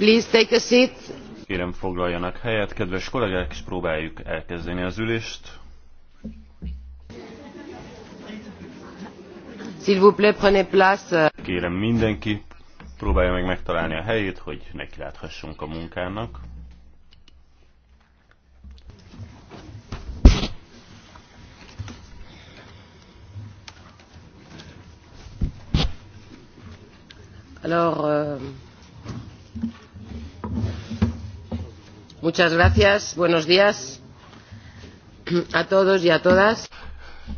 Please take a seat. Kérem foglaljanak helyet, kedves kollégák, és próbáljuk elkezdeni az ülést. S'il vous plaît, prenez place. Kérem mindenki, próbálja meg megtalálni a helyét, hogy láthassunk a munkának. Alors, euh...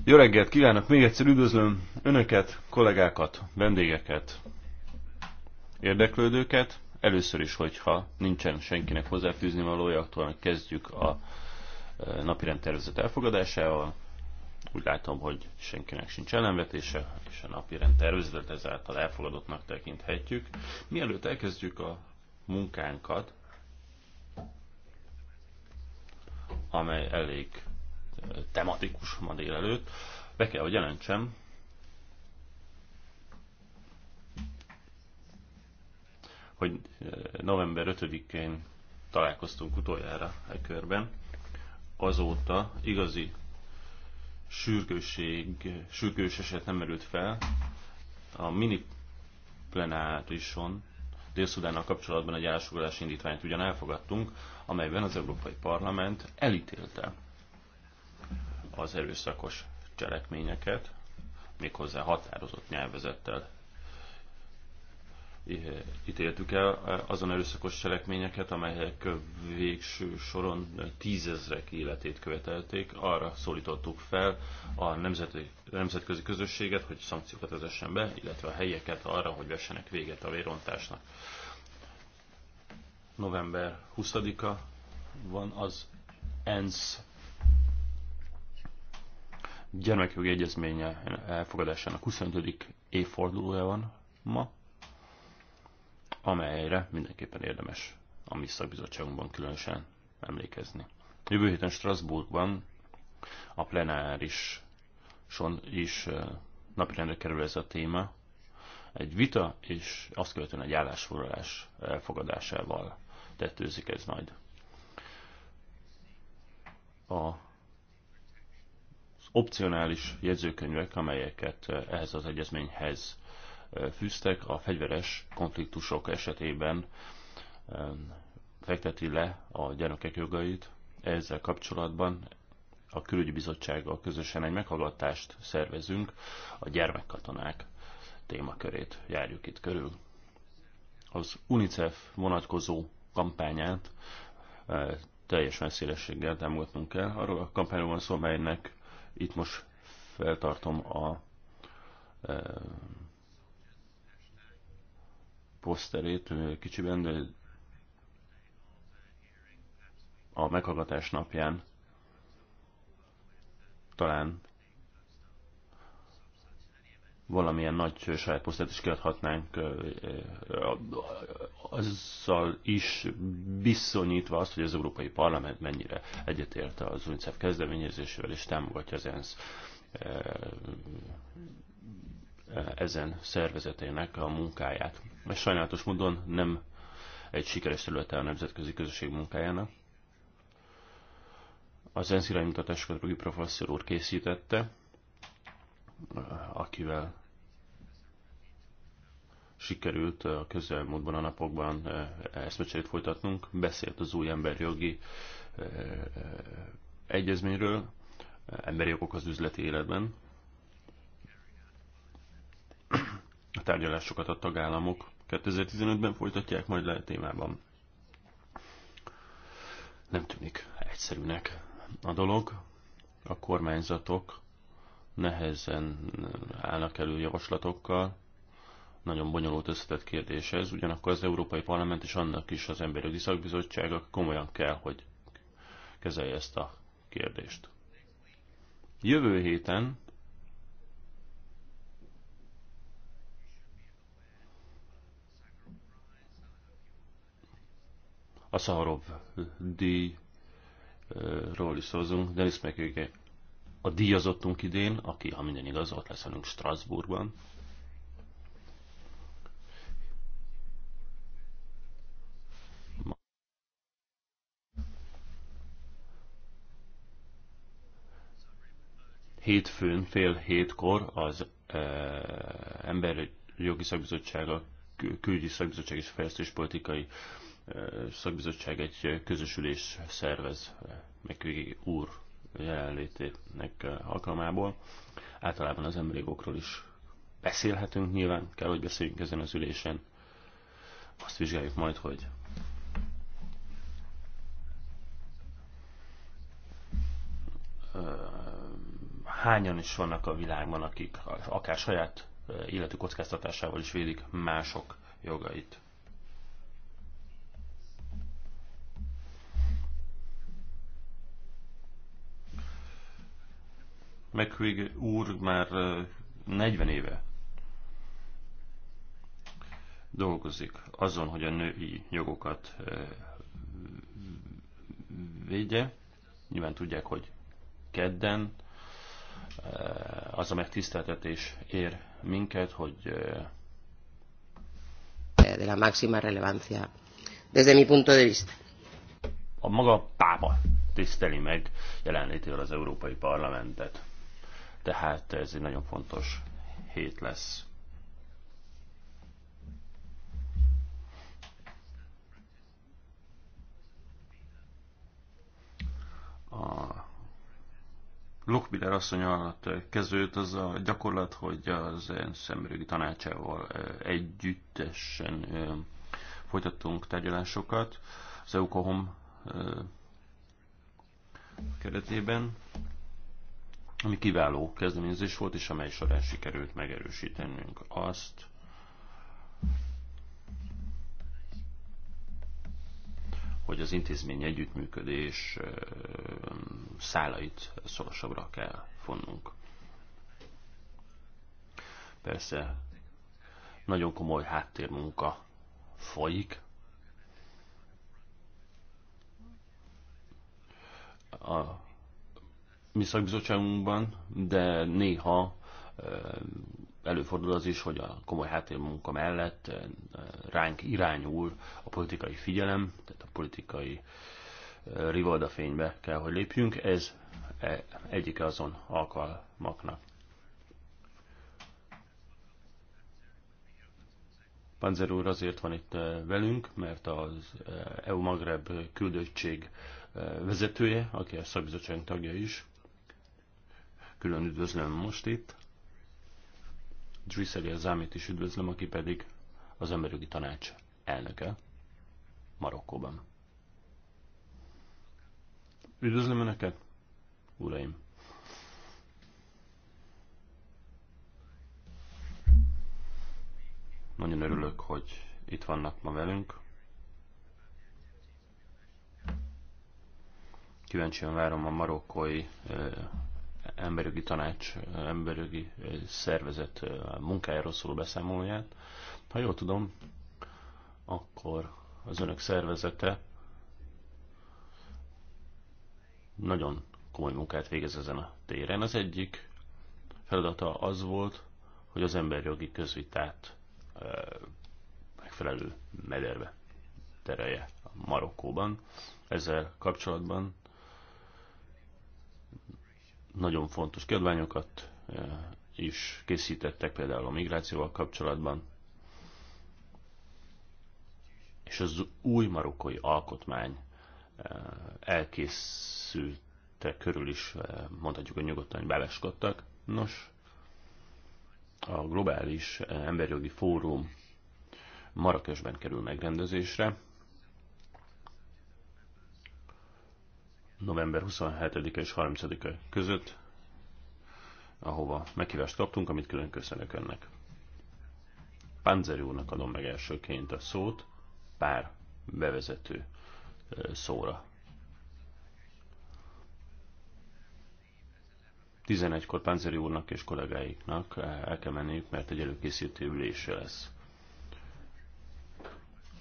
Jó reggelt kívánok, még egyszer üdvözlöm önöket, kollégákat, vendégeket, érdeklődőket. Először is, hogyha nincsen senkinek hozzáfűzni valója, akkor kezdjük a e, napirend tervezet elfogadásával. Úgy látom, hogy senkinek sincs ellenvetése, és a napi rendtervezetet ezáltal elfogadottnak tekinthetjük. Mielőtt elkezdjük a munkánkat, amely elég tematikus ma délelőtt, be kell, hogy jelentsem, hogy november 5-én találkoztunk utoljára e körben. Azóta igazi sürgőség, sürgős eset nem merült fel. A mini plenárison dél kapcsolatban egy állásfoglalás indítványt ugyan elfogadtunk, amelyben az Európai Parlament elítélte az erőszakos cselekményeket, méghozzá határozott nyelvezettel ítéltük el e, azon erőszakos cselekményeket, amelyek végső soron tízezrek életét követelték. Arra szólítottuk fel a nemzeti, nemzetközi közösséget, hogy szankciókat vezessen be, illetve a helyeket arra, hogy vessenek véget a vérontásnak november 20-a van az ENSZ gyermekjogi egyezménye elfogadásának 25. évfordulója van ma, amelyre mindenképpen érdemes a mi szakbizottságunkban különösen emlékezni. Jövő héten Strasbourgban a plenárison is napirendre kerül ez a téma, egy vita és azt követően egy állásfoglalás elfogadásával tetőzik ez majd. A opcionális jegyzőkönyvek, amelyeket ehhez az egyezményhez e, fűztek, a fegyveres konfliktusok esetében e, fekteti le a gyermekek jogait. Ezzel kapcsolatban a külügyi bizottsággal közösen egy meghallgatást szervezünk, a gyermekkatonák témakörét járjuk itt körül. Az UNICEF vonatkozó kampányát teljes messzélességgel támogatnunk kell. Arról a kampányról van szó, melynek itt most feltartom a e, poszterét kicsiben, de a meghallgatás napján talán valamilyen nagy saját posztert is kiadhatnánk azzal is bizonyítva azt, hogy az Európai Parlament mennyire egyetért az UNICEF kezdeményezésével és támogatja az ENSZ eh, eh, ezen szervezetének a munkáját. Ez sajnálatos módon nem egy sikeres területe a nemzetközi közösség munkájának. Az ENSZ iránymutatásokat Rogi professzor úr készítette, eh, akivel sikerült eh, a közelmúltban a napokban eh, eszmecserét folytatnunk. Beszélt az új emberjogi eh, egyezményről, emberi jogok az üzleti életben. A tárgyalásokat a tagállamok 2015-ben folytatják, majd lehet témában. Nem tűnik egyszerűnek a dolog. A kormányzatok nehezen állnak elő javaslatokkal, nagyon bonyolult összetett kérdés ez, ugyanakkor az Európai Parlament és annak is az Emberi Szakbizottsága komolyan kell, hogy kezelje ezt a kérdést. Jövő héten a Szaharov díjról is szózunk, Denis Mekőke a díjazottunk idén, aki, ha minden igaz, ott lesz velünk Strasbourgban. hétfőn fél hétkor az emberi jogi a külügyi szakbizottság és fejlesztéspolitikai szakbizottság egy közösülés szervez McViggy úr jelenlétének alkalmából. Általában az emberi jogokról is beszélhetünk nyilván, kell, hogy beszéljünk ezen az ülésen. Azt vizsgáljuk majd, hogy hányan is vannak a világban, akik akár saját életük kockáztatásával is védik mások jogait. McQuig úr már 40 éve dolgozik azon, hogy a női jogokat védje. Nyilván tudják, hogy kedden Eh, az a megtiszteltetés ér minket, hogy eh, eh, de la máxima relevancia. Desde mi punto de vista. A maga pápa tiszteli meg jelenlétével az Európai Parlamentet. Tehát ez egy nagyon fontos hét lesz. A Lochbiller asszony alatt kezdődött az a gyakorlat, hogy az ENSZ tanácsával együttesen folytattunk tárgyalásokat az EUCOHOM keretében, ami kiváló kezdeményezés volt, és amely során sikerült megerősítenünk azt, hogy az intézmény együttműködés szálait szorosabbra kell fonnunk. Persze nagyon komoly háttérmunka folyik. A mi szakbizottságunkban, de néha előfordul az is, hogy a komoly háttérmunka mellett eh, ránk irányul a politikai figyelem, tehát a politikai eh, rivalda kell, hogy lépjünk. Ez e, egyik azon alkalmaknak. Panzer úr azért van itt eh, velünk, mert az EU e Magreb küldöttség vezetője, aki a szakbizottság tagja is. Külön üdvözlöm most itt. Driseli az Zámét is üdvözlöm, aki pedig az emberi tanács elnöke Marokkóban. Üdvözlöm Önöket, uraim! Nagyon örülök, hogy itt vannak ma velünk. Kíváncsian várom a marokkói emberjogi tanács, emberjogi szervezet munkájáról szóló beszámolóját. Ha jól tudom, akkor az önök szervezete nagyon komoly munkát végez ezen a téren. Az egyik feladata az volt, hogy az emberjogi közvitát megfelelő mederbe terelje a Marokkóban. Ezzel kapcsolatban nagyon fontos kiadványokat eh, is készítettek, például a migrációval kapcsolatban. És az új marokkai alkotmány eh, elkészülte körül is, eh, mondhatjuk, hogy nyugodtan beleskodtak. Nos, a globális emberjogi fórum Marrakesben kerül megrendezésre. november 27-e és 30-e között, ahova meghívást kaptunk, amit külön köszönök önnek. Panzeri úrnak adom meg elsőként a szót, pár bevezető szóra. 11-kor Panzeri úrnak és kollégáiknak el kell menniük, mert egy előkészítő ülése lesz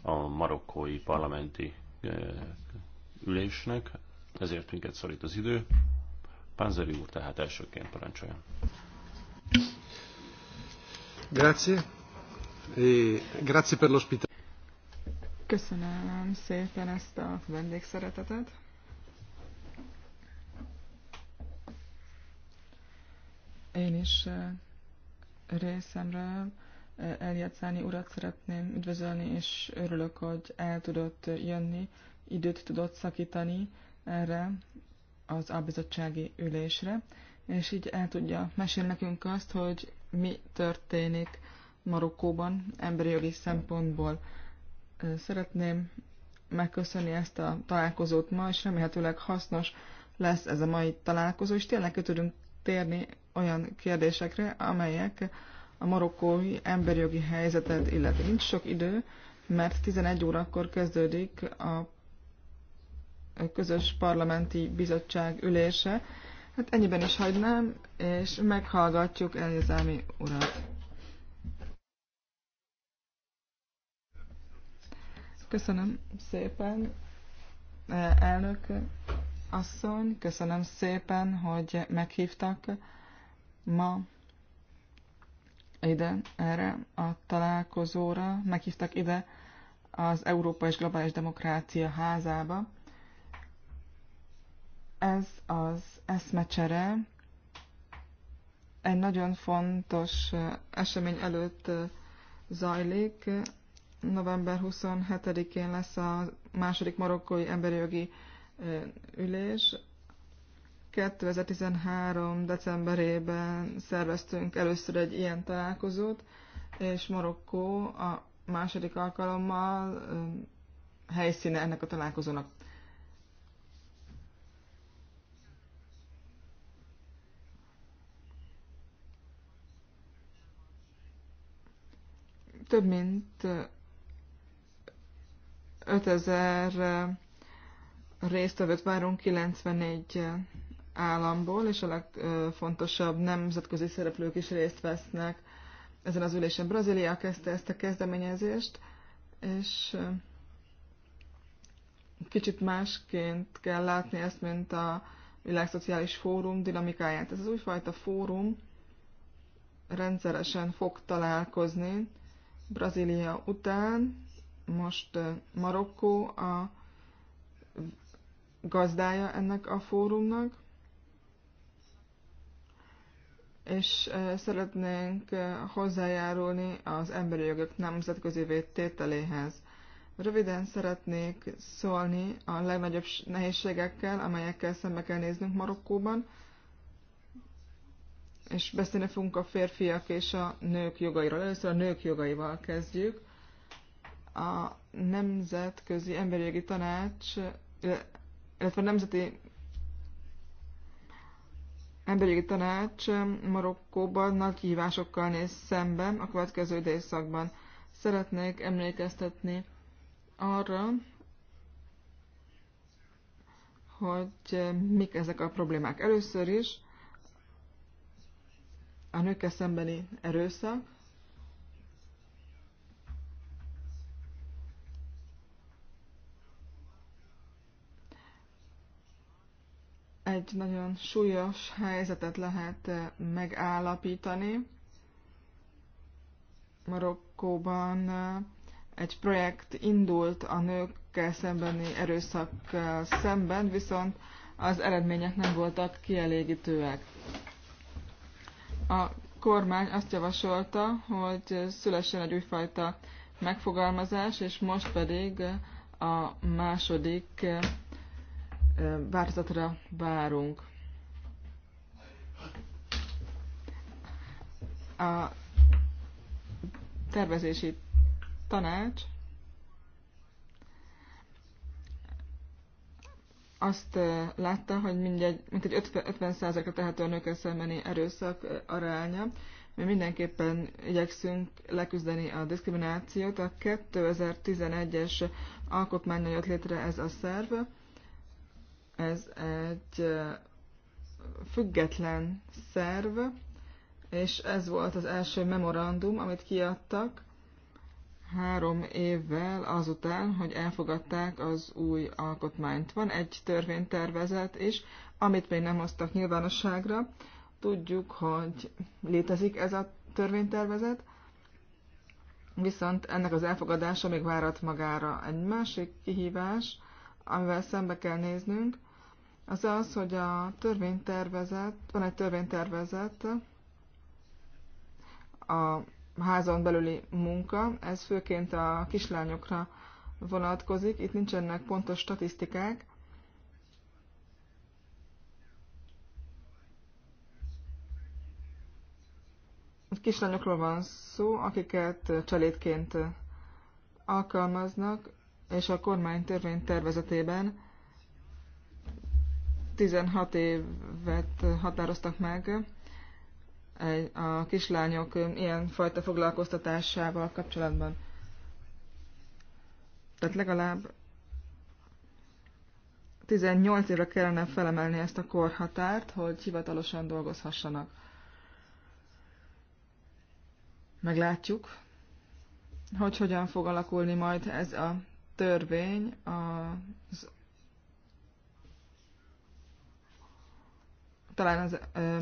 a marokkói parlamenti ülésnek ezért minket szorít az idő. Panzeri úr tehát elsőként parancsolja. Grazie. E grazie per l'ospitalità. Köszönöm szépen ezt a vendégszeretetet. Én is e, részemről e, eljátszani urat szeretném üdvözölni, és örülök, hogy el tudott jönni, időt tudott szakítani erre az albizottsági ülésre, és így el tudja mesélni nekünk azt, hogy mi történik Marokkóban emberi jogi szempontból. Szeretném megköszönni ezt a találkozót ma, és remélhetőleg hasznos lesz ez a mai találkozó, és tényleg ki tudunk térni olyan kérdésekre, amelyek a marokkói emberi jogi helyzetet illetve. Nincs sok idő, mert 11 órakor kezdődik a közös parlamenti bizottság ülése. Hát ennyiben is hagynám, és meghallgatjuk Eljezámi urat. Köszönöm szépen, elnök asszony, köszönöm szépen, hogy meghívtak ma ide, erre a találkozóra, meghívtak ide az Európa és Globális Demokrácia házába. Ez az eszmecsere egy nagyon fontos eh, esemény előtt eh, zajlik. November 27-én lesz a második marokkói emberi jogi eh, ülés. 2013. decemberében szerveztünk először egy ilyen találkozót, és Marokkó a második alkalommal helyszíne ennek a találkozónak. több mint 5000 résztvevőt várunk 94 államból, és a legfontosabb nemzetközi szereplők is részt vesznek ezen az ülésen. Brazília kezdte ezt a kezdeményezést, és eh, kicsit másként kell látni ezt, mint a világszociális fórum dinamikáját. Ez az újfajta fórum rendszeresen fog találkozni Brazília után most Marokkó a gazdája ennek a fórumnak, és szeretnénk hozzájárulni az emberi jogok nemzetközi tételéhez. Röviden szeretnék szólni a legnagyobb nehézségekkel, amelyekkel szembe kell néznünk Marokkóban, és beszélni fogunk a férfiak és a nők jogairól. Először a nők jogaival kezdjük. A Nemzetközi Emberi Jogi Tanács, illetve a Nemzeti Emberi Jogi Tanács Marokkóban nagy kihívásokkal néz szemben a következő időszakban. Szeretnék emlékeztetni arra, hogy mik ezek a problémák. Először is a nőkkel szembeni erőszak, egy nagyon súlyos helyzetet lehet eh, megállapítani. Marokkóban eh, egy projekt indult a nőkkel szembeni erőszak szemben, viszont az eredmények nem voltak kielégítőek. A kormány azt javasolta, hogy szülessen egy újfajta megfogalmazás, és most pedig a második változatra várunk. A tervezési tanács azt látta, hogy mindegy, mint egy 50%-a tehető a nőkkel szembeni erőszak aránya. Mi mindenképpen igyekszünk leküzdeni a diszkriminációt. A 2011-es alkotmány jött létre ez a szerv. Ez egy független szerv, és ez volt az első memorandum, amit kiadtak három évvel azután, hogy elfogadták az új alkotmányt. Van egy törvénytervezet is, amit még nem hoztak nyilvánosságra. Tudjuk, hogy létezik ez a törvénytervezet, viszont ennek az elfogadása még várat magára. Egy másik kihívás, amivel szembe kell néznünk, az az, hogy a törvénytervezet, van egy törvénytervezet, a házon belüli munka, ez főként a kislányokra vonatkozik, itt nincsenek pontos statisztikák. Kislányokról van szó, akiket cselédként alkalmaznak, és a kormány törvény tervezetében 16 évet határoztak meg a kislányok ilyen fajta foglalkoztatásával kapcsolatban. Tehát legalább 18 évre kellene felemelni ezt a korhatárt, hogy hivatalosan dolgozhassanak. Meglátjuk, hogy hogyan fog alakulni majd ez a törvény az talán az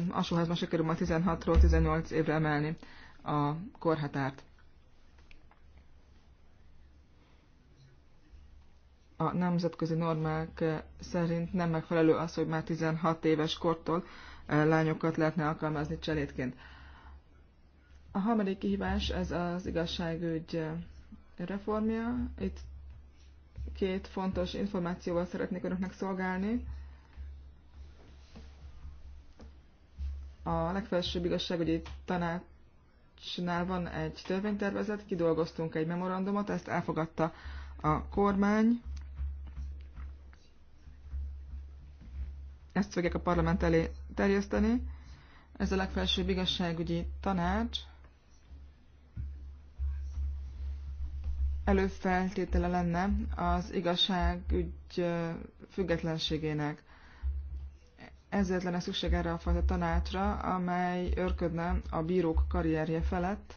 alsóházban sikerül ma 16-ról 18 évre emelni a korhatárt. A nemzetközi normák szerint nem megfelelő az, hogy már 16 éves kortól lányokat lehetne alkalmazni cselétként. A harmadik kihívás ez az igazságügy reformja. Itt két fontos információval szeretnék önöknek szolgálni. A legfelsőbb igazságügyi tanácsnál van egy törvénytervezet, kidolgoztunk egy memorandumot, ezt elfogadta a kormány. Ezt fogják a parlament elé terjeszteni. Ez a legfelsőbb igazságügyi tanács. előfeltétele lenne az igazságügy függetlenségének ezért lenne szükség erre a fajta tanácsra, amely örködne a bírók karrierje felett,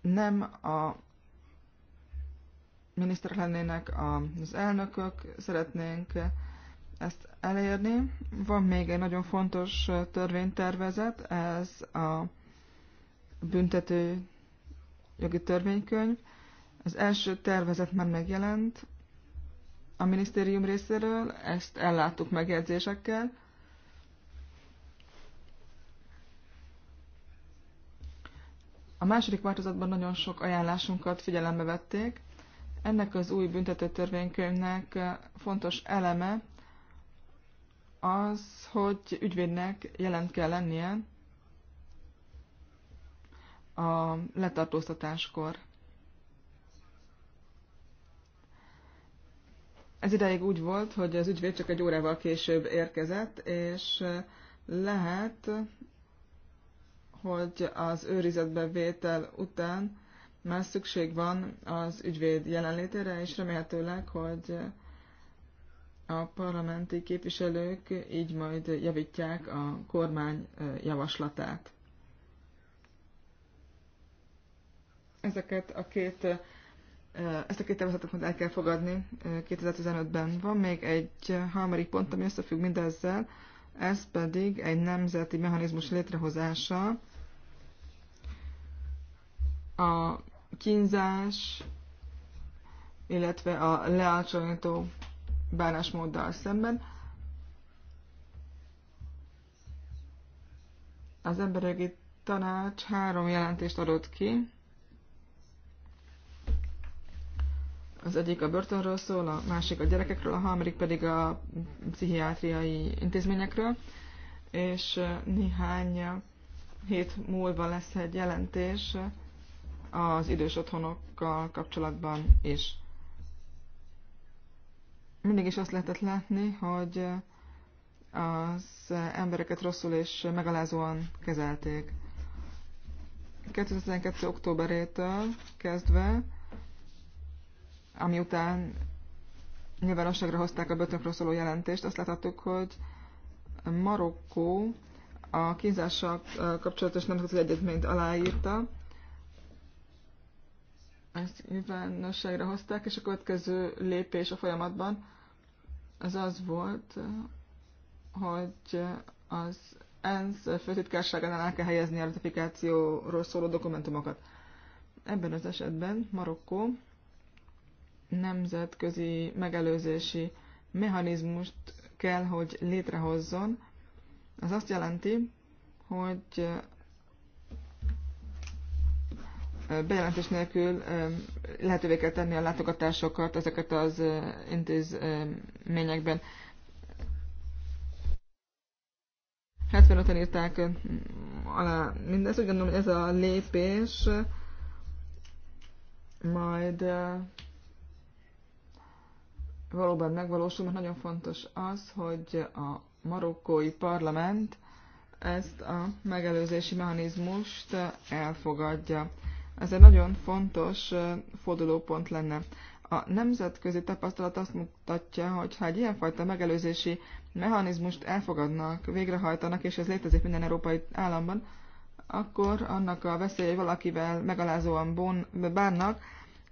nem a miniszterek lennének az elnökök, szeretnénk ezt elérni. Van még egy nagyon fontos törvénytervezet, ez a büntető jogi törvénykönyv. Az első tervezet már megjelent a minisztérium részéről, ezt elláttuk megjegyzésekkel. A második változatban nagyon sok ajánlásunkat figyelembe vették. Ennek az új büntetőtörvénykönyvnek fontos eleme az, hogy ügyvédnek jelent kell lennie a letartóztatáskor. Ez ideig úgy volt, hogy az ügyvéd csak egy órával később érkezett, és lehet, hogy az őrizetbe vétel után már szükség van az ügyvéd jelenlétére, és remélhetőleg, hogy a parlamenti képviselők így majd javítják a kormány javaslatát. Ezeket a két ezt a két tervezetet el kell fogadni 2015-ben. Van még egy harmadik pont, ami összefügg mindezzel, ez pedig egy nemzeti mechanizmus létrehozása, a kínzás, illetve a lealcsonyító bánásmóddal szemben. Az emberi tanács három jelentést adott ki, Az egyik a börtönről szól, a másik a gyerekekről, a harmadik pedig a pszichiátriai intézményekről, és néhány hét múlva lesz egy jelentés az idős otthonokkal kapcsolatban is. Mindig is azt lehetett látni, hogy az embereket rosszul és megalázóan kezelték. 2012. októberétől kezdve ami után nyilvánosságra hozták a börtönről szóló jelentést, azt láthattuk, hogy Marokkó a kínzással kapcsolatos nemzetközi egyetményt aláírta, ezt nyilvánosságra hozták, és a következő lépés a folyamatban az az volt, hogy az ENSZ főtitkárságánál el kell helyezni a ratifikációról szóló dokumentumokat. Ebben az esetben Marokkó nemzetközi megelőzési mechanizmust kell, hogy létrehozzon. Az azt jelenti, hogy bejelentés nélkül lehetővé kell tenni a látogatásokat ezeket az intézményekben. 75-en írták alá mindezt, úgy gondolom, hogy ez a lépés majd valóban megvalósul, mert nagyon fontos az, hogy a marokkói parlament ezt a megelőzési mechanizmust elfogadja. Ez egy nagyon fontos fordulópont lenne. A nemzetközi tapasztalat azt mutatja, hogy ha egy ilyenfajta megelőzési mechanizmust elfogadnak, végrehajtanak, és ez létezik minden európai államban, akkor annak a veszélye, hogy valakivel megalázóan bánnak,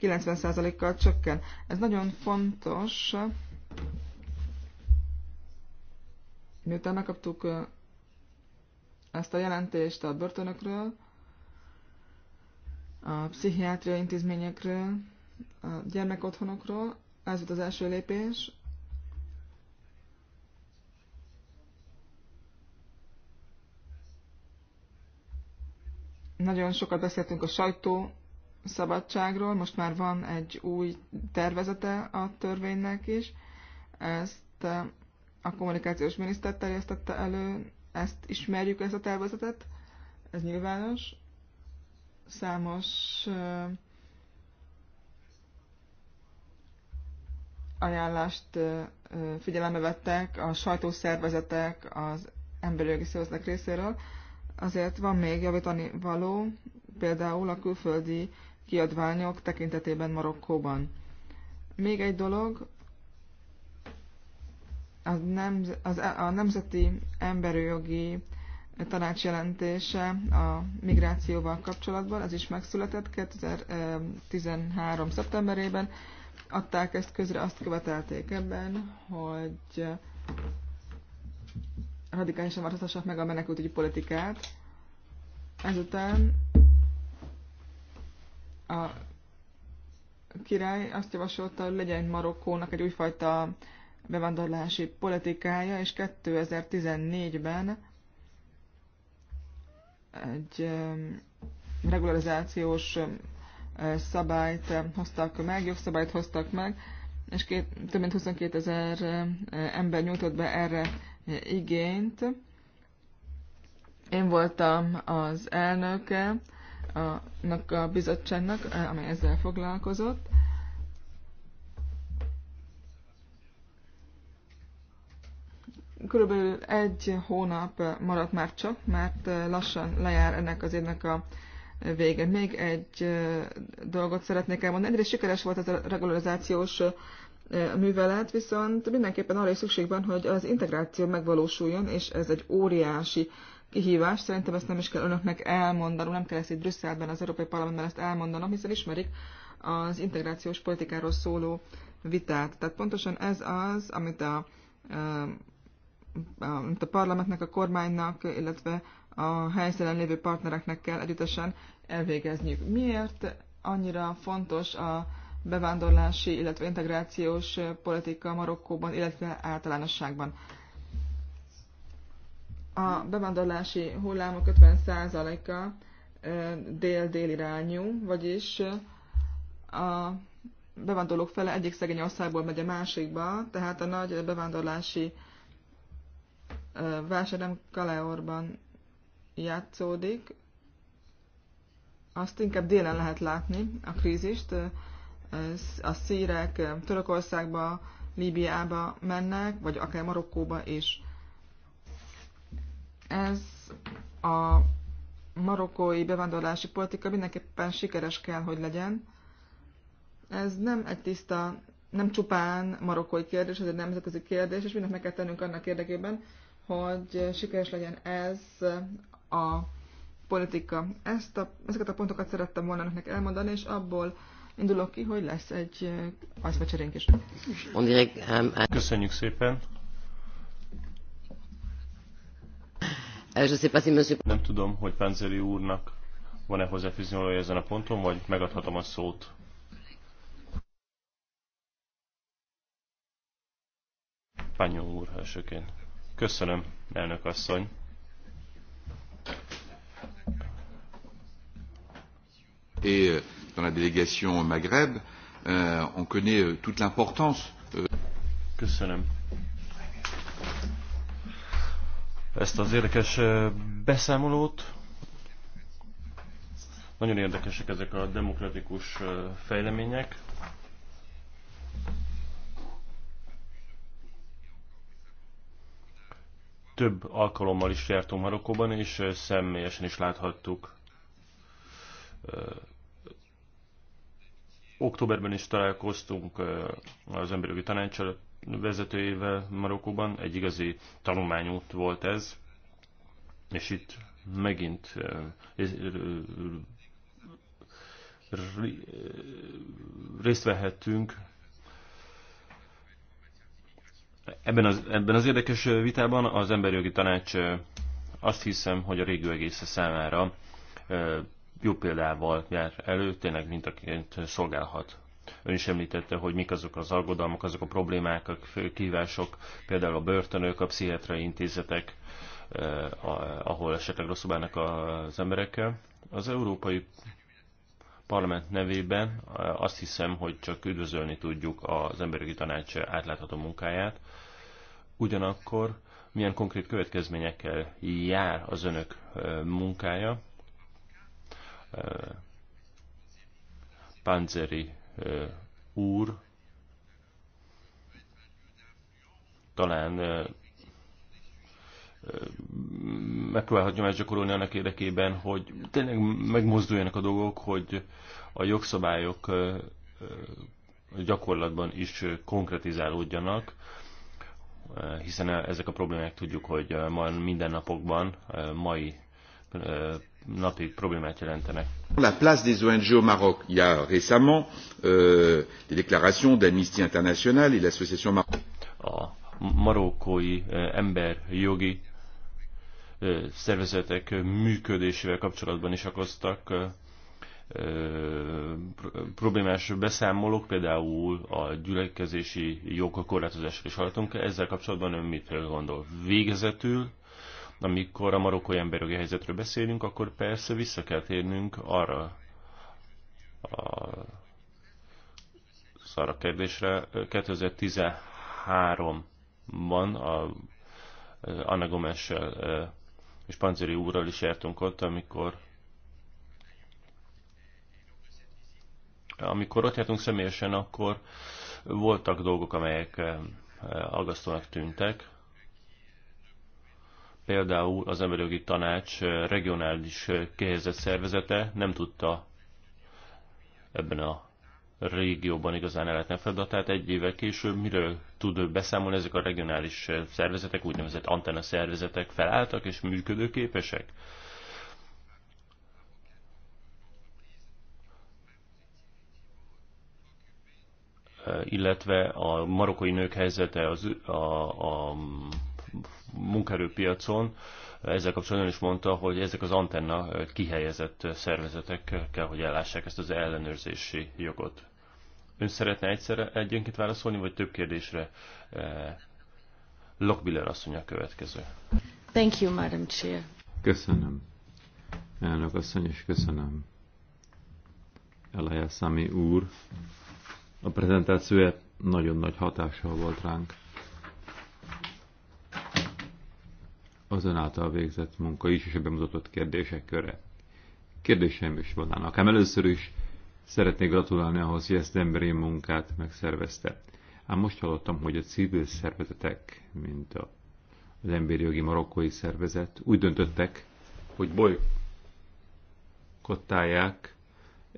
90%-kal csökken. Ez nagyon fontos, miután megkaptuk ezt a jelentést a börtönökről, a pszichiátriai intézményekről, a gyermekotthonokról, ez volt az első lépés, Nagyon sokat beszéltünk a sajtó szabadságról. Most már van egy új tervezete a törvénynek is. Ezt eh, a kommunikációs miniszter terjesztette elő, ezt ismerjük, ezt a tervezetet. Ez nyilvános. Számos eh, ajánlást eh, figyelembe vettek a sajtószervezetek, az emberi jogi szervezetek részéről. Azért van még javítani való, például a külföldi kiadványok tekintetében Marokkóban. Még egy dolog, az nemz, az, e-, a Nemzeti Emberjogi Tanács jelentése a migrációval kapcsolatban, ez is megszületett 2013. szeptemberében, adták ezt közre, azt követelték ebben, hogy radikálisan változtassák meg a menekültügyi politikát. Ezután a király azt javasolta, hogy legyen Marokkónak egy újfajta bevándorlási politikája, és 2014-ben egy regularizációs szabályt hoztak meg, jogszabályt hoztak meg, és két, több mint 22 ezer ember nyújtott be erre igényt. Én voltam az elnöke a, a bizottságnak, amely ezzel foglalkozott. Körülbelül egy hónap maradt már csak, mert lassan lejár ennek az évnek a vége. Még egy dolgot szeretnék elmondani. Egyrészt sikeres volt ez a regularizációs művelet, viszont mindenképpen arra is szükség van, hogy az integráció megvalósuljon, és ez egy óriási kihívás. Szerintem ezt nem is kell önöknek elmondanom, nem kell ezt itt Brüsszelben, az Európai Parlamentben ezt elmondanom, hiszen ismerik az integrációs politikáról szóló vitát. Tehát pontosan ez az, amit a, eh, a, a parlamentnek, a kormánynak, illetve a helyszínen lévő partnereknek kell együttesen elvégezniük. Miért annyira fontos a bevándorlási, illetve integrációs politika Marokkóban, illetve általánosságban? A bevándorlási hullámok 50%-a dél-dél irányú, vagyis a bevándorlók fele egyik szegény országból megy a másikba, tehát a nagy bevándorlási válság nem Kaleorban játszódik. Azt inkább délen lehet látni, a krízist. A szírek Törökországba, Líbiába mennek, vagy akár Marokkóba is. Ez a marokkói bevándorlási politika mindenképpen sikeres kell, hogy legyen. Ez nem egy tiszta, nem csupán marokkói kérdés, ez egy nemzetközi kérdés, és mindent meg kell tennünk annak érdekében, hogy sikeres legyen ez a politika. Ezt a, ezeket a pontokat szerettem volna önöknek elmondani, és abból indulok ki, hogy lesz egy aszmecserénk is. Um, Köszönjük szépen! Eh, Nem tudom, hogy Panzeri úrnak van-e hozzáfűzni ezen a ponton, vagy megadhatom a szót. Pányó úr elsőként. Köszönöm, elnök asszony. Et euh, dans la délégation Maghreb, euh, on connaît euh, toute l'importance. Euh... Köszönöm ezt az érdekes beszámolót. Nagyon érdekesek ezek a demokratikus fejlemények. Több alkalommal is jártunk Marokkóban, és személyesen is láthattuk. Októberben is találkoztunk az emberi tanácsal, vezetőjével Marokkóban. Egy igazi tanulmányút volt ez, és itt megint részt vehettünk ebben az, ebben az érdekes vitában az emberi jogi tanács azt hiszem, hogy a régió egész számára jó példával jár elő, tényleg mintaként szolgálhat Ön is említette, hogy mik azok az aggodalmak, azok a problémák, a kívások, például a börtönök, a pszichiátriai intézetek, eh, ahol esetleg rosszul bánnak az emberekkel. Az Európai Parlament nevében eh, azt hiszem, hogy csak üdvözölni tudjuk az emberi tanács átlátható munkáját. Ugyanakkor milyen konkrét következményekkel jár az önök eh, munkája? Panzeri úr talán megpróbálhatja nyomást gyakorolni annak érdekében, hogy tényleg megmozduljanak a dolgok, hogy a jogszabályok gyakorlatban is konkretizálódjanak, hiszen ezek a problémák tudjuk, hogy ma mindennapokban, mai napi problémát jelentenek. La place des ONG au Maroc. Il y a récemment euh, des déclarations d'Amnesty International et l'Association Maroc. A marokkói eh, emberjogi eh, szervezetek működésével kapcsolatban is akoztak eh, problémás beszámolók, például a gyülekezési jogkorlátozásra is hallottunk. Ezzel kapcsolatban ön mit gondol? Végezetül amikor a marokkói emberjogi helyzetről beszélünk, akkor persze vissza kell térnünk arra a, arra kérdésre. 2013-ban a eh, Anna gomes eh, és Panzeri úrral is jártunk ott, amikor amikor ott jártunk személyesen, akkor voltak dolgok, amelyek eh, aggasztónak tűntek. Például az emberjogi tanács regionális kihelyezett szervezete nem tudta ebben a régióban igazán lehetne feladat. feladatát. Egy éve később miről tud beszámolni ezek a regionális szervezetek, úgynevezett antenna szervezetek felálltak és működőképesek? illetve a marokkai nők helyzete az, a, a munkaerőpiacon. Ezzel kapcsolatban is mondta, hogy ezek az antenna kihelyezett szervezetek kell, hogy ellássák ezt az ellenőrzési jogot. Ön szeretne egyszerre egyenként válaszolni, vagy több kérdésre? Lockbiller asszony a következő. Thank you, Madam Chair. Köszönöm. Elnök asszony, és köszönöm. Elaja úr. A prezentációja nagyon nagy hatással volt ránk. az ön által végzett munka is, és a bemutatott kérdések köre. Kérdéseim is vannak. Ám először is szeretnék gratulálni ahhoz, hogy ezt emberi munkát megszervezte. Ám most hallottam, hogy a civil szervezetek, mint a, az emberi jogi marokkói szervezet úgy döntöttek, hogy bolykottálják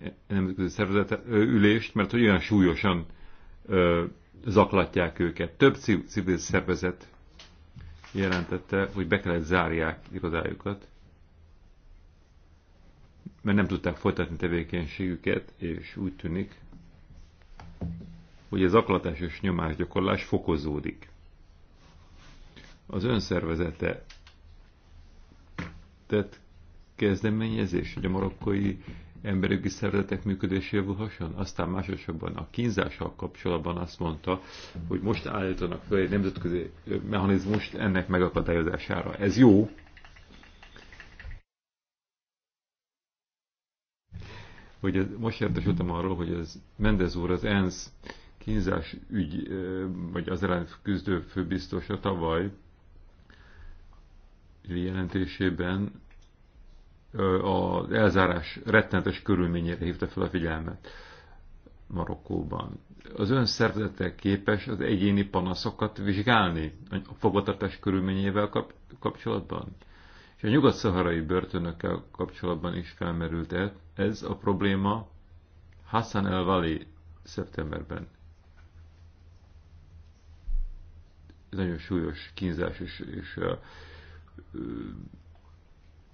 e- nemzetközi szervezet ülést, mert hogy olyan súlyosan ö, zaklatják őket. Több civil szervezet jelentette, hogy be kellett zárják irodájukat, mert nem tudták folytatni tevékenységüket, és úgy tűnik, hogy az aklatás és nyomásgyakorlás fokozódik. Az önszervezete tett kezdeményezés, hogy a marokkai emberi szervezetek működése javulhasson? Aztán másosabban a kínzással kapcsolatban azt mondta, hogy most állítanak fel egy nemzetközi mechanizmust ennek megakadályozására. Ez jó, hogy ez, most értesültem arról, hogy ez Mendez úr, az ENSZ kínzás ügy, vagy az ellen küzdő főbiztosa tavaly jelentésében az elzárás rettenetes körülményére hívta fel a figyelmet Marokkóban. Az önszervezete képes az egyéni panaszokat vizsgálni a fogvatartás körülményével kap- kapcsolatban. És a nyugat-szaharai börtönökkel kapcsolatban is felmerült el. ez a probléma Hassan El Vali szeptemberben. Ez nagyon súlyos kínzás és, és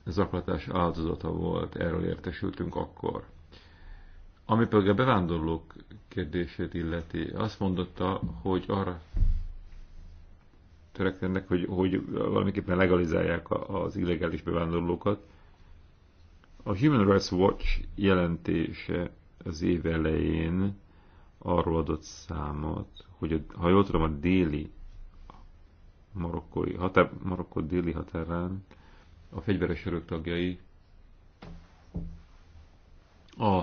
zaklatás áldozata volt, erről értesültünk akkor. Ami pedig a bevándorlók kérdését illeti, azt mondotta, hogy arra törekednek, hogy, hogy valamiképpen legalizálják az illegális bevándorlókat. A Human Rights Watch jelentése az év elején arról adott számot, hogy a, ha jól tudom, a déli marokkói határ, Marokkó déli határán a fegyveres örök tagjai a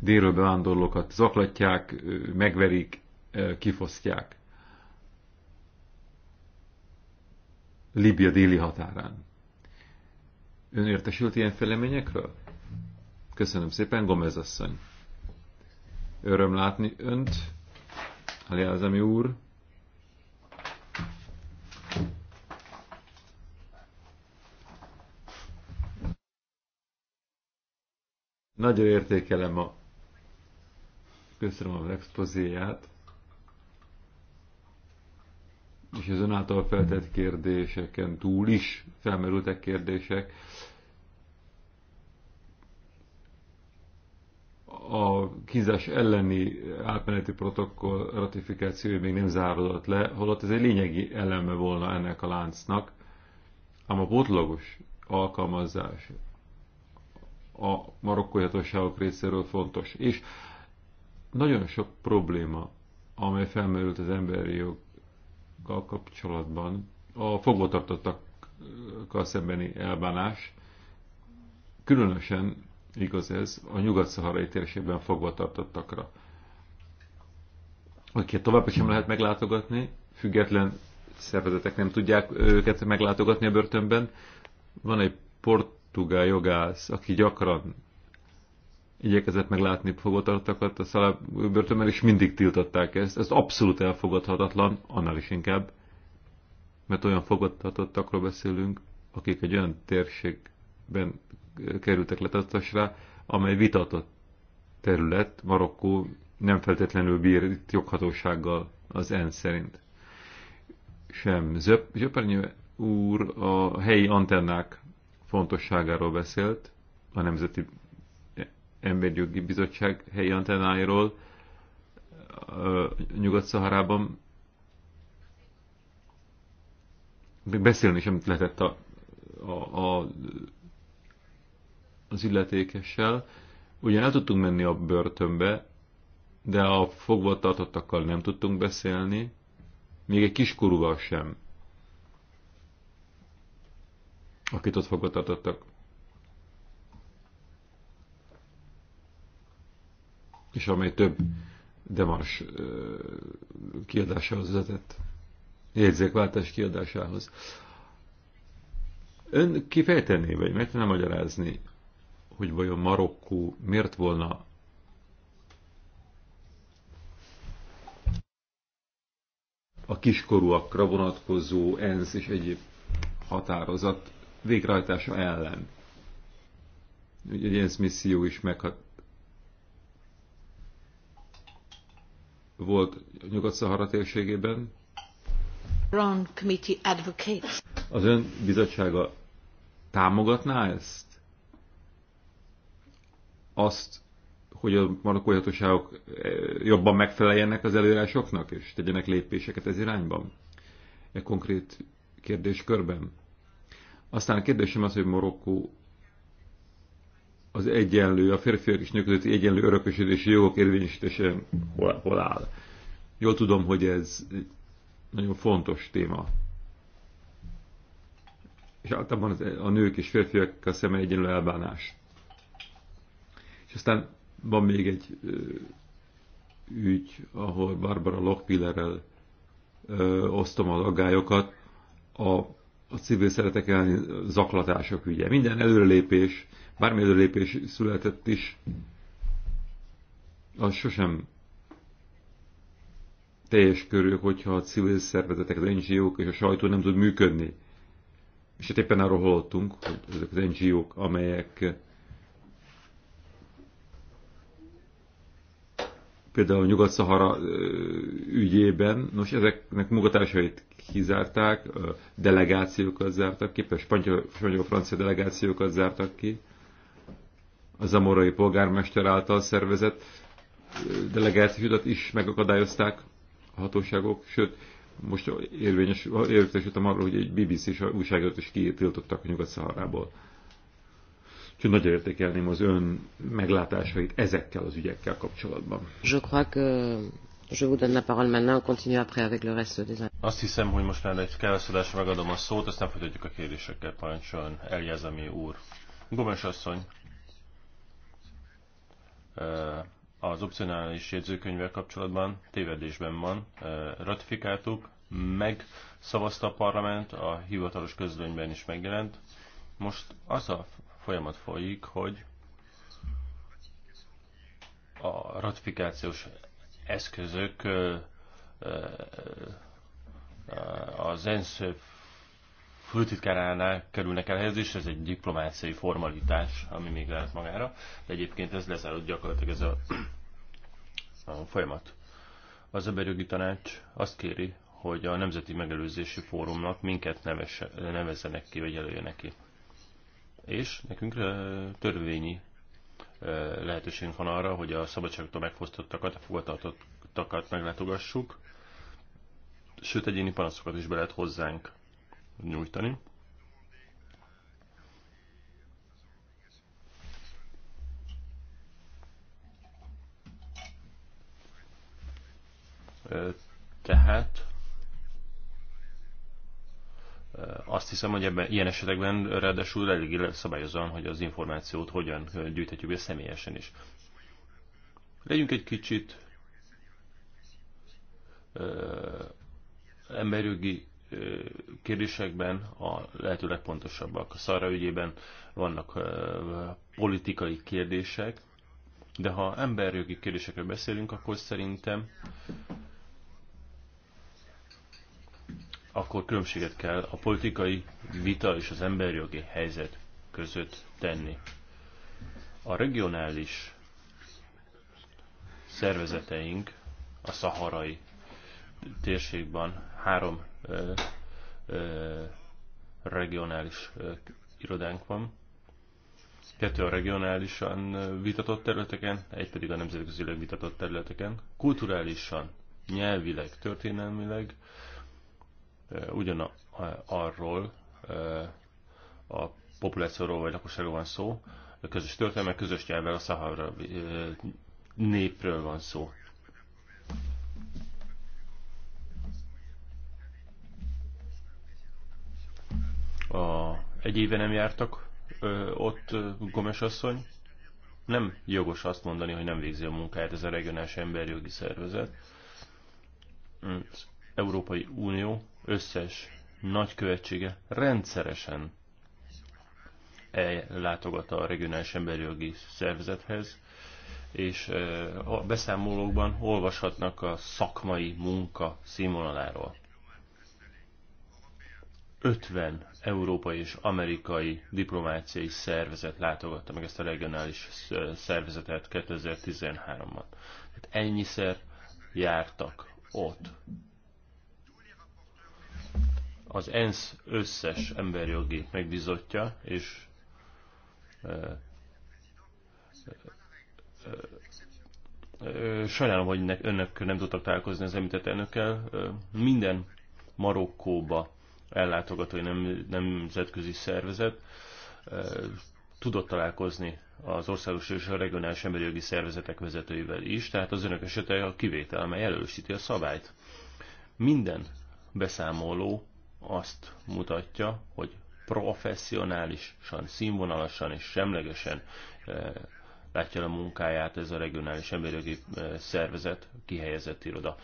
délről bevándorlókat zaklatják, megverik, kifosztják. Libya déli határán. Ön értesült ilyen feleményekről? Köszönöm szépen, Gomez asszony. Öröm látni önt, Aliázami úr. Nagyon értékelem a... Köszönöm az expozéját. És az ön által feltett kérdéseken túl is felmerültek kérdések. a kizás elleni átmeneti protokoll ratifikációja még nem záródott le, holott ez egy lényegi eleme volna ennek a láncnak, ám a botlogos alkalmazás a marokkói hatóságok részéről fontos. És nagyon sok probléma, amely felmerült az emberi joggal kapcsolatban, a fogvatartottakkal szembeni elbánás, különösen igaz ez a nyugat-szaharai térségben fogvatartottakra, akiket tovább sem lehet meglátogatni, független szervezetek nem tudják őket meglátogatni a börtönben. Van egy port tuga jogász, aki gyakran igyekezett meglátni fogvatartakat a szaláb börtönben, és mindig tiltották ezt. Ez abszolút elfogadhatatlan, annál is inkább, mert olyan fogvatartottakról beszélünk, akik egy olyan térségben kerültek letartásra, amely vitatott terület, Marokkó nem feltétlenül bír itt joghatósággal az en szerint. Sem. Zöp, Zöpernyő úr a helyi antennák fontosságáról beszélt, a Nemzeti Emberjogi Bizottság helyi antennáiról Nyugat-Szaharában. Még beszélni sem lehetett a, a, a, az illetékessel. Ugyan el tudtunk menni a börtönbe, de a fogvatartottakkal nem tudtunk beszélni, még egy kiskorúval sem. akit ott tartottak. És amely több demars kiadásához vezetett, jegyzékváltás kiadásához. Ön kifejtené, vagy meg tudná magyarázni, hogy vajon Marokkó miért volna a kiskorúakra vonatkozó ENSZ és egyéb határozat végrehajtása ellen. Ugye egy ENSZ misszió is meghat volt Nyugat-Szahara térségében. Az ön bizottsága támogatná ezt? Azt, hogy a marokkói hatóságok eh, jobban megfeleljenek az előírásoknak, és tegyenek lépéseket ez irányban? E konkrét kérdéskörben? Aztán a kérdésem az, hogy Marokkó az egyenlő, a férfiak és nők közötti egyenlő örökösödési jogok érvényesítése hol, hol áll. Jól tudom, hogy ez nagyon fontos téma. És általában az, a nők és férfiak a szeme egyenlő elbánás. És aztán van még egy ö, ügy, ahol Barbara Lockpillerrel osztom az aggályokat a a civil szeretek elleni zaklatások ügye. Minden előrelépés, bármi előrelépés született is, az sosem teljes körül, hogyha a civil szervezetek, az NGO-k és a sajtó nem tud működni. És hát éppen arról hallottunk, hogy ezek az NGO-k, amelyek például Nyugat-Szahara ügyében, nos, ezeknek munkatársait kizárták, delegációkat zártak ki, például spanyol-francia delegációkat zártak ki, a zamorai polgármester által szervezett delegációdat is megakadályozták a hatóságok, sőt, most érvényes, érvényes arról, hogy egy BBC-s újságot is kitiltottak a Nyugat-Szaharából. Úgyhogy nagyon értékelném az ön meglátásait ezekkel az ügyekkel kapcsolatban. Je crois que je vous donne la parole maintenant, on continue après avec le reste des Azt hiszem, hogy most már egy károszodásra megadom a szót, aztán folytatjuk a kérdésekkel, parancsoljon Eljázami úr. Gomes asszony, az opcionális jegyzőkönyvvel kapcsolatban tévedésben van, ratifikáltuk, meg szavazta a parlament, a hivatalos közlönyben is megjelent. Most az a folyamat folyik, hogy a ratifikációs eszközök az ENSZ főtitkáránál kerülnek elhelyezésre, ez egy diplomáciai formalitás, ami még lehet magára, de egyébként ez lezárult gyakorlatilag ez a, a folyamat. Az emberjogi tanács azt kéri, hogy a Nemzeti Megelőzési Fórumnak minket nevesse, nevezzenek ki, vagy előjön ki és nekünk törvényi lehetőségünk van arra, hogy a szabadságtól megfosztottakat, a fogadtatottakat meglátogassuk, sőt egyéni panaszokat is be lehet hozzánk nyújtani. Tehát azt hiszem, hogy ebben ilyen esetekben ráadásul elég szabályozóan, hogy az információt hogyan gyűjthetjük be személyesen is. Legyünk egy kicsit emberjogi kérdésekben a lehető legpontosabbak. A szarra ügyében vannak politikai kérdések, de ha emberjogi kérdésekről beszélünk, akkor szerintem akkor különbséget kell a politikai vita és az emberjogi helyzet között tenni. A regionális szervezeteink a szaharai térségben három ö, ö, regionális ö, irodánk van. Kettő a regionálisan vitatott területeken, egy pedig a nemzetközileg vitatott területeken. Kulturálisan, nyelvileg, történelmileg Eh, arról eh, a populációról vagy lakosságról van szó, a közös történelme, közös nyelvvel a szahara eh, népről van szó. A, egy éve nem jártak ö, ott Gomes asszony. Nem jogos azt mondani, hogy nem végzi a munkáját ez a regionális emberjogi szervezet. Mm, az Európai Unió összes nagykövetsége rendszeresen ellátogat a regionális emberi jogi szervezethez, és eh, a beszámolókban olvashatnak a szakmai munka színvonaláról. 50 európai és amerikai diplomáciai szervezet látogatta meg ezt a regionális eh, szervezetet 2013-ban. Tehát ennyiszer jártak ott az ENSZ összes emberjogi megbizotja, és sajnálom, hogy önök nem tudtak találkozni az említett elnökkel. Minden Marokkóba ellátogató nem, nemzetközi szervezet tudott találkozni az országos és a regionális emberjogi szervezetek vezetőivel is, tehát az önök esete a kivétel, amely elősíti a szabályt. Minden beszámoló azt mutatja, hogy professzionálisan, színvonalasan és semlegesen eh, látja a munkáját ez a regionális emberjogi eh, szervezet, kihelyezett iroda.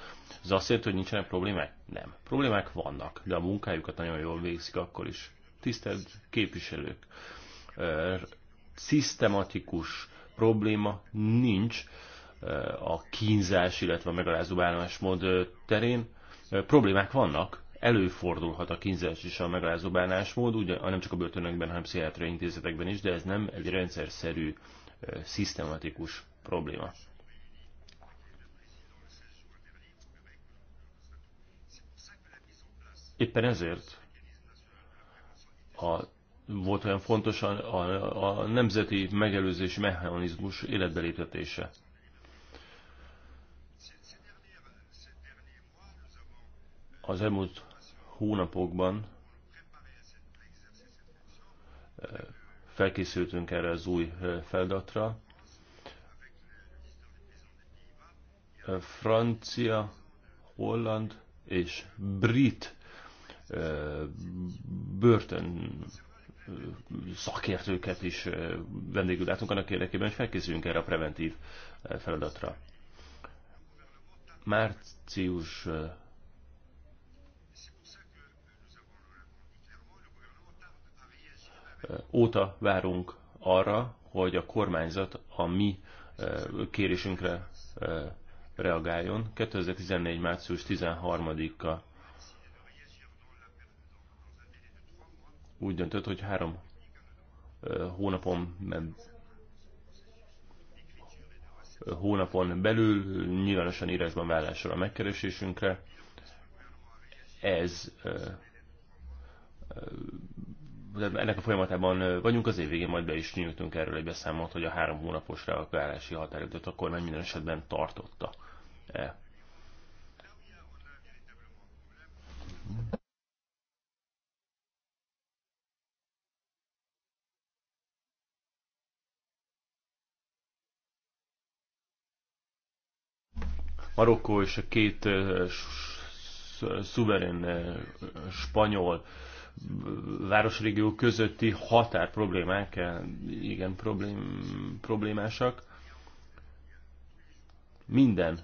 Ez azt jelenti, hogy nincsenek problémák? Nem. Problémák vannak, de a munkájukat nagyon jól végzik akkor is. Tisztelt képviselők, eh, szisztematikus probléma nincs a kínzás, illetve a megalázó bánásmód terén. Problémák vannak, előfordulhat a kínzás és a megalázó bánásmód, úgy, nem csak a börtönökben, hanem pszichiátriai intézetekben is, de ez nem egy rendszerszerű, szisztematikus probléma. Éppen ezért a, volt olyan fontos a, a, a nemzeti megelőzési mechanizmus életbe Az elmúlt hónapokban eh, felkészültünk erre az új eh, feladatra. Eh, francia, holland és brit börtön szakértőket is vendégül látunk annak érdekében, hogy felkészüljünk erre a preventív feladatra. Március óta várunk arra, hogy a kormányzat a mi kérésünkre reagáljon. 2014. március 13-a úgy döntött, hogy három hónapon hónapon belül nyilvánosan írásban vállásol a megkeresésünkre. Ez ennek a folyamatában vagyunk, az év végén majd be is nyújtunk erről egy beszámolót, hogy a három hónapos reagálási határidőt akkor nem minden esetben tartotta. E. Marokkó és a két szuverén spanyol városrégió közötti határ problémák igen problém, problémásak. Minden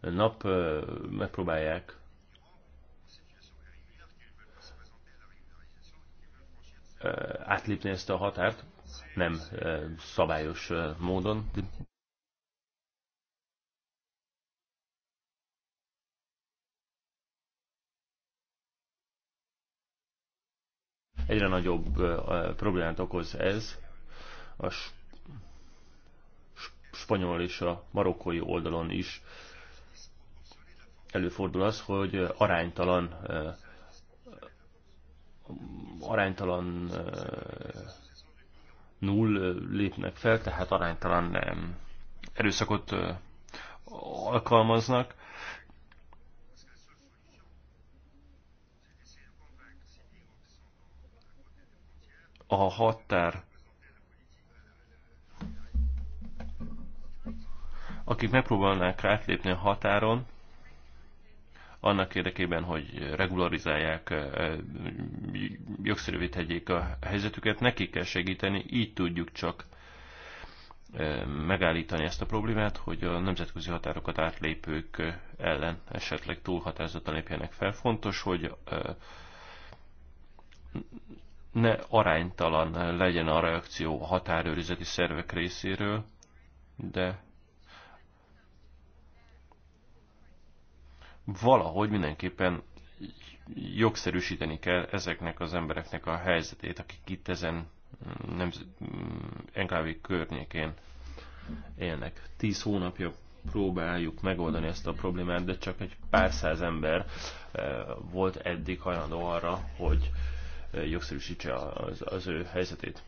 nap megpróbálják átlépni ezt a határt, nem szabályos módon. Egyre nagyobb problémát okoz ez a spanyol és a marokkói oldalon is előfordul az, hogy aránytalan aránytalan null lépnek fel, tehát aránytalan erőszakot alkalmaznak. a határ akik megpróbálnák átlépni a határon, annak érdekében, hogy regularizálják, jogszerűvé tegyék a helyzetüket, nekik kell segíteni, így tudjuk csak megállítani ezt a problémát, hogy a nemzetközi határokat átlépők ellen esetleg túlhatározottan lépjenek fel. Fontos, hogy ne aránytalan legyen a reakció a határőrizeti szervek részéről, de valahogy mindenképpen jogszerűsíteni kell ezeknek az embereknek a helyzetét, akik itt ezen mm, nem, enklávé mm, környékén élnek. Tíz hónapja próbáljuk megoldani ezt a problémát, de csak egy pár száz ember eh, volt eddig hajlandó arra, hogy jogszerűsítse az, az ő helyzetét.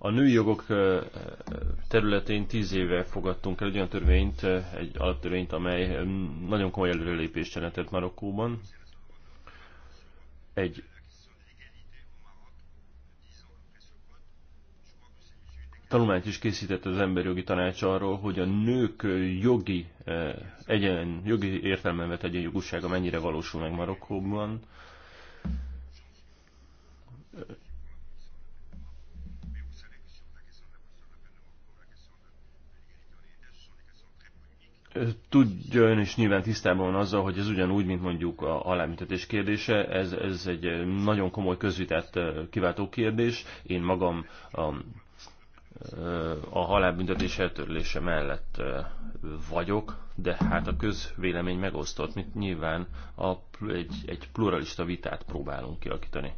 A női jogok területén tíz éve fogadtunk el egy olyan törvényt, egy alaptörvényt, amely nagyon komoly előrelépést jelentett Marokkóban. Egy tanulmányt is készített az emberjogi tanács arról, hogy a nők jogi, eh, egyen, jogi értelmen vett egyenjogúsága mennyire valósul meg Marokkóban. Tudja ön is nyilván tisztában van azzal, hogy ez ugyanúgy, mint mondjuk a alámítetés kérdése, ez, ez egy nagyon komoly közvitát eh, kiváltó kérdés. Én magam a a halálbüntetés eltörlése mellett vagyok, de hát a közvélemény megosztott, mint nyilván a, egy, egy pluralista vitát próbálunk kialakítani.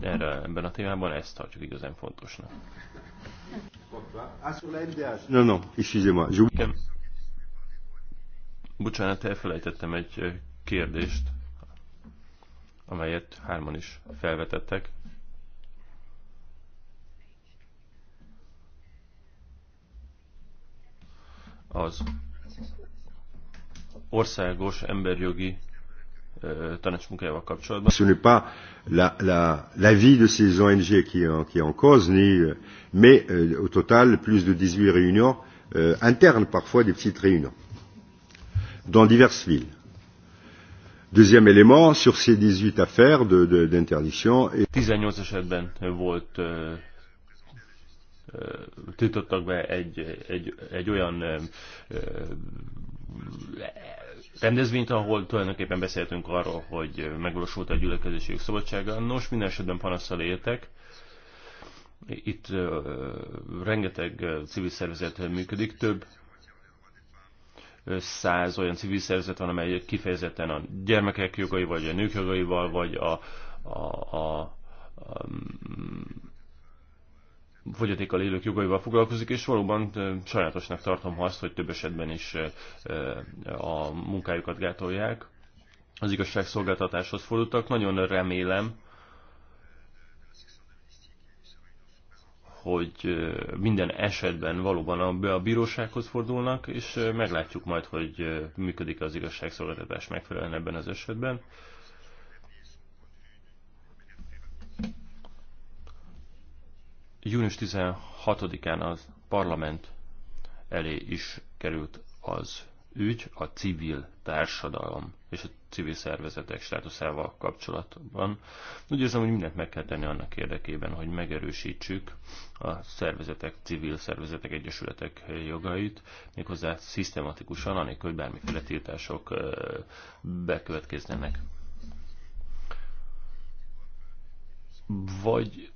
Erre, ebben a témában ezt tartjuk igazán fontosnak. No, no, excusez Bocsánat, elfelejtettem egy kérdést, amelyet hárman is felvetettek. az országos emberjogi tanácsmunkájával kapcsolatban. Ce n'est pas la, la, la vie de ces ONG qui est en, qui en cause, ni, euh, mais euh, au total, plus de 18 réunions euh, internes, parfois des petites réunions, dans diverses villes. Deuxième élément, sur ces 18 affaires d'interdiction. De, de, 18 esetben volt euh, tiltottak be egy, egy, egy olyan rendezvényt, ahol tulajdonképpen beszéltünk arról, hogy megvalósult a gyülekezési szabadsága. Nos, minden esetben panaszsal éltek. Itt rengeteg civil szervezet működik, több száz olyan civil szervezet van, amely kifejezetten a gyermekek jogai, vagy a nők jogaival, vagy a, a, a, a fogyatékkal élők jogaival foglalkozik, és valóban sajátosnak tartom azt, hogy több esetben is a munkájukat gátolják. Az igazságszolgáltatáshoz fordultak. Nagyon remélem, hogy minden esetben valóban a bírósághoz fordulnak, és meglátjuk majd, hogy működik az igazságszolgáltatás megfelelően ebben az esetben. Június 16-án az parlament elé is került az ügy a civil társadalom és a civil szervezetek státuszával kapcsolatban. Úgy érzem, hogy mindent meg kell tenni annak érdekében, hogy megerősítsük a szervezetek, civil szervezetek, egyesületek jogait, méghozzá szisztematikusan, anélkül, hogy bármiféle tiltások bekövetkeznének. Vagy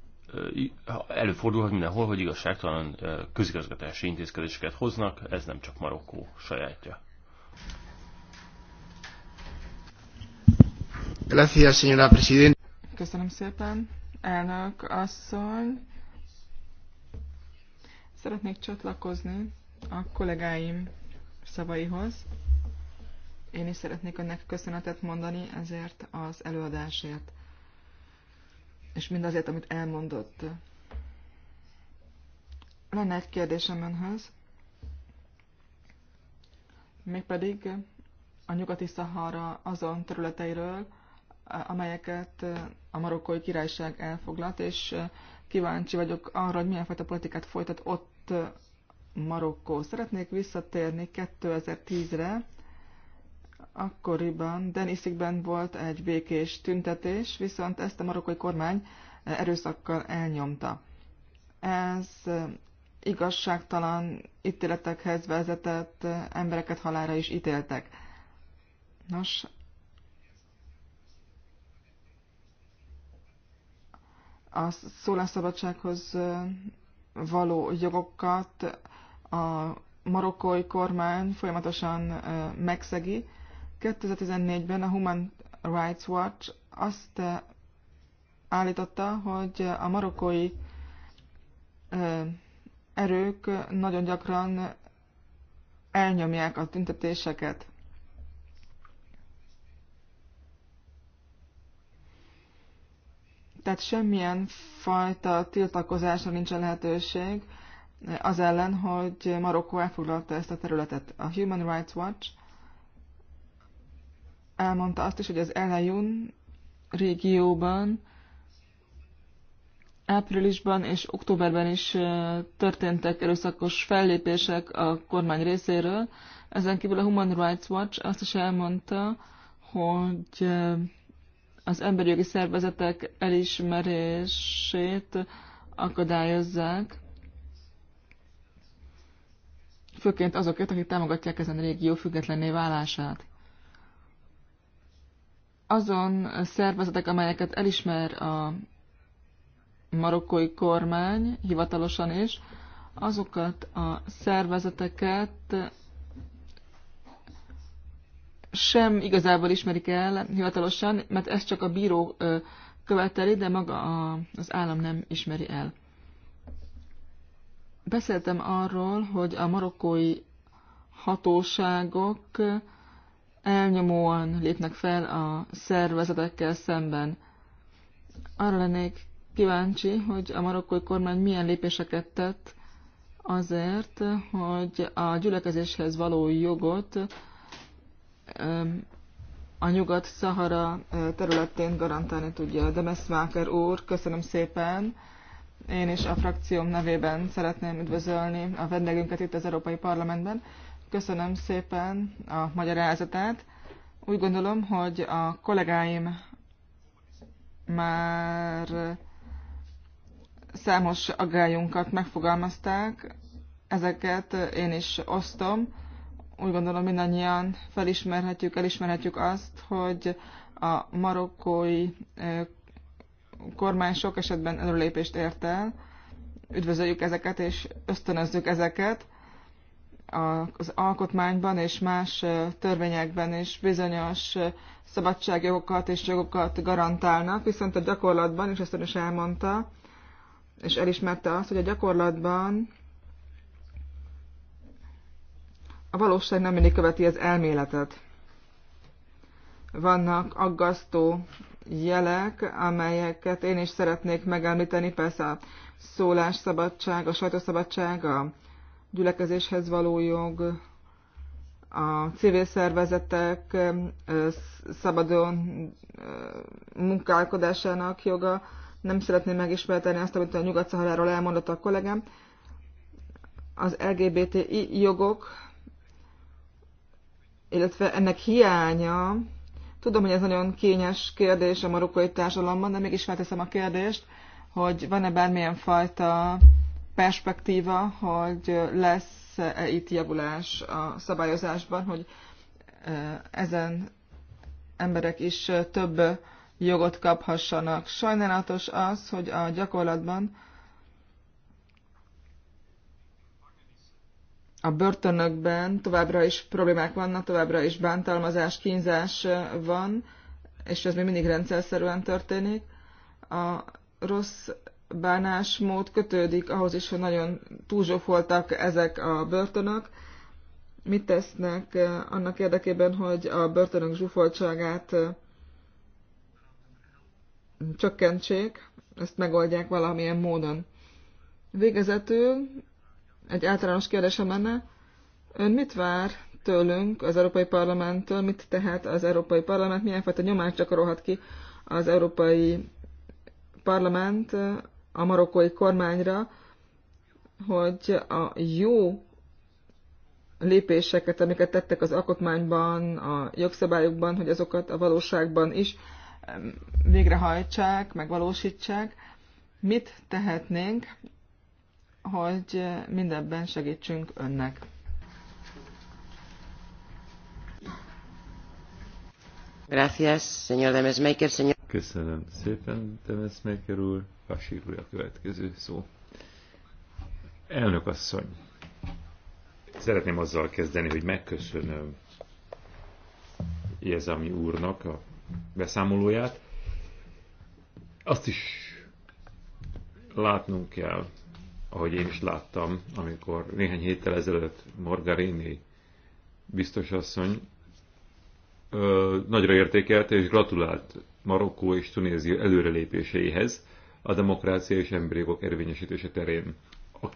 előfordulhat mindenhol, hogy igazságtalan közigazgatási intézkedéseket hoznak, ez nem csak Marokkó sajátja. Köszönöm szépen, elnök asszony. Szeretnék csatlakozni a kollégáim szavaihoz. Én is szeretnék önnek köszönetet mondani ezért az előadásért és mindazért, amit elmondott. Lenne egy kérdésem önhöz, mégpedig a nyugati Szahara azon területeiről, amelyeket a marokkói királyság elfoglalt, és kíváncsi vagyok arra, hogy milyen fajta politikát folytat ott Marokkó. Szeretnék visszatérni 2010-re, akkoriban Denisikben volt egy békés tüntetés, viszont ezt a marokkai kormány erőszakkal elnyomta. Ez igazságtalan ítéletekhez vezetett, embereket halára is ítéltek. Nos, a szólásszabadsághoz való jogokat a marokkói kormány folyamatosan megszegi, 2014-ben a Human Rights Watch azt eh, állította, hogy a marokkói eh, erők nagyon gyakran elnyomják a tüntetéseket. Tehát semmilyen fajta tiltakozásra nincsen lehetőség eh, az ellen, hogy Marokkó elfoglalta ezt a területet. A Human Rights Watch elmondta azt is, hogy az Elejun régióban áprilisban és októberben is történtek erőszakos fellépések a kormány részéről. Ezen kívül a Human Rights Watch azt is elmondta, hogy az emberi jogi szervezetek elismerését akadályozzák, főként azokért, akik támogatják ezen a régió függetlenné válását azon szervezetek, amelyeket elismer a marokkói kormány hivatalosan is, azokat a szervezeteket sem igazából ismerik el hivatalosan, mert ezt csak a bíró követeli, de maga a, az állam nem ismeri el. Beszéltem arról, hogy a marokkói hatóságok elnyomóan lépnek fel a szervezetekkel szemben. Arra lennék kíváncsi, hogy a marokkói kormány milyen lépéseket tett azért, hogy a gyülekezéshez való jogot a Nyugat-Szahara területén garantálni tudja. meszváker úr, köszönöm szépen! Én is a frakcióm nevében szeretném üdvözölni a vendégünket itt az Európai Parlamentben. Köszönöm szépen a magyarázatát. Úgy gondolom, hogy a kollégáim már számos aggályunkat megfogalmazták, ezeket én is osztom. Úgy gondolom mindannyian felismerhetjük, elismerhetjük azt, hogy a marokkói kormány sok esetben előlépést ért el. Üdvözöljük ezeket és ösztönözzük ezeket az alkotmányban és más törvényekben is bizonyos szabadságjogokat és jogokat garantálnak, viszont a gyakorlatban, és ezt ön is elmondta, és elismerte azt, hogy a gyakorlatban a valóság nem mindig követi az elméletet. Vannak aggasztó jelek, amelyeket én is szeretnék megemlíteni, persze a szólásszabadság, a sajtószabadság, a gyülekezéshez való jog, a civil szervezetek szabadon munkálkodásának joga. Nem szeretném megismételni azt, amit a nyugat szaharáról elmondott a kollégám. Az LGBTI jogok, illetve ennek hiánya, tudom, hogy ez nagyon kényes kérdés a marokkai társadalomban, de mégis felteszem a kérdést, hogy van-e bármilyen fajta perspektíva, hogy lesz -e itt javulás a szabályozásban, hogy e, ezen emberek is több jogot kaphassanak. Sajnálatos az, hogy a gyakorlatban a börtönökben továbbra is problémák vannak, továbbra is bántalmazás, kínzás van, és ez még mindig rendszerszerűen történik. A rossz bánásmód kötődik ahhoz is, hogy nagyon túlzsófoltak ezek a börtönök. Mit tesznek eh, annak érdekében, hogy a börtönök zsúfoltságát eh, csökkentsék, ezt megoldják valamilyen módon. Végezetül egy általános kérdésem lenne, ön mit vár tőlünk, az Európai Parlamenttől, mit tehet az Európai Parlament, milyen fajta nyomást gyakorolhat ki az Európai Parlament eh, a marokkói kormányra, hogy a jó lépéseket, amiket tettek az alkotmányban, a jogszabályokban, hogy azokat a valóságban is végrehajtsák, megvalósítsák. Mit tehetnénk, hogy mindebben segítsünk önnek? Gracias, señor Demesmaker, señor... Köszönöm szépen, Demesmaker úr. A következő szó. Elnök asszony, szeretném azzal kezdeni, hogy megköszönöm Jezami úrnak a beszámolóját. Azt is látnunk kell, ahogy én is láttam, amikor néhány héttel ezelőtt Margarini biztosasszony ö, nagyra értékelte és gratulált Marokkó és Tunézia előrelépéseihez a demokrácia és emberi jogok érvényesítése terén. A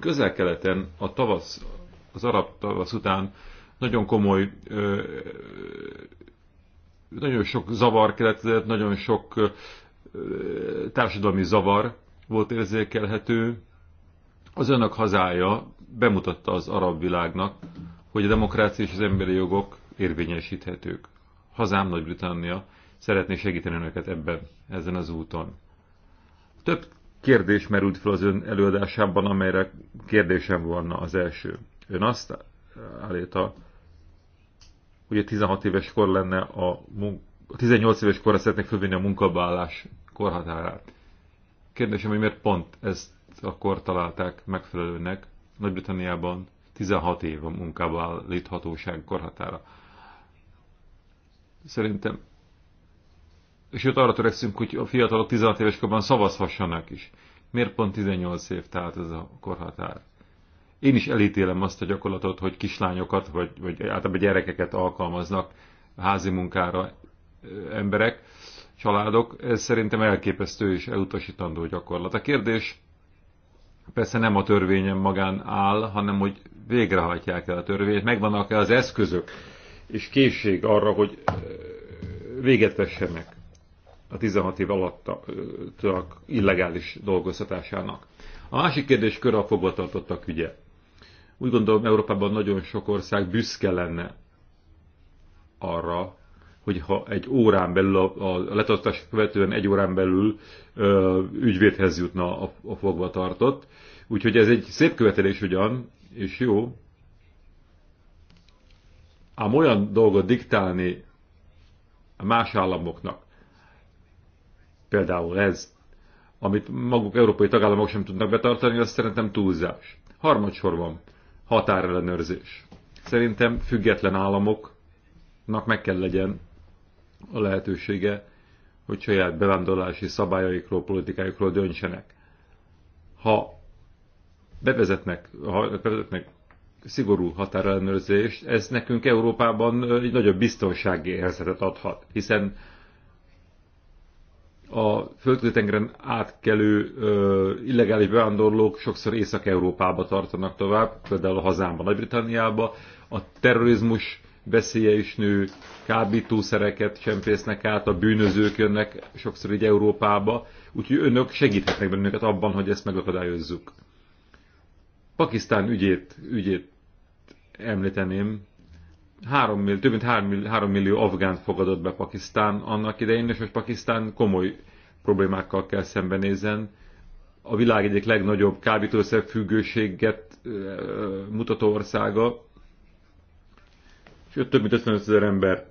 közel-keleten a tavasz, az arab tavasz után nagyon komoly, nagyon sok zavar keletkezett, nagyon sok társadalmi zavar volt érzékelhető. Az önök hazája bemutatta az arab világnak, hogy a demokrácia és az emberi jogok érvényesíthetők. Hazám Nagy-Britannia szeretné segíteni önöket ebben, ezen az úton. Több kérdés merült fel az ön előadásában, amelyre kérdésem volna az első. Ön azt állíta, hogy a 16 éves kor lenne a, a 18 éves korra szeretnék fölvinni a munkabállás korhatárát. Kérdésem, hogy miért pont ezt akkor találták megfelelőnek Nagy-Britanniában 16 év a munkába állíthatóság korhatára. Szerintem sőt arra törekszünk, hogy a fiatalok 16 éves korban szavazhassanak is. Miért pont 18 év, tehát ez a korhatár? Én is elítélem azt a gyakorlatot, hogy kislányokat, vagy, vagy általában gyerekeket alkalmaznak házi munkára emberek, családok. Ez szerintem elképesztő és elutasítandó gyakorlat. A kérdés persze nem a törvényen magán áll, hanem hogy végrehajtják el a törvényt, megvannak-e az eszközök és készség arra, hogy véget vessenek a 16 év alattak illegális dolgoztatásának. A másik kérdéskör a fogvatartottak ügye. Úgy gondolom, Európában nagyon sok ország büszke lenne arra, hogy ha egy órán belül, a, a letartás követően egy órán belül ö, ügyvédhez jutna a, a fogvatartott. Úgyhogy ez egy szép követelés ugyan, és jó, ám olyan dolgot diktálni a más államoknak, Például ez, amit maguk európai tagállamok sem tudnak betartani, az szerintem túlzás. Harmadsorban határellenőrzés. Szerintem független államoknak meg kell legyen a lehetősége, hogy saját bevándorlási szabályaikról, politikájukról döntsenek. Ha bevezetnek, ha bevezetnek szigorú határellenőrzést, ez nekünk Európában egy nagyobb biztonsági érzetet adhat, hiszen a tengeren átkelő ö, illegális bevándorlók sokszor Észak-Európába tartanak tovább, például a hazámban, Nagy-Britanniába. A terrorizmus veszélye is nő, kábítószereket csempésznek át, a bűnözők jönnek sokszor így Európába, úgyhogy önök segíthetnek bennünket abban, hogy ezt megakadályozzuk. Pakisztán ügyét, ügyét említeném, 3 millió, több mint 3, 3 millió afgánt fogadott be Pakisztán annak idején, és most Pakisztán komoly problémákkal kell szembenézzen. A világ egyik legnagyobb kábítószerfüggőséget mutató országa, és ott több mint 55 ezer ember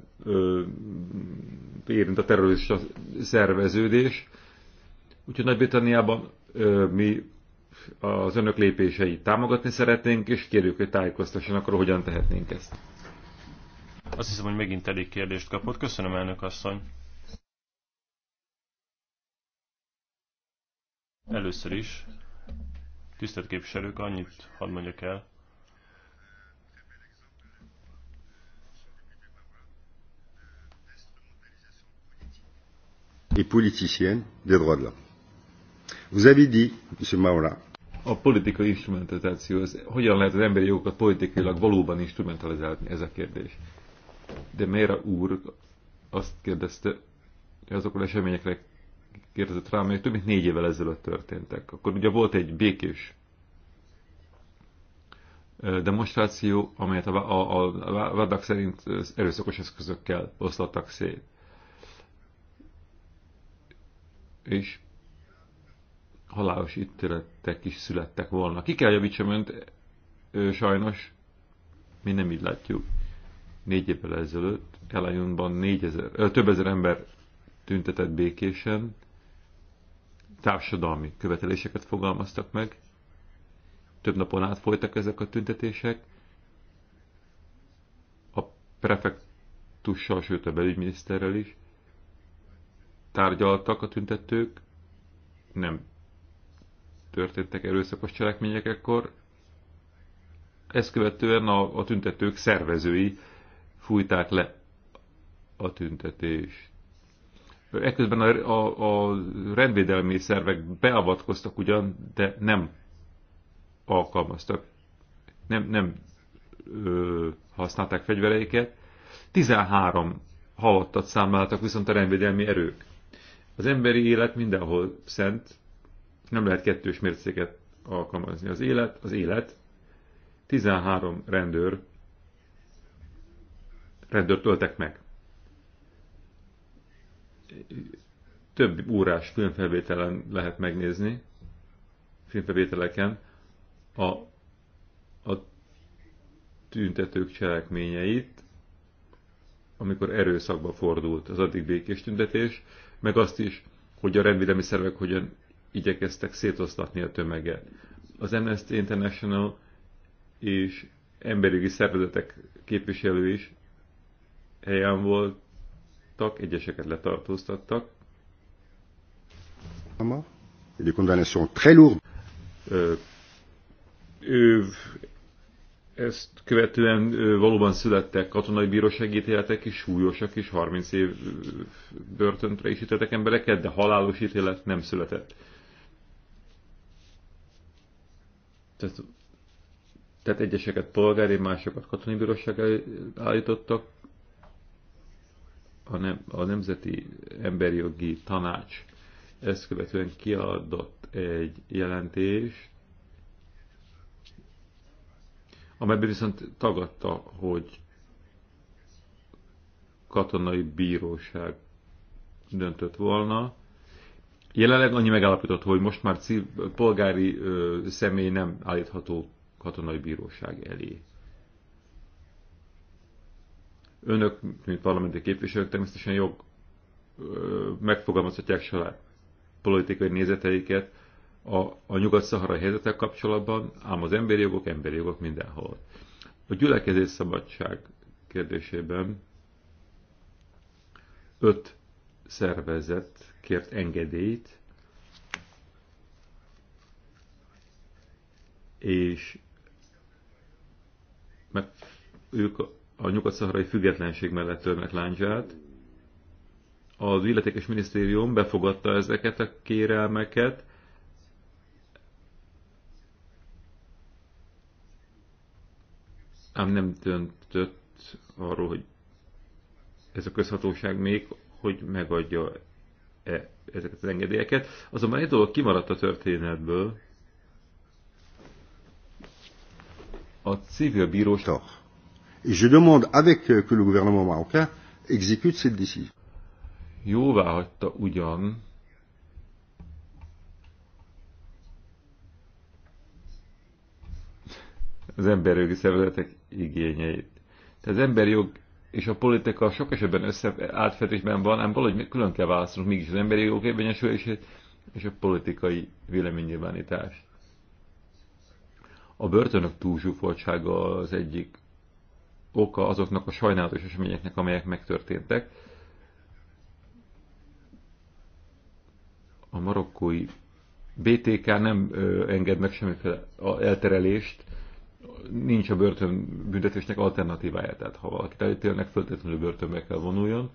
érint a terrorista szerveződés. Úgyhogy Nagy-Britanniában mi az önök lépéseit támogatni szeretnénk, és kérjük, hogy tájékoztassanak arról, hogyan tehetnénk ezt. Azt hiszem, hogy megint elég kérdést kapott. Köszönöm, elnök asszony. Először is, tisztelt képviselők, annyit hadd mondjak el, et politicienne des droits de l'homme. Vous avez dit, M. Maura, a politikai instrumentalizáció, hogyan lehet az emberi jogokat politikailag valóban instrumentalizálni, ez a kérdés. De Mera úr azt kérdezte, azokról az eseményekre kérdezett rá, amelyek több mint négy évvel ezelőtt történtek. Akkor ugye volt egy békés demonstráció, amelyet a, a, a vádak szerint erőszakos eszközökkel oszlattak szét. És halálos ítéletek is születtek volna. Ki kell javítsam önt, sajnos, mi nem így látjuk. Négy évvel ezelőtt Elionban négyezer, több ezer ember tüntetett békésen, társadalmi követeléseket fogalmaztak meg, több napon át folytak ezek a tüntetések, a prefektussal, sőt a belügyminiszterrel is tárgyaltak a tüntetők, nem történtek erőszakos cselekmények ekkor, ezt követően a, a tüntetők szervezői fújták le a tüntetést. Ekközben a, a, a rendvédelmi szervek beavatkoztak ugyan, de nem alkalmaztak, nem, nem ö, használták fegyvereiket. 13 halottat számláltak viszont a rendvédelmi erők. Az emberi élet mindenhol szent, nem lehet kettős mércéket alkalmazni. Az élet, az élet, 13 rendőr rendőrt öltek meg. Több órás filmfelvételen lehet megnézni, filmfelvételeken a, a tüntetők cselekményeit, amikor erőszakba fordult az addig békés tüntetés, meg azt is, hogy a rendvédelmi szervek hogyan igyekeztek szétoztatni a tömeget. Az Amnesty International és emberi szervezetek képviselő is helyen voltak, egyeseket letartóztattak. des condamnations très lourdes. ő, ezt követően valóban születtek katonai bírósági ítéletek is, súlyosak is, 30 év börtöntre is ítéltek embereket, de halálos ítélet nem született. Tehát, tehát egyeseket polgári, másokat katonai bíróság állítottak a, nem, a Nemzeti Emberi Jogi Tanács ezt követően kiadott egy jelentést, amelyben viszont tagadta, hogy katonai bíróság döntött volna. Jelenleg annyi megállapított, hogy most már polgári ö, személy nem állítható katonai bíróság elé. Önök, mint parlamenti képviselők természetesen jog megfogalmazhatják saját politikai nézeteiket a, a nyugat-szahara helyzetek kapcsolatban, ám az emberi jogok, emberi jogok mindenhol. A gyülekezés szabadság kérdésében öt szervezet kért engedélyt, és mert ők a nyugat-szaharai függetlenség mellett törnek láncsát. Az illetékes minisztérium befogadta ezeket a kérelmeket, ám nem döntött arról, hogy ez a közhatóság még, hogy megadja -e ezeket az engedélyeket. Azonban egy dolog kimaradt a történetből, a civil bíróság Et je demande avec euh, que le gouvernement marocain exécute cette décision. Jóvá hagyta ugyan az emberjogi szervezetek igényeit. Tehát az emberjog és a politika sok esetben össze átfedésben van, ám valahogy külön kell választanunk mégis az emberi jogok érvényesülését és a politikai véleménynyilvánítást. A börtönök túlzsúfoltsága az egyik oka azoknak a sajnálatos eseményeknek, amelyek megtörténtek. A marokkói BTK nem enged meg semmiféle elterelést, nincs a börtönbüntetésnek alternatívája, tehát ha valakit elítélnek, föltétlenül börtönbe kell vonuljon,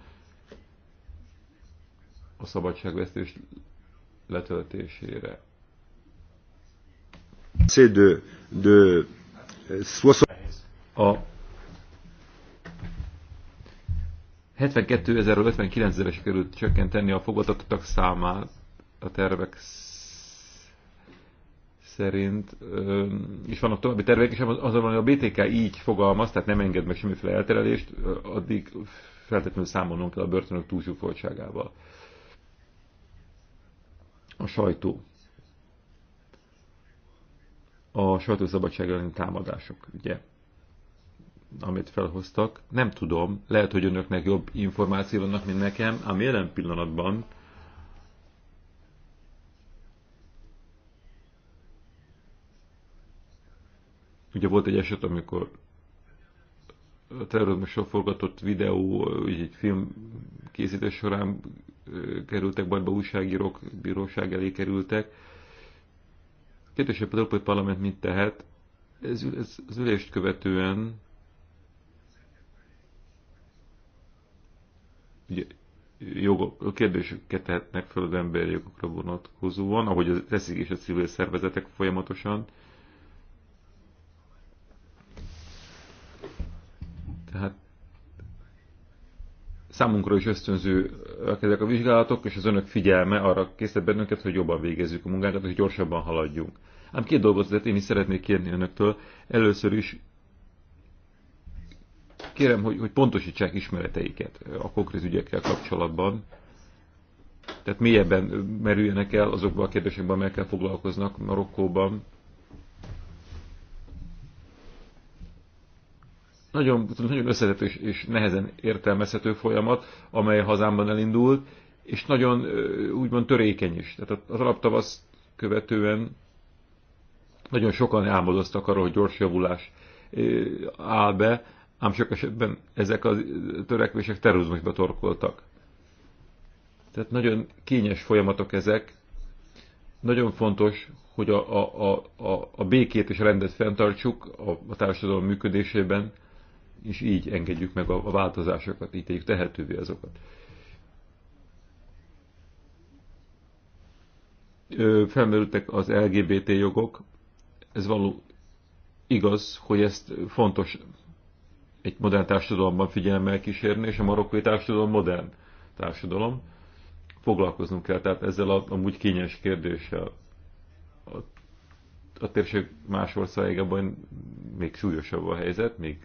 a szabadságvesztés letöltésére. C de, de, a 72 ezerről 59 került sikerült csökkenteni a fogadottak számát a tervek szerint, és vannak további tervek, és azonban a BTK így fogalmaz, tehát nem enged meg semmiféle elterelést, addig feltétlenül számolnunk kell a börtönök túlsúfoltságával. A sajtó. A sajtószabadság elleni támadások, ugye? amit felhoztak. Nem tudom, lehet, hogy önöknek jobb információ vannak, mint nekem, ám jelen pillanatban Ugye volt egy eset, amikor a terrorizmusról forgatott videó, egy film készítés során kerültek bajba újságírók, bíróság elé kerültek. Kérdés, hogy a Európai Parlament mit tehet? Ez, ez, az ülést követően ugye, jogok, kérdésüket tehetnek fel az emberi jogokra vonatkozóan, ahogy az eszik és a civil szervezetek folyamatosan. Tehát számunkra is ösztönző ezek a vizsgálatok, és az önök figyelme arra készített bennünket, hogy jobban végezzük a munkánkat, hogy gyorsabban haladjunk. Ám két dolgot én is szeretnék kérni önöktől. Először is kérem, hogy, hogy pontosítsák ismereteiket a konkrét ügyekkel kapcsolatban. Tehát mélyebben merüljenek el azokban a kérdésekben, amelyekkel foglalkoznak Marokkóban. Nagyon, nagyon összetett és, és nehezen értelmezhető folyamat, amely hazámban elindult, és nagyon úgymond törékeny is. Tehát az alaptavasz követően nagyon sokan álmodoztak arról, hogy gyors javulás áll be, ám sok esetben ezek a törekvések terrorizmusba torkoltak. Tehát nagyon kényes folyamatok ezek. Nagyon fontos, hogy a, a, a, a, a békét és rendet fenntartsuk a, a társadalom működésében, és így engedjük meg a, a változásokat, így tegyük tehetővé azokat. Ö, felmerültek az LGBT jogok. Ez való igaz, hogy ezt fontos egy modern társadalomban figyelemmel kísérni, és a marokkói társadalom modern társadalom. Foglalkoznunk kell tehát ezzel a, amúgy kényes kérdéssel. A, a térség más országában még súlyosabb a helyzet, még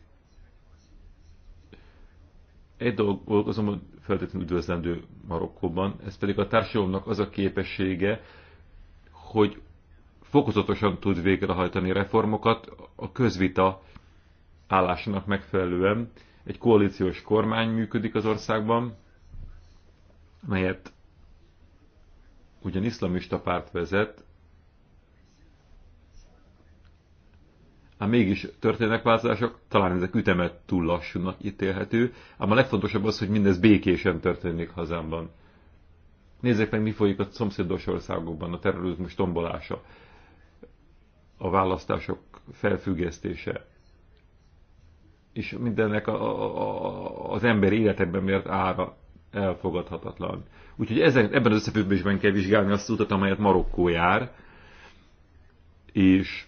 egy dolog azonban feltétlenül üdvözlendő Marokkóban, ez pedig a társadalomnak az a képessége, hogy fokozatosan tud végrehajtani reformokat a közvita állásának megfelelően egy koalíciós kormány működik az országban, melyet ugyan iszlamista párt vezet, ám mégis történnek változások, talán ezek ütemet túl lassúnak ítélhető, ám a legfontosabb az, hogy mindez békésen történik hazámban. Nézzék meg, mi folyik a szomszédos országokban, a terrorizmus tombolása, a választások felfüggesztése, és mindennek a, a, a, az emberi életekben miért ára elfogadhatatlan. Úgyhogy ezen, ebben az összefüggésben kell vizsgálni azt az utat, amelyet Marokkó jár, és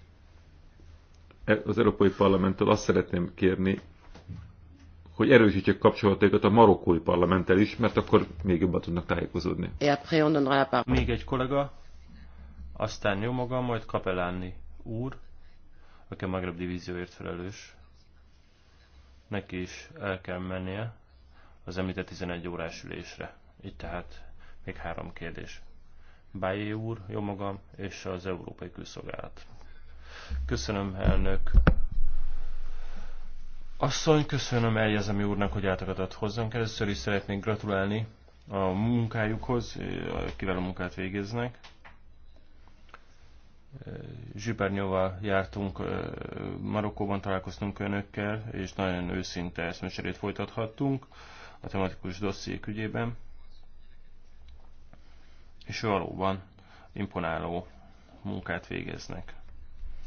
e, az Európai Parlamenttől azt szeretném kérni, hogy erősítsék kapcsolatokat a marokkói parlamenttel is, mert akkor még jobban tudnak tájékozódni. Még egy kollega, aztán jó magam, majd Kapelánni úr, aki a Magreb divízióért felelős neki is el kell mennie az említett 11 órás ülésre. Itt tehát még három kérdés. Bájé úr, jó magam, és az Európai Külszolgálat. Köszönöm, elnök. Asszony, köszönöm Eljezemi úrnak, hogy átakadott hozzánk. Először is szeretnék gratulálni a munkájukhoz, eh, kiváló munkát végeznek. Zsibernyóval jártunk, Marokkóban találkoztunk önökkel, és nagyon őszinte eszmeserét folytathattunk a tematikus dossziék ügyében. És valóban imponáló munkát végeznek.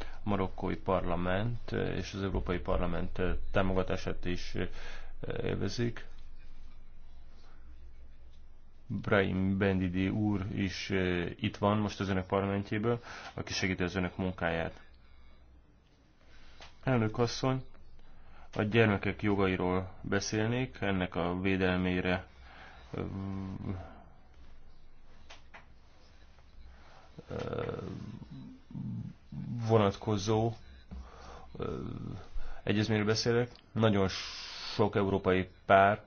A marokkói parlament és az Európai Parlament támogatását is élvezik. Brahim Bendidi úr is itt van most az önök parlamentjéből, aki segíti az önök munkáját. Elnök asszony, a gyermekek jogairól beszélnék, ennek a védelmére vonatkozó egyezményről beszélek. Nagyon sok európai pár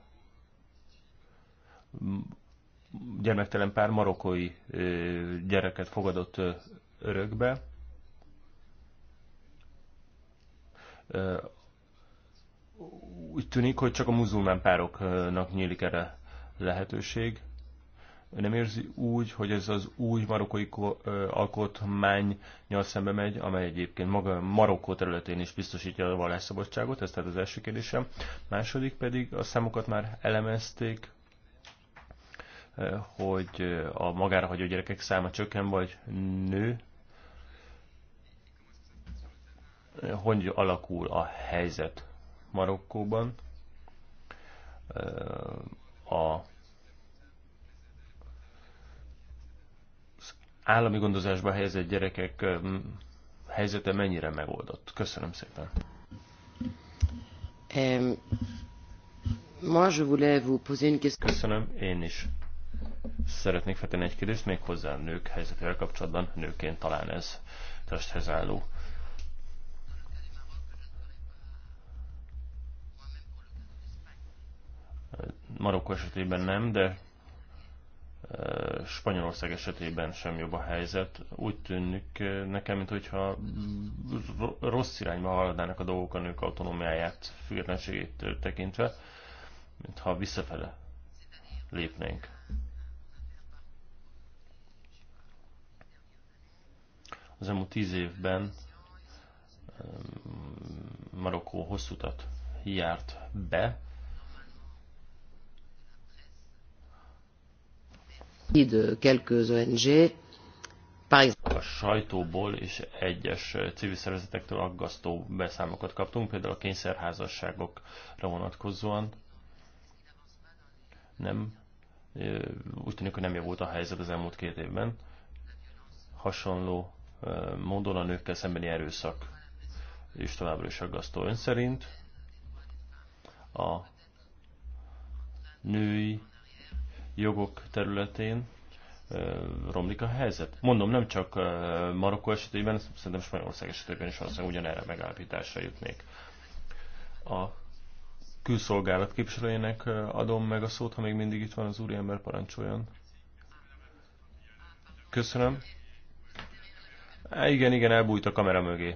gyermektelen pár marokkói gyereket fogadott örökbe. Úgy tűnik, hogy csak a muzulmán pároknak nyílik erre lehetőség. Nem érzi úgy, hogy ez az új marokkói nyal szembe megy, amely egyébként maga Marokkó területén is biztosítja a vallásszabadságot, ez tehát az első kérdésem. Második pedig a számokat már elemezték, hogy a magára hagyó gyerekek száma csökken vagy nő, hogy alakul a helyzet Marokkóban. A állami gondozásba helyezett gyerekek um, helyzete mennyire megoldott? Köszönöm szépen. Moi, je voulais vous poser une question. Köszönöm, én is szeretnék feltenni egy kérdést még hozzá a nők helyzetével kapcsolatban. Nőként talán ez testhez álló. Marokkó esetében nem, de Spanyolország esetében sem jobb a helyzet. Úgy tűnik nekem, mintha rossz irányba haladnának a dolgok a nők autonómiáját, függetlenségét tekintve, mintha visszafele lépnénk. Az elmúlt tíz évben Marokkó hosszú utat járt be. De quelques ONG, a sajtóból és egyes civil szervezetektől aggasztó beszámokat kaptunk, például a kényszerházasságokra vonatkozóan. Nem, úgy tűnik, hogy nem javult a helyzet az elmúlt két évben. Hasonló módon a nőkkel szembeni erőszak és továbbra is aggasztó. Ön szerint a női jogok területén romlik a helyzet. Mondom, nem csak Marokkó esetében, szerintem Spanyolország esetében is valószínűleg ugyanerre megállapításra jutnék. A külszolgálat képviselőjének adom meg a szót, ha még mindig itt van az úriember, parancsoljon. Köszönöm. Igen, igen, elbújt a kamera mögé.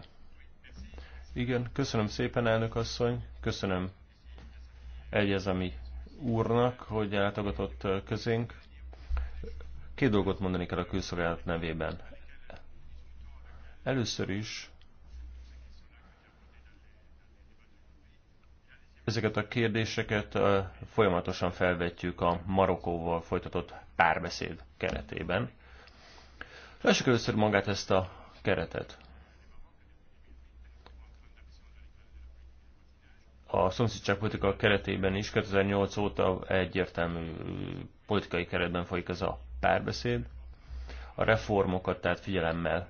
Igen, köszönöm szépen, elnök asszony, köszönöm egyezemi úrnak, hogy eltagadott közénk. Két dolgot mondani kell a külszolgálat nevében. Először is ezeket a kérdéseket folyamatosan felvetjük a Marokkóval folytatott párbeszéd keretében. Lássuk először magát ezt a keretet. A szomszédságpolitika keretében is 2008 óta egyértelmű politikai keretben folyik ez a párbeszéd. A reformokat tehát figyelemmel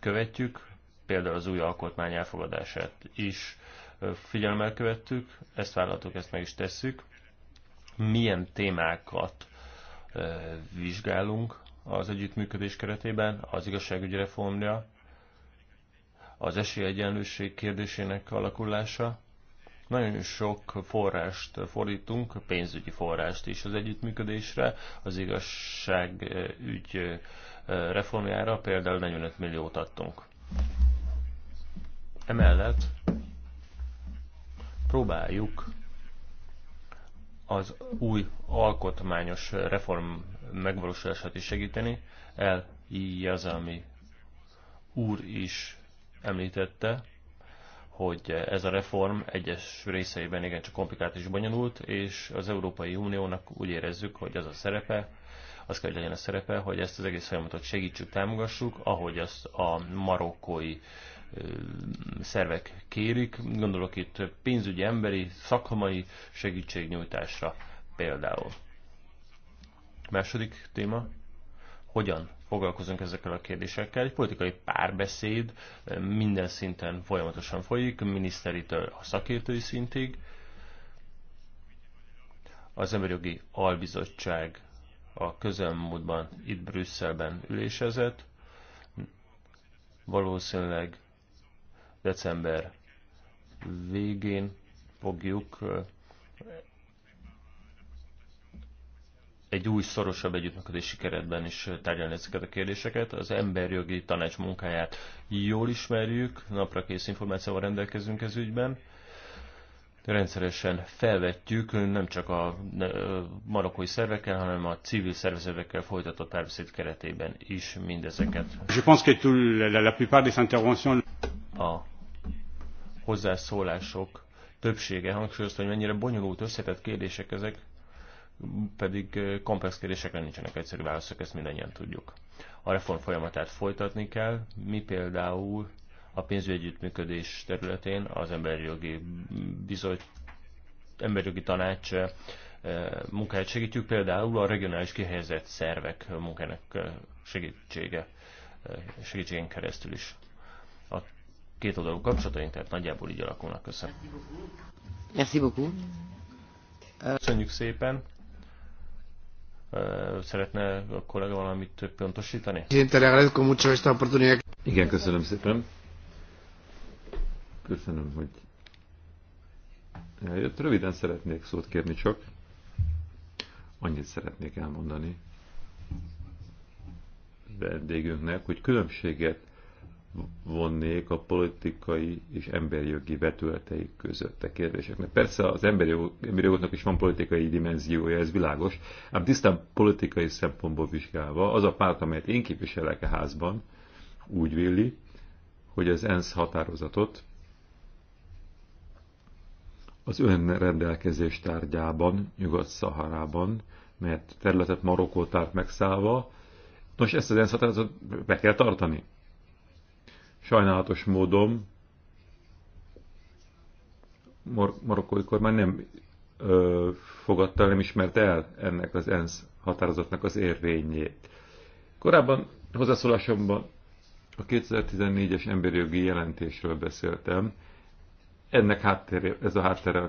követjük, például az új alkotmány elfogadását is figyelemmel követtük, ezt vállaltuk, ezt meg is tesszük. Milyen témákat vizsgálunk, az együttműködés keretében, az igazságügyi reformja, az esélyegyenlőség kérdésének alakulása. Nagyon sok forrást fordítunk, pénzügyi forrást is az együttműködésre, az igazságügy reformjára például 45 milliót adtunk. Emellett próbáljuk az új alkotmányos reform megvalósulását is segíteni. El Jazami úr is említette, hogy ez a reform egyes részeiben igencsak komplikált és bonyolult, és az Európai Uniónak úgy érezzük, hogy az a szerepe, az kell, hogy legyen a szerepe, hogy ezt az egész folyamatot segítsük, támogassuk, ahogy azt a marokkói szervek kérik. Gondolok itt pénzügyi, emberi, szakmai segítségnyújtásra például. Második téma, hogyan foglalkozunk ezekkel a kérdésekkel. Egy politikai párbeszéd minden szinten folyamatosan folyik, miniszteritől a szakértői szintig. Az Jogi Albizottság a közelmúltban itt Brüsszelben ülésezett. Valószínűleg december végén fogjuk egy új, szorosabb együttműködési keretben is tárgyalni ezeket a kérdéseket. Az emberjogi tanács munkáját jól ismerjük, napra kész információval rendelkezünk ez ügyben. Rendszeresen felvetjük nem csak a marokkói szervekkel, hanem a civil szervezetekkel folytatott párbeszéd keretében is mindezeket. Je pense que tout, la, la plupart des interventions... A hozzászólások többsége hangsúlyozta, hogy mennyire bonyolult, összetett kérdések ezek, pedig komplex kérdésekre nincsenek egyszerű válaszok, ezt mindannyian tudjuk. A reform folyamatát folytatni kell, mi például a pénzügyi együttműködés területén az emberi jogi bizony, emberi jogi tanács munkáját segítjük, például a regionális kihelyezett szervek munkának segítsége, segítségén keresztül is két oldalú kapcsolataink, tehát nagyjából így alakulnak. Köszönöm. Merci beaucoup. Köszönjük szépen. Szeretne a kollega valamit pontosítani? Igen, köszönöm szépen. Köszönöm, hogy eljött. Röviden szeretnék szót kérni csak. Annyit szeretnék elmondani vendégünknek, hogy különbséget vonnék a politikai és emberjogi vetületeik között a kérdéseknek. Persze az emberi, emberi jogoknak is van politikai dimenziója, ez világos, ám tisztán politikai szempontból vizsgálva az a párt, amelyet én képviselek a házban, úgy véli, hogy az ENSZ határozatot az önrendelkezés tárgyában, Nyugat-Szaharában, mert területet Marokkó tárt megszállva, nos, ezt az ENSZ határozatot be kell tartani. Sajnálatos módon Mar- marokkói kormány nem ö, fogadta, nem ismerte el ennek az ENSZ határozatnak az érvényét. Korábban hozzászólásomban a 2014-es emberi jogi jelentésről beszéltem. Ennek háttere, ez a háttere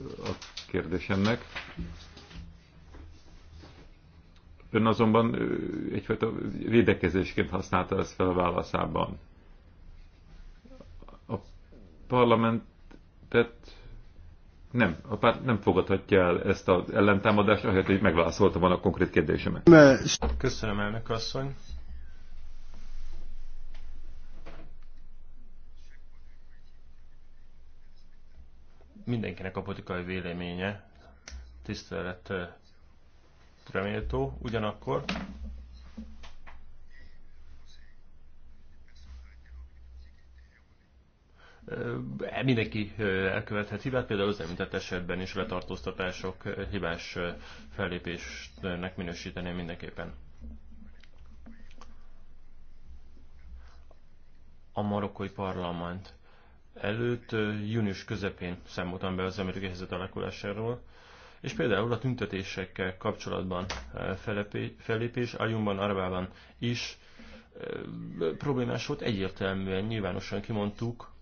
a kérdésemnek. Ön azonban egyfajta védekezésként használta ezt fel a válaszában parlamentet nem, a párt nem fogadhatja el ezt az ellentámadást, ahelyett, hogy megválaszolta volna a konkrét kérdésemet. Köszönöm, elnök asszony. Mindenkinek a politikai véleménye tisztelet reméltó, ugyanakkor mindenki elkövethet hibát, például az említett esetben is letartóztatások hibás fellépésnek minősíteni mindenképpen. A marokkói parlament előtt június közepén számoltam be az amerikai helyzet alakulásáról, és például a tüntetésekkel kapcsolatban fellépés Ajumban, Arabában is problémás volt, egyértelműen nyilvánosan kimondtuk,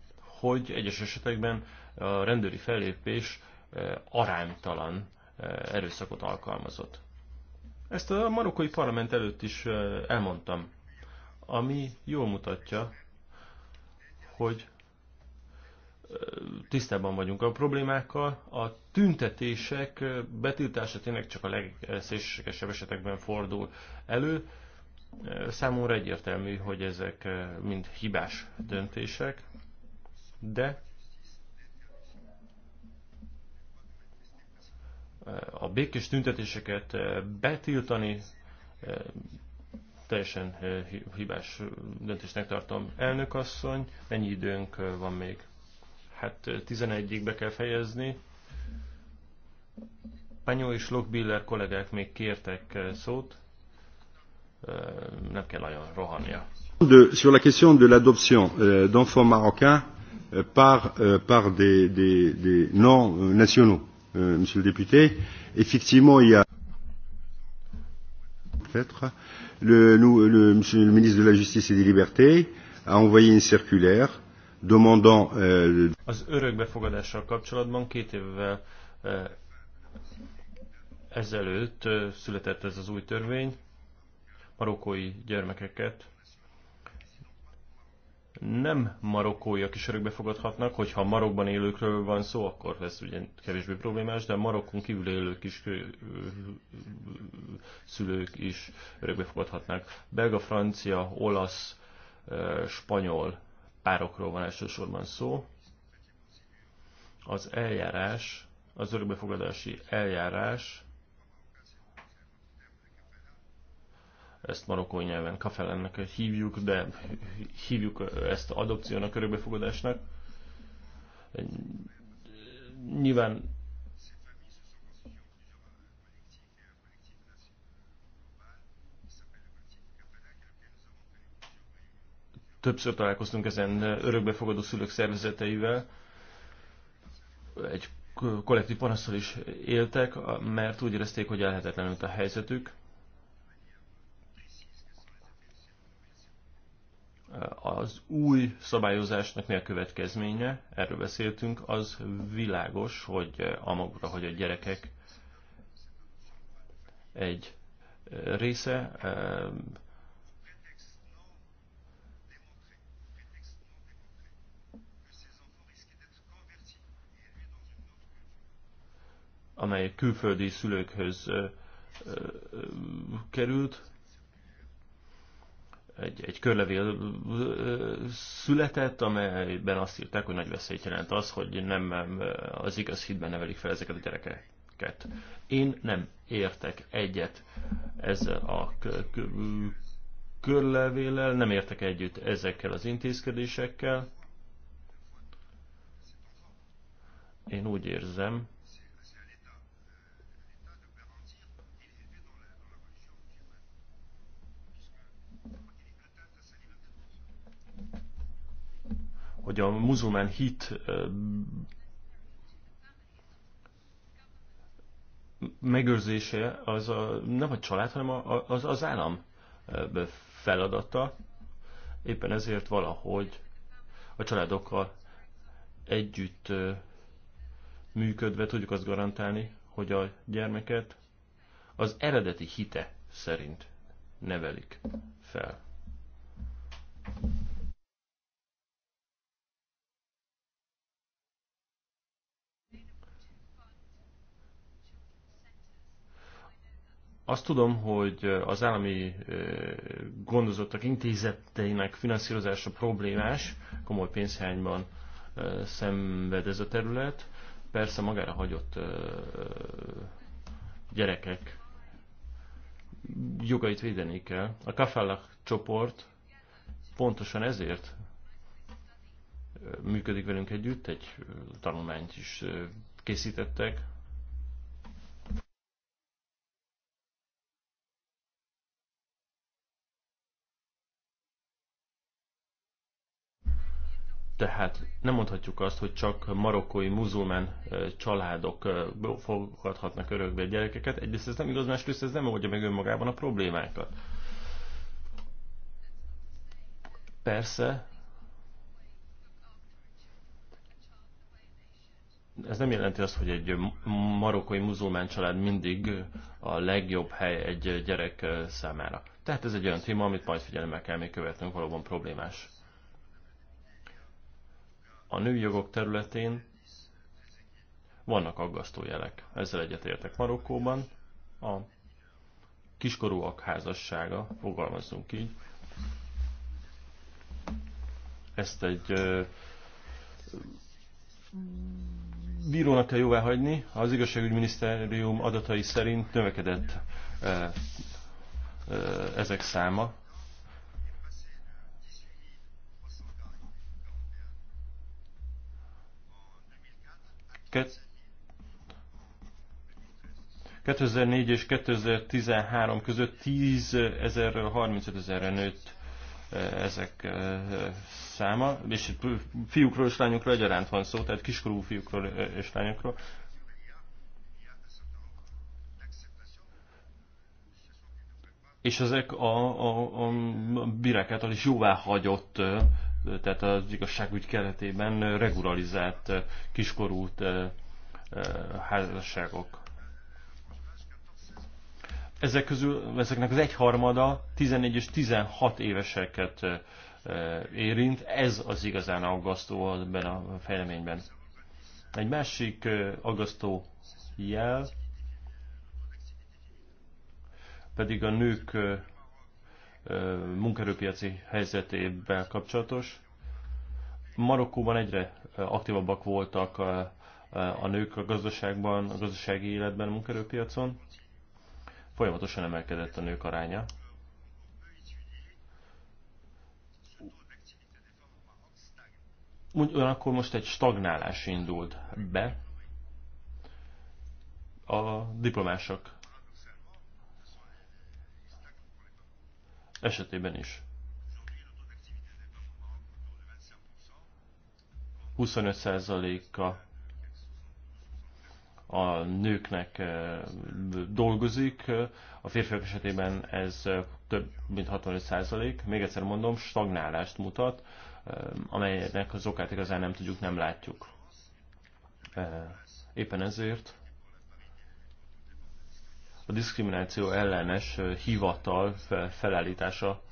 hogy egyes esetekben a rendőri fellépés eh, aránytalan eh, erőszakot alkalmazott. Ezt a marokkai parlament előtt is eh, elmondtam, ami jól mutatja, hogy tisztában vagyunk a problémákkal. A tüntetések betiltása tényleg csak a legszélsőségesebb esetekben fordul elő. Számomra egyértelmű, hogy ezek mind hibás döntések de eh, a békés tüntetéseket eh, betiltani eh, teljesen hibás döntésnek tartom. Elnök asszony, mennyi időnk van még? Hát 11-ig be kell fejezni. Panyó és Lokbiller kollégák még kértek szót. Nem kell nagyon rohannia. De, sur la question de l'adoption d'enfants marocains, Euh, par, euh, par des, des, des non euh, nationaux, euh, Monsieur le député. Effectivement, il y a peut-être le, le, Monsieur le ministre de la Justice et des Libertés a envoyé une circulaire demandant. Euh, Az örökbefogadással kapcsolatban két évvel euh, ezelőtt euh, született ez az új törvény, marokkói gyermekeket nem marokkóiak is örökbe fogadhatnak, hogyha Marokban élőkről van szó, akkor lesz ugye kevésbé problémás, de Marokkon kívül élők is, szülők is örökbe fogadhatnak. Belga, francia, olasz, spanyol párokról van elsősorban szó. Az eljárás, az örökbefogadási eljárás ezt marokkói nyelven kafelennek hívjuk, de hívjuk ezt adopciónak, körülbefogadásnak. Nyilván többször találkoztunk ezen örökbefogadó szülők szervezeteivel, egy kollektív panaszsal is éltek, mert úgy érezték, hogy elhetetlenült a helyzetük. az új szabályozásnak mi a következménye, erről beszéltünk, az világos, hogy a magukra hogy a gyerekek egy része amely külföldi szülőkhöz került, egy, egy körlevél született, amelyben azt írták, hogy nagy veszélyt jelent az, hogy nem az igaz hitben nevelik fel ezeket a gyerekeket. Én nem értek egyet ezzel a körlevéllel, nem értek együtt ezekkel az intézkedésekkel. Én úgy érzem, hogy a muzulmán hit megőrzése az a, nem a család, hanem a, az, az állam feladata. Éppen ezért valahogy a családokkal együtt működve tudjuk azt garantálni, hogy a gyermeket az eredeti hite szerint nevelik fel. Azt tudom, hogy az állami gondozottak intézeteinek finanszírozása problémás, komoly pénzhányban szenved ez a terület. Persze magára hagyott gyerekek jogait védeni kell. A Kafala csoport pontosan ezért működik velünk együtt, egy tanulmányt is készítettek Tehát nem mondhatjuk azt, hogy csak marokkói muzulmán családok fogadhatnak örökbe gyerekeket. Egyrészt ez nem igaz, másrészt ez nem oldja meg önmagában a problémákat. Persze, ez nem jelenti azt, hogy egy marokkói muzulmán család mindig a legjobb hely egy gyerek számára. Tehát ez egy olyan téma, amit majd figyelemmel kell még követnünk, valóban problémás a női jogok területén vannak aggasztó jelek. Ezzel egyetértek Marokkóban. A kiskorúak házassága, fogalmazzunk így, ezt egy ö, bírónak kell jóvá hagyni. Az igazságügyminisztérium adatai szerint növekedett ö, ö, ezek száma 2004 és 2013 között 10 ezerről 35 ezerre nőtt ezek száma, és fiúkról és lányokról egyaránt van szó, tehát kiskorú fiúkról és lányokról. És ezek a, a, a a birákától is jóvá hagyott tehát az igazságügy keretében regularizált eh, kiskorút eh, eh, házasságok. Ezek közül, ezeknek az egyharmada 14 és 16 éveseket érint. Ez az igazán aggasztó ebben a fejleményben. Egy másik aggasztó jel pedig a nők munkerőpiaci helyzetével kapcsolatos. Marokkóban egyre aktívabbak voltak a, a nők a gazdaságban, a gazdasági életben, a munkerőpiacon. Folyamatosan emelkedett a nők aránya. Ugyanakkor most egy stagnálás indult be. A diplomások esetében is. 25%-a a nőknek eh, dolgozik, a férfiak esetében ez eh, több mint 65%, még egyszer mondom, stagnálást mutat, eh, amelynek az okát igazán nem tudjuk, nem látjuk. Éppen ezért a diszkrimináció ellenes hivatal felállítása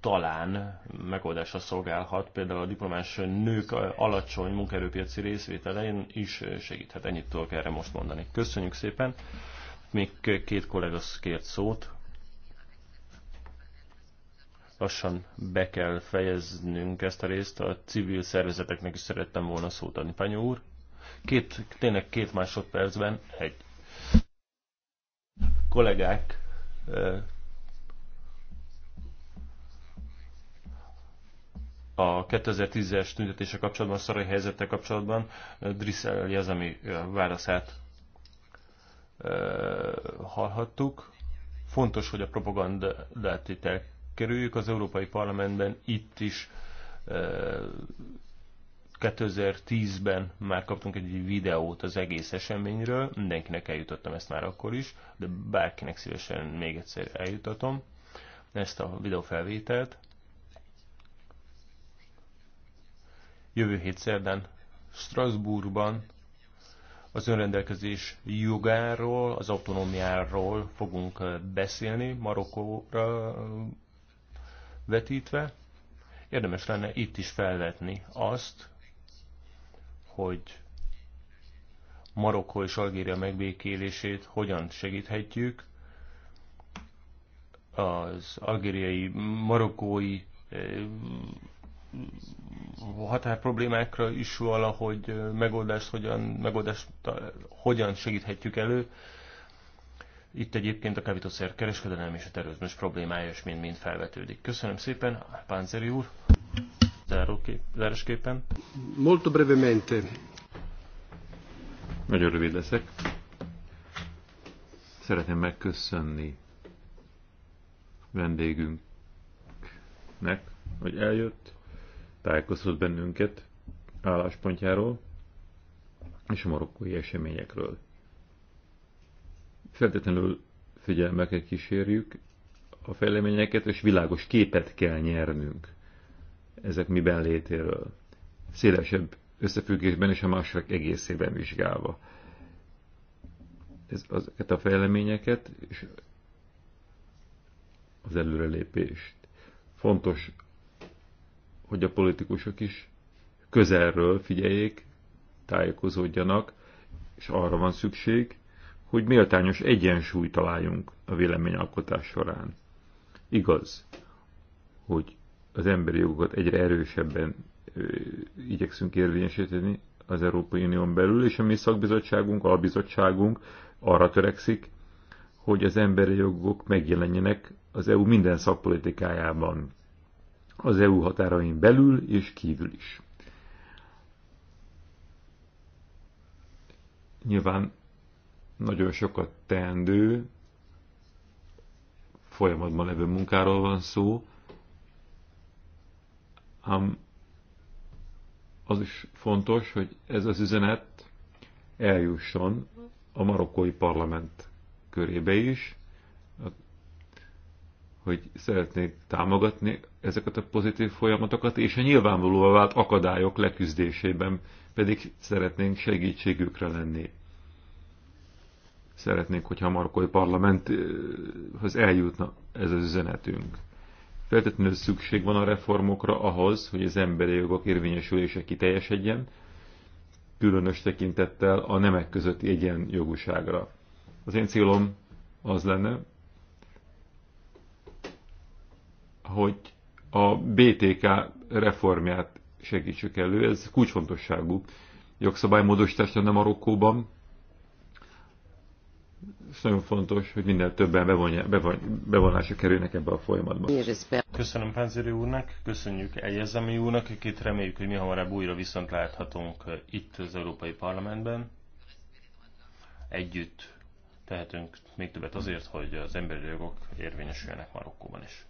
talán megoldásra szolgálhat, például a diplomás nők alacsony munkaerőpiaci részvételein is segíthet. Ennyit tudok erre most mondani. Köszönjük szépen. Még két kollega kért szót. Lassan be kell fejeznünk ezt a részt. A civil szervezeteknek is szerettem volna szót adni, Panyó úr. Két, tényleg két másodpercben egy kollégák a 2010-es tüntetése kapcsolatban, a szarai helyzettel kapcsolatban Drisszeli az, válaszát hallhattuk. Fontos, hogy a propagandát itt elkerüljük az Európai Parlamentben, itt is 2010-ben már kaptunk egy videót az egész eseményről, mindenkinek eljutottam ezt már akkor is, de bárkinek szívesen még egyszer eljutatom ezt a videófelvételt. Jövő hét szerdán Strasbourgban az önrendelkezés jogáról, az autonómiáról fogunk beszélni, Marokkóra vetítve. Érdemes lenne itt is felvetni azt, hogy Marokkó és Algéria megbékélését hogyan segíthetjük. Az algériai, marokkói eh, határ problémákra is valahogy eh, megoldást hogyan, megoldást eh, hogyan segíthetjük elő. Itt egyébként a kábítószer kereskedelem és a terrorizmus problémája is mind-mind felvetődik. Köszönöm szépen, Pánzeri úr! zárásképpen. Molto brevemente. Nagyon rövid leszek. Szeretném megköszönni vendégünknek, hogy eljött, tájékoztatott bennünket álláspontjáról és a marokkói eseményekről. Feltétlenül figyelmekkel kísérjük a fejleményeket, és világos képet kell nyernünk ezek miben létéről. Szélesebb összefüggésben és a mások egészében vizsgálva. Ez, azokat a fejleményeket és az előrelépést. Fontos, hogy a politikusok is közelről figyeljék, tájékozódjanak, és arra van szükség, hogy méltányos egyensúlyt találjunk a véleményalkotás során. Igaz, hogy az emberi jogokat egyre erősebben igyekszünk érvényesíteni az Európai Unión belül, és a mi szakbizottságunk, bizottságunk arra törekszik, hogy az emberi jogok megjelenjenek az EU minden szakpolitikájában, az EU határain belül és kívül is. Nyilván nagyon sokat teendő, folyamatban levő munkáról van szó, ám az is fontos, hogy ez az üzenet eljusson a marokkói parlament körébe is, hogy szeretnék támogatni ezeket a pozitív folyamatokat, és a nyilvánvalóvá vált akadályok leküzdésében pedig szeretnénk segítségükre lenni. Szeretnénk, hogyha a marokkói parlamenthez eljutna ez az üzenetünk. Feltétlenül szükség van a reformokra ahhoz, hogy az emberi jogok érvényesülése kiteljesedjen, különös tekintettel a nemek közötti egyenjogúságra. Az én célom az lenne, hogy a BTK reformját segítsük elő. Ez kulcsfontosságú jogszabálymódosítás lenne Marokkóban, és nagyon fontos, hogy minden többen bevonja, bevon, bevonásra kerülnek ebbe a folyamatba. Köszönöm Pánzéri úrnak, köszönjük Egyezemi úrnak, akit reméljük, hogy mi hamarabb újra viszont láthatunk eh, itt az Európai Parlamentben. Együtt tehetünk még többet azért, hogy az emberi jogok érvényesüljenek Marokkóban is.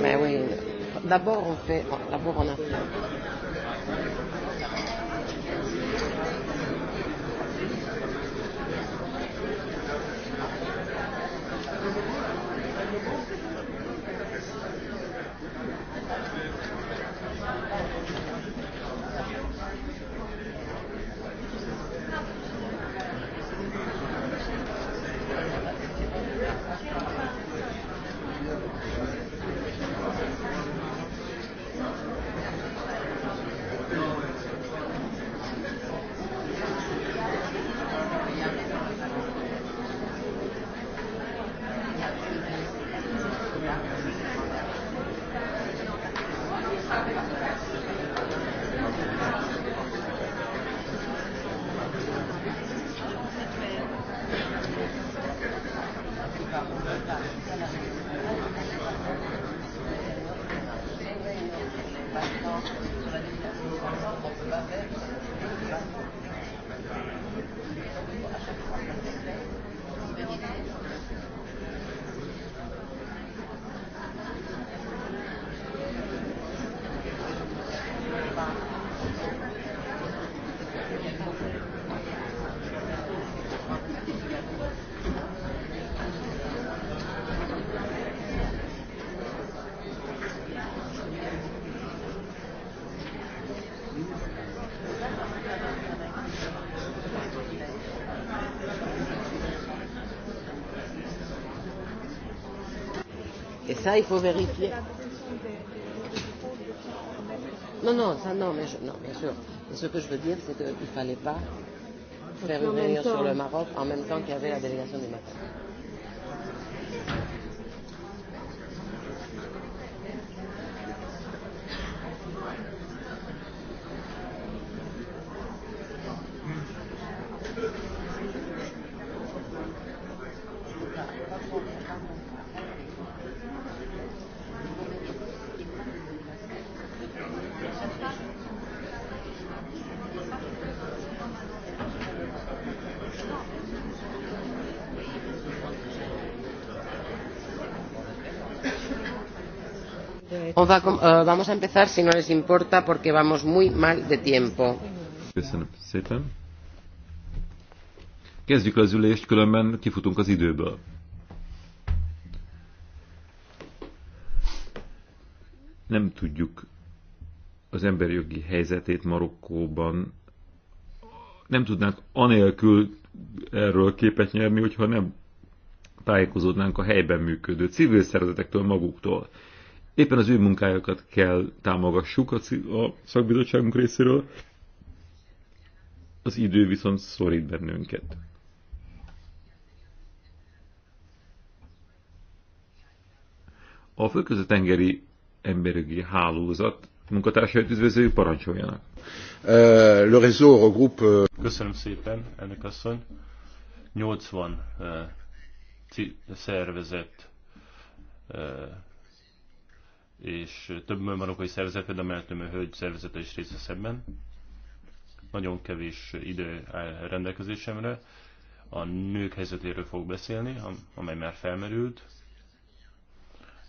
mais oui. D'abord on fait, d'abord on a Ça, il faut vérifier. Non, non, ça non, mais je, non, bien sûr. Mais ce que je veux dire, c'est qu'il ne fallait pas faire une réunion sur le Maroc en même temps qu'il y avait la délégation du Maroc. Eh, vamos a empezar, si no les importa, porque vamos muy mal de tiempo. Köszönöm szépen. Kezdjük az ülést, különben kifutunk az időből. Nem tudjuk az emberi jogi helyzetét Marokkóban. Nem tudnánk anélkül erről képet nyerni, hogyha nem tájékozódnánk a helyben működő civil szervezetektől maguktól. Éppen az ő munkájukat kell támogassuk a szakbizottságunk részéről, az idő viszont szorít bennünket. A fölközött tengeri emberi hálózat munkatársait üdvözlőjük parancsoljanak. Le réseau regroupe... Köszönöm szépen, ennek asszony. 80 uh, szervezet uh, és több marokkai szervezet, például Meltömő Hölgy szervezete is része szemben Nagyon kevés idő áll rendelkezésemre. A nők helyzetéről fogok beszélni, amely már felmerült.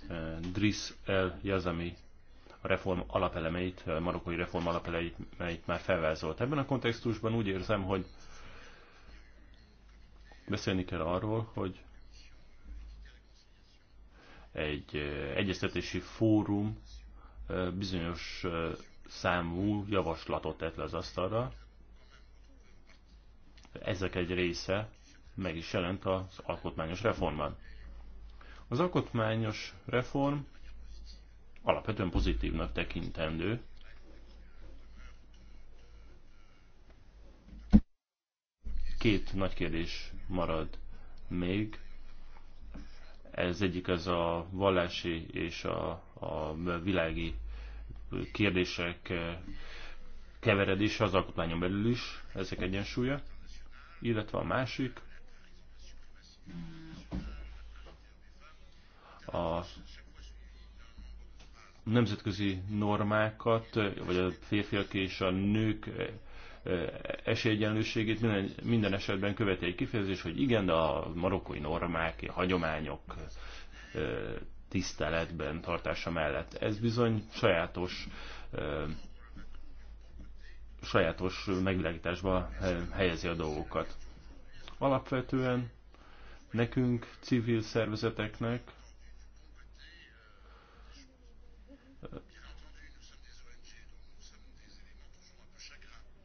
Eh, Driss El Yazami a reform alapelemeit, a marokkai reform alapelemeit már felvázolt. Ebben a kontextusban úgy érzem, hogy beszélni kell arról, hogy egy egyeztetési fórum bizonyos számú javaslatot tett le az asztalra. Ezek egy része meg is jelent az alkotmányos reformban. Az alkotmányos reform alapvetően pozitívnak tekintendő, két nagy kérdés marad még ez egyik az a vallási és a, a világi kérdések eh, keveredése az alkotmányon belül is, ezek egyensúlya, illetve a másik, a nemzetközi normákat, eh, vagy a férfiak és a nők eh, esélyegyenlőségét minden, minden esetben követi egy kifejezés, hogy igen, de a marokkói normák, a hagyományok tiszteletben tartása mellett. Ez bizony sajátos sajátos megvilágításba helyezi a dolgokat. Alapvetően nekünk, civil szervezeteknek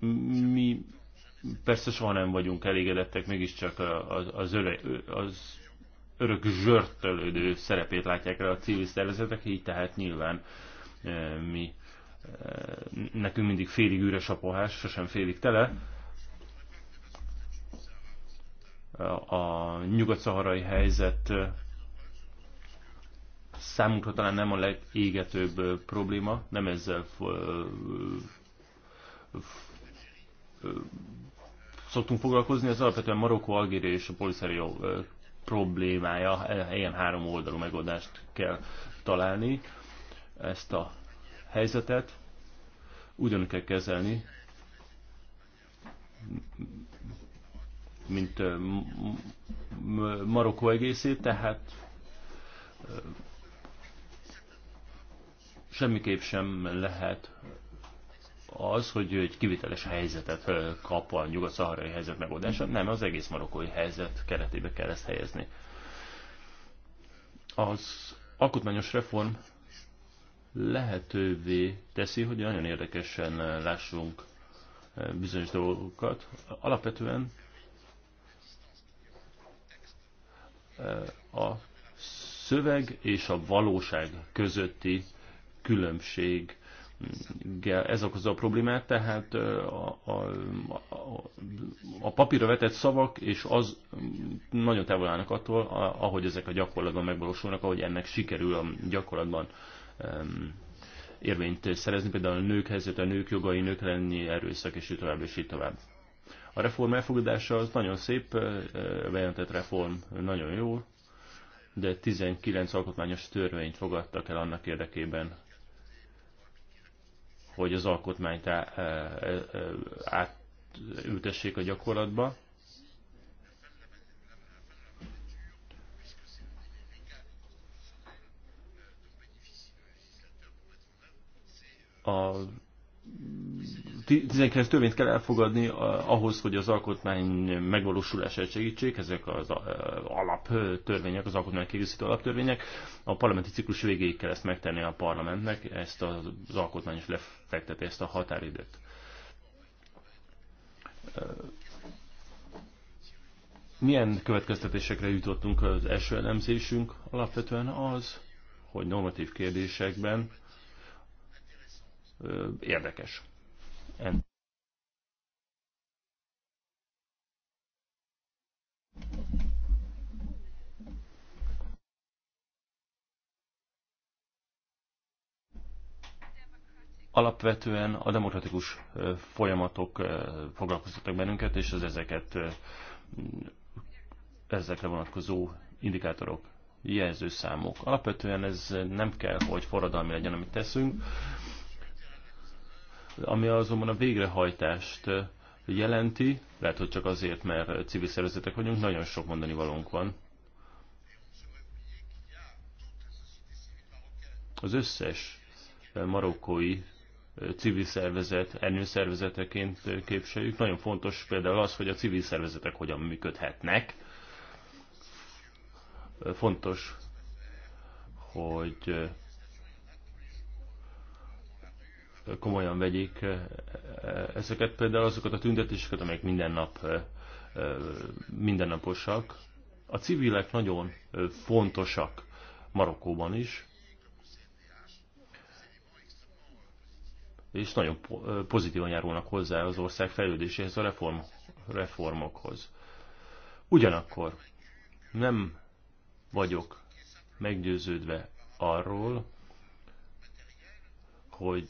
mi persze soha nem vagyunk elégedettek, mégiscsak az, az, öre, az örök zsörtölődő szerepét látják rá a civil szervezetek, így tehát nyilván e, mi e, nekünk mindig félig üres a pohás, sosem félig tele. A nyugat-szaharai helyzet e, számunkra talán nem a legégetőbb probléma, nem ezzel szoktunk foglalkozni, az alapvetően Marokkó, Algéria és a Polisario problémája, e, ilyen három oldalú megoldást kell találni ezt a helyzetet, ugyanúgy kell kezelni, mint Marokkó egészét, tehát semmiképp sem lehet az, hogy egy kiviteles helyzetet kap a nyugat-szaharai helyzet megoldása, nem, az egész marokkói helyzet keretébe kell ezt helyezni. Az alkotmányos reform lehetővé teszi, hogy nagyon érdekesen lássunk bizonyos dolgokat. Alapvetően a szöveg és a valóság közötti különbség ez okozza a problémát, tehát a, a, a, a papírra vetett szavak, és az nagyon távol állnak attól, ahogy ezek a gyakorlatban megvalósulnak, ahogy ennek sikerül a gyakorlatban érvényt szerezni, például a nők helyzete, a nők jogai, nők lenni erőszak, és így tovább, és így tovább. A reform elfogadása az nagyon szép, bejelentett reform nagyon jó, de 19 alkotmányos törvényt fogadtak el annak érdekében, hogy az alkotmányt átültessék a gyakorlatba. A 19 törvényt kell elfogadni ahhoz, hogy az alkotmány megvalósulását segítsék, ezek az alaptörvények, az alkotmány kiegészítő alaptörvények. A parlamenti ciklus végéig kell ezt megtenni a parlamentnek, ezt az alkotmány is lefekteti, ezt a határidőt. Milyen következtetésekre jutottunk az első elemzésünk? Alapvetően az, hogy normatív kérdésekben érdekes and alapvetően a demokratikus folyamatok foglalkoztatnak bennünket, és az ezeket ezekre vonatkozó indikátorok, jelzőszámok. Alapvetően ez nem kell, hogy forradalmi legyen, amit teszünk ami azonban a végrehajtást jelenti, lehet, hogy csak azért, mert civil szervezetek vagyunk, nagyon sok mondani valónk van. Az összes marokkói civil szervezet, szervezeteként képzeljük. Nagyon fontos például az, hogy a civil szervezetek hogyan működhetnek. Fontos, hogy komolyan vegyék eh, eh, ezeket, például azokat a tüntetéseket, amelyek minden nap eh, mindennaposak. A civilek nagyon fontosak Marokkóban is, és nagyon pozitívan járulnak hozzá az ország fejlődéséhez, a reform, reformokhoz. Ugyanakkor nem vagyok meggyőződve arról, hogy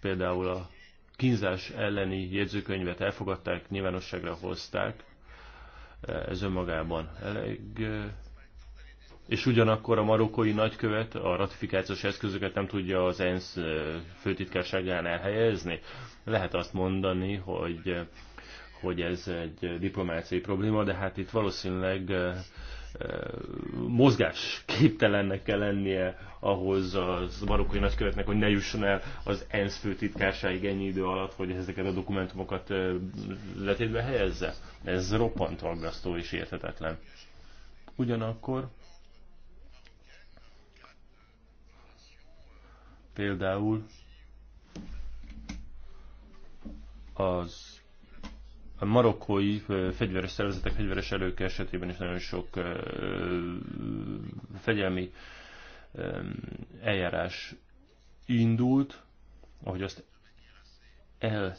például a kínzás elleni jegyzőkönyvet elfogadták, nyilvánosságra hozták, eh, ez önmagában elég. Eh, és ugyanakkor a marokkói nagykövet a ratifikációs eszközöket nem tudja az ENSZ eh, főtitkárságán elhelyezni. Lehet azt mondani, hogy, hogy ez egy diplomáciai probléma, de hát itt valószínűleg mozgás képtelennek kell lennie ahhoz a barokkai nagykövetnek, hogy ne jusson el az ENSZ főtitkársáig ennyi idő alatt, hogy ezeket a dokumentumokat letétbe helyezze. Ez roppant aggasztó és érthetetlen. Ugyanakkor például az a marokkói fegyveres szervezetek, fegyveres erők esetében is nagyon sok fegyelmi eljárás indult, ahogy azt El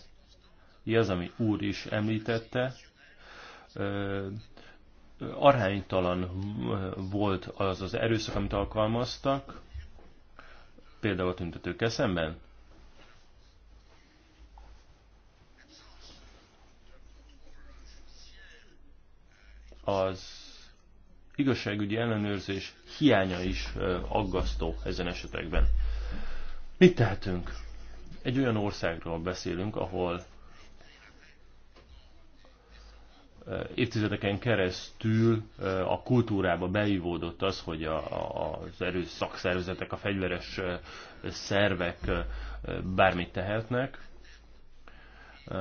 ami úr is említette, aránytalan volt az az erőszak, amit alkalmaztak, például a tüntetők eszemben, az igazságügyi ellenőrzés hiánya is aggasztó ezen esetekben. Mit tehetünk? Egy olyan országról beszélünk, ahol évtizedeken keresztül a kultúrába beivódott az, hogy a, az erős a fegyveres szervek bármit tehetnek.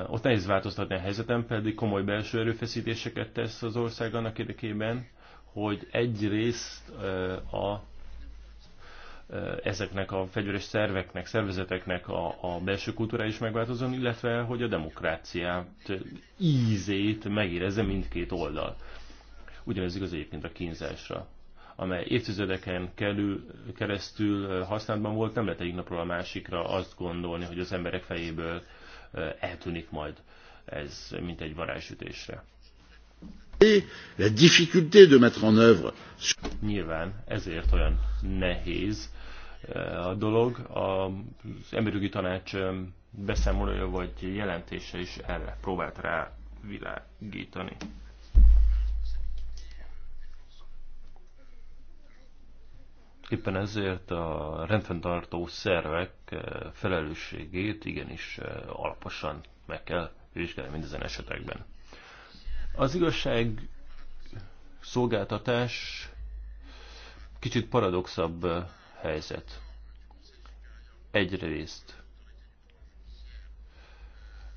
Ott nehéz változtatni a helyzetem, pedig komoly belső erőfeszítéseket tesz az ország annak érdekében, hogy egyrészt a ezeknek a fegyveres szerveknek, szervezeteknek a, a belső kultúra is megváltozon, illetve hogy a demokráciát ízét megérezze mindkét oldal. Ugyanez igaz egyébként a kínzásra, amely évtizedeken kerül, keresztül használatban volt, nem lehet egyik napról a másikra azt gondolni, hogy az emberek fejéből eltűnik majd ez, mint egy varázsütésre. La difficulté de mettre en œuvre. Nyilván ezért olyan nehéz a dolog. Az emberügyi tanács beszámolója vagy jelentése is erre próbált rávilágítani. Éppen ezért a rendfenntartó szervek eh, felelősségét igenis eh, alaposan meg kell vizsgálni mindezen esetekben. Az igazság szolgáltatás kicsit paradoxabb eh, helyzet. Egyrészt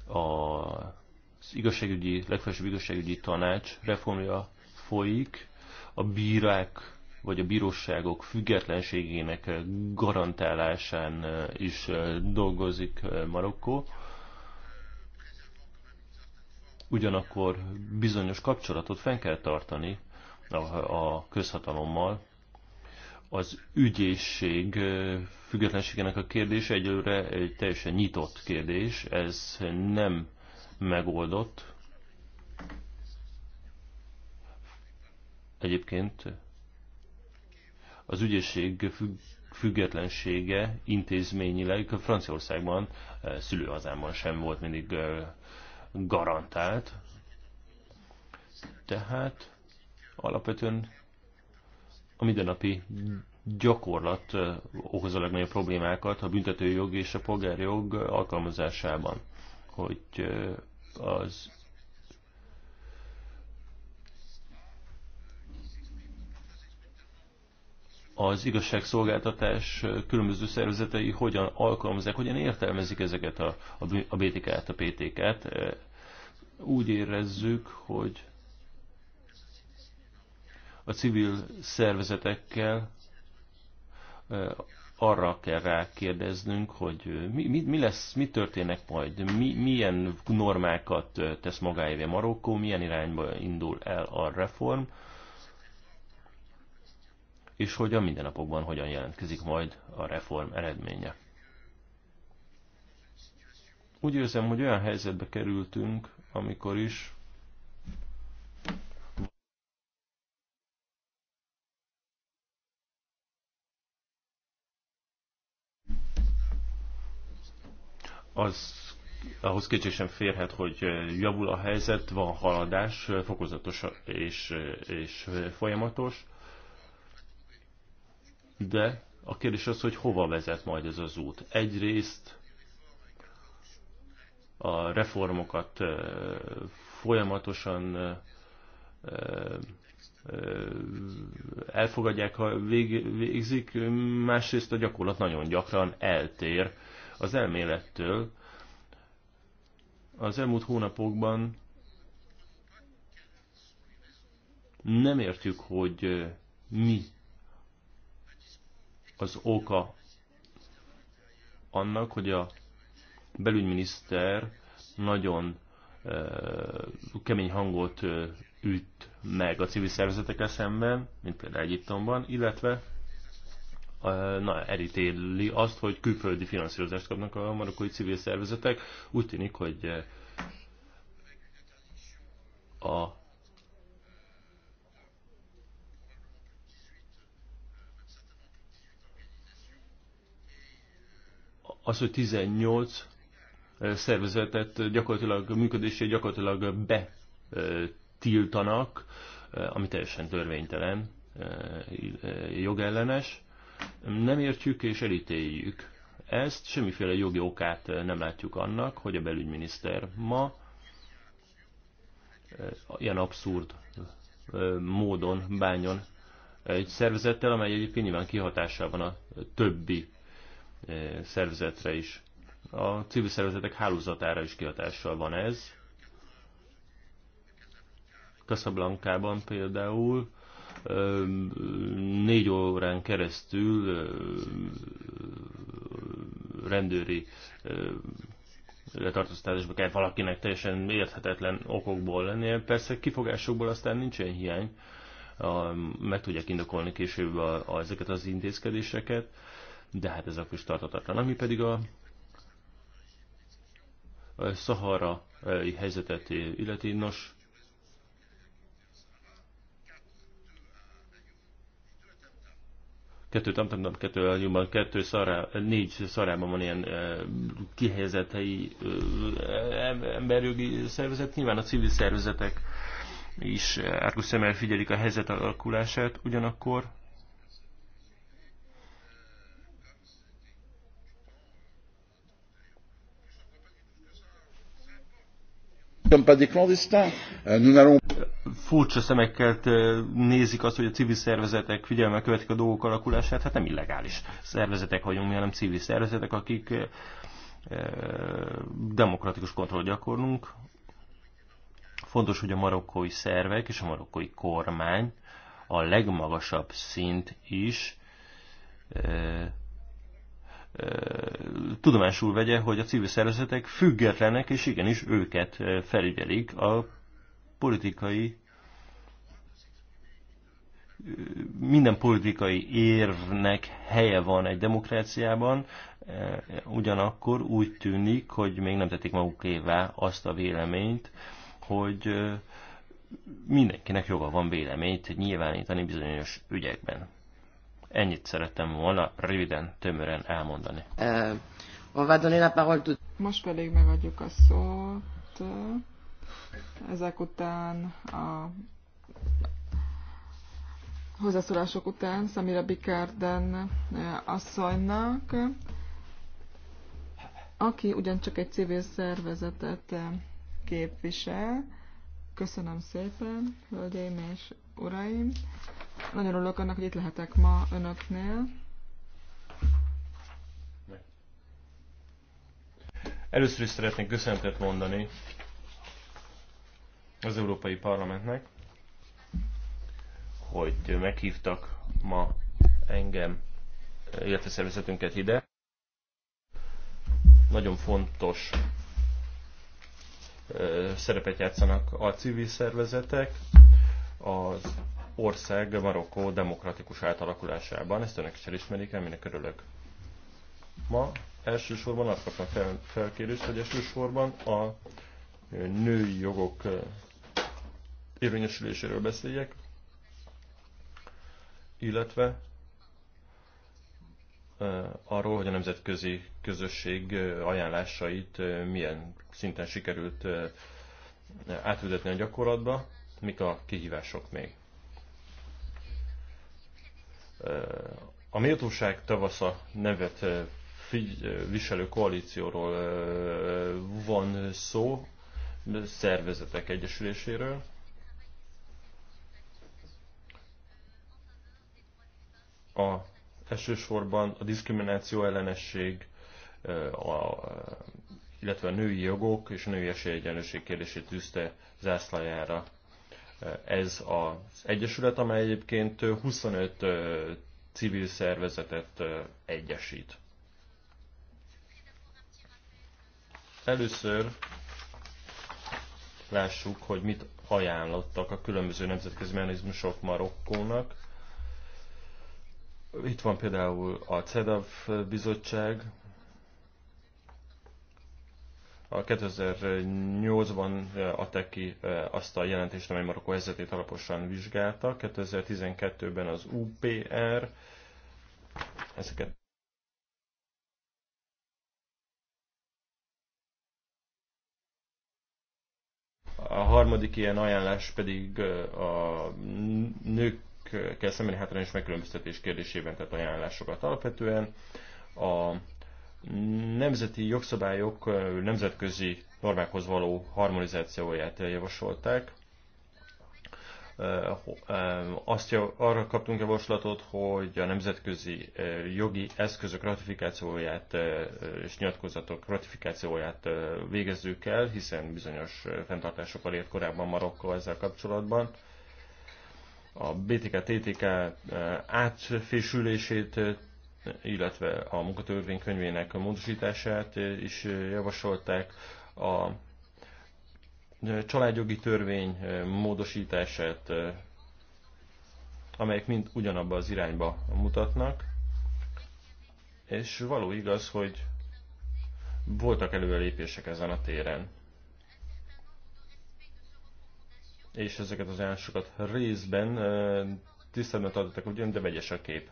az igazságügyi, legfelsőbb igazságügyi tanács reformja folyik, a bírák vagy a bíróságok függetlenségének eh, garantálásán eh, is eh, dolgozik Marokkó. Ugyanakkor bizonyos kapcsolatot fenn kell tartani a, a közhatalommal. Az ügyészség függetlenségének a kérdése egyelőre egy teljesen nyitott kérdés, ez nem megoldott. Egyébként az ügyészség függetlensége intézményileg Franciaországban, eh, szülőhazámban sem volt mindig eh, garantált. Tehát alapvetően a mindennapi gyakorlat eh, okozza a legnagyobb problémákat a büntetőjog és a polgárjog alkalmazásában, hogy az az igazságszolgáltatás különböző szervezetei hogyan alkalmazzák, hogyan értelmezik ezeket a, a BTK-t, a PTK-t. Úgy érezzük, hogy a civil szervezetekkel arra kell kérdeznünk, hogy mi, mi, mi lesz, mi történnek majd, mi, milyen normákat tesz magáévé Marokkó, milyen irányba indul el a reform, és hogy a mindennapokban hogyan jelentkezik majd a reform eredménye. Úgy érzem, hogy olyan helyzetbe kerültünk, amikor is az ahhoz kétségesen férhet, hogy javul a helyzet, van haladás, fokozatos és, és folyamatos. De a kérdés az, hogy hova vezet majd ez az út. Egyrészt a reformokat folyamatosan elfogadják, ha végzik, másrészt a gyakorlat nagyon gyakran eltér az elmélettől. Az elmúlt hónapokban nem értjük, hogy mi az oka annak, hogy a belügyminiszter nagyon kemény hangot üt meg a civil szervezetekkel szemben, mint például Egyiptomban, illetve na, elítéli azt, hogy külföldi finanszírozást kapnak a marokkói civil szervezetek. Úgy tűnik, hogy a az, hogy 18 eh, szervezetet gyakorlatilag működését gyakorlatilag betiltanak, eh, eh, ami teljesen törvénytelen, jogellenes. Nem értjük és elítéljük ezt, semmiféle jogi okát nem látjuk annak, hogy a belügyminiszter ma ilyen abszurd módon bánjon egy szervezettel, amely egyébként nyilván kihatással van a többi szervezetre is, a civil szervezetek hálózatára is kihatással van ez. Casablanca-ban például négy órán keresztül rendőri letartóztatásba kell valakinek teljesen érthetetlen okokból lenni. Persze kifogásokból aztán nincsen hiány, meg tudják indokolni később a, a, ezeket az intézkedéseket de hát ez akkor is tartatatlan. Ami pedig a Szahara eh, helyzetet illeti, nos, kettő tamtamtam, kettő Elnyúban, kettő szará, négy szarában van ilyen e, kihelyezett helyi e, emberjogi szervezet. Nyilván a civil szervezetek is árkus szemmel figyelik a helyzet alakulását, ugyanakkor Euh, Furcsa szemekkel nézik azt, hogy a civil szervezetek figyelme követik a dolgok alakulását. Hát nem illegális szervezetek vagyunk, mi, hanem civil szervezetek, akik demokratikus kontroll gyakorlunk. Fontos, hogy a marokkói szervek és a marokkói kormány a legmagasabb szint is tudomásul vegye, hogy a civil szervezetek függetlenek, és igenis őket felügyelik a politikai minden politikai érvnek helye van egy demokráciában, ugyanakkor úgy tűnik, hogy még nem tették magukévá azt a véleményt, hogy mindenkinek joga van véleményt nyilvánítani bizonyos ügyekben. Ennyit szerettem volna röviden, tömören elmondani. Most pedig megadjuk a szót. Ezek után a hozzászólások után Samira Bikarden asszonynak, aki ugyancsak egy civil szervezetet képvisel. Köszönöm szépen, hölgyeim és uraim! Nagyon örülök annak, hogy itt lehetek ma önöknél. Először is szeretnék köszönetet mondani az Európai Parlamentnek, hogy meghívtak ma engem, illetve szervezetünket ide. Nagyon fontos szerepet játszanak a civil szervezetek, az ország Marokkó demokratikus átalakulásában. Ezt önök is elismerik, aminek örülök. Ma elsősorban azt kaptam fel, felkérést, hogy elsősorban a női jogok érvényesüléséről beszéljek, illetve arról, hogy a nemzetközi közösség ajánlásait milyen szinten sikerült átültetni a gyakorlatba, mik a kihívások még. A méltóság tavasza nevet viselő koalícióról van szó, szervezetek egyesüléséről. A elsősorban a diszkrimináció ellenesség, a, illetve a női jogok és a női esélyegyenlőség kérdését tűzte zászlajára ez az egyesület, amely egyébként 25 civil szervezetet egyesít. Először lássuk, hogy mit ajánlottak a különböző nemzetközi mechanizmusok Marokkónak. Itt van például a CEDAV bizottság, a 2008-ban eh, adták ki eh, azt a jelentést, amely Marokkó helyzetét alaposan vizsgálta. 2012-ben az UPR, ezeket A harmadik ilyen ajánlás pedig eh, a nőkkel szembeni hátrányos megkülönböztetés kérdésében tett ajánlásokat alapvetően. A nemzeti jogszabályok nemzetközi normákhoz való harmonizációját javasolták. Azt arra kaptunk javaslatot, hogy a nemzetközi jogi eszközök ratifikációját és nyilatkozatok ratifikációját végezzük el, hiszen bizonyos fenntartásokkal ért korábban Marokkó ezzel kapcsolatban a BTK-TTK átfésülését illetve a munkatörvénykönyvének módosítását eh, is eh, javasolták. A eh, családjogi törvény módosítását, amelyek mind ugyanabba az irányba mutatnak. És való igaz, hogy voltak előrelépések ezen a téren. És ezeket az állásokat részben tiszteletben tartottak ugyan, de vegyes a kép.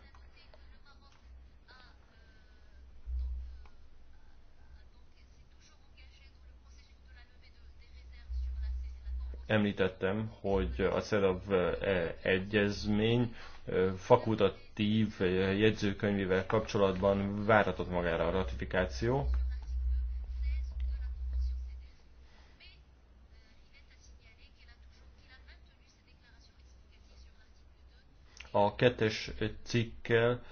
Említettem, hogy a CEDAV eh, egyezmény eh, fakultatív eh, jegyzőkönyvével kapcsolatban váratott magára a ratifikáció. A kettes cikkel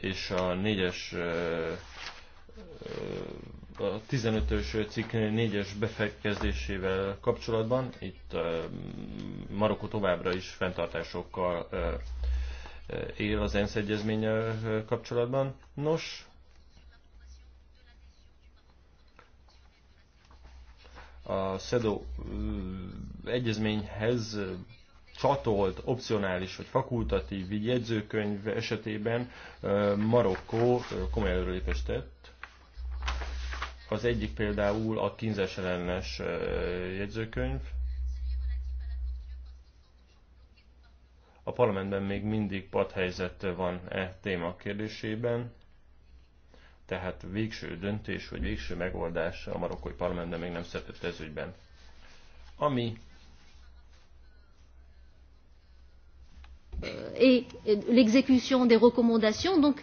és a négyes a 15-ös cikk 4-es befekkezésével kapcsolatban. Itt Marokko továbbra is fenntartásokkal él az ENSZ egyezménnyel kapcsolatban. Nos, a SEDO egyezményhez csatolt, opcionális vagy fakultatív jegyzőkönyv esetében Marokkó komoly előrelépést tett, az egyik például a kínzás ellenes jegyzőkönyv. A parlamentben még mindig padhelyzet van e téma kérdésében, tehát végső döntés vagy végső megoldás a marokkói parlamentben még nem született ez ügyben. Ami et l'exécution des recommandations. Donc,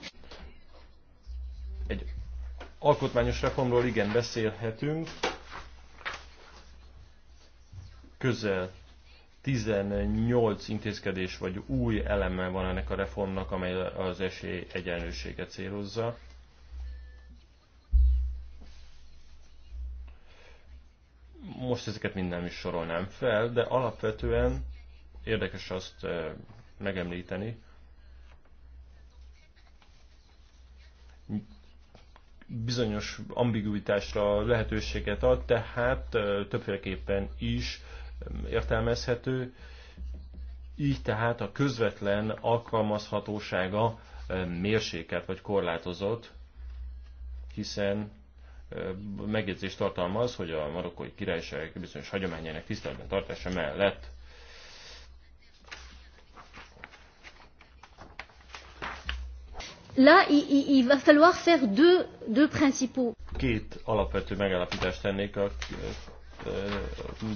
Alkotmányos reformról igen beszélhetünk. Közel 18 intézkedés vagy új eleme van ennek a reformnak, amely az esély egyenlőséget célozza. Most ezeket mind nem is sorolnám fel, de alapvetően érdekes azt eh, megemlíteni, bizonyos ambiguitásra lehetőséget ad, tehát többféleképpen is értelmezhető, így tehát a közvetlen alkalmazhatósága mérsékelt vagy korlátozott, hiszen megjegyzést tartalmaz, hogy a marokkói királyság bizonyos hagyományának tiszteletben tartása mellett là, il, il va falloir faire deux, deux principaux. Két alapvető megállapítást tennék a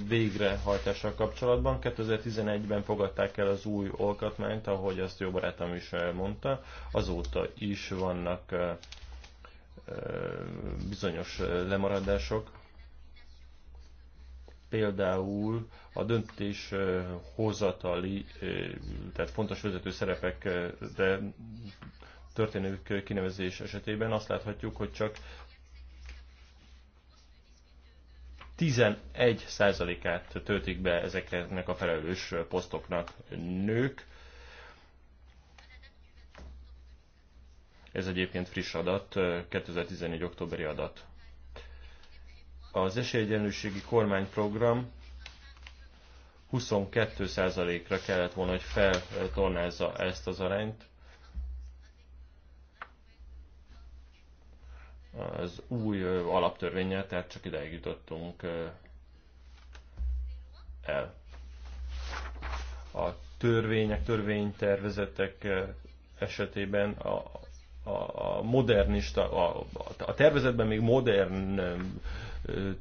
végrehajtással kapcsolatban. 2011-ben fogadták el az új alkotmányt, ahogy azt jó barátom is mondta. Azóta is vannak bizonyos lemaradások. Például a döntés hozatali, tehát fontos vezető szerepek, de történő kinevezés esetében azt láthatjuk, hogy csak 11%-át töltik be ezeknek a felelős posztoknak nők. Ez egyébként friss adat, 2014. októberi adat. Az esélyegyenlőségi kormányprogram 22%-ra kellett volna, hogy feltornázza ezt az arányt, az új alaptörvényel, tehát csak ideig jutottunk el. A törvények, törvénytervezetek esetében a, a, a modernista, a, a tervezetben még modern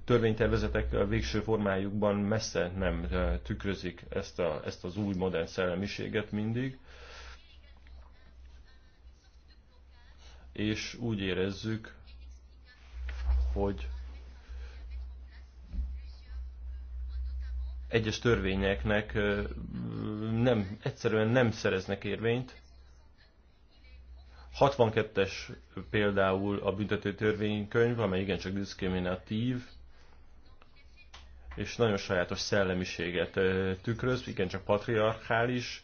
törvénytervezetek végső formájukban messze nem tükrözik ezt, a, ezt az új modern szellemiséget mindig. És úgy érezzük, hogy egyes törvényeknek nem, egyszerűen nem szereznek érvényt. 62-es például a büntető törvénykönyv, amely igencsak diszkriminatív, és nagyon sajátos szellemiséget tükröz, igencsak patriarchális,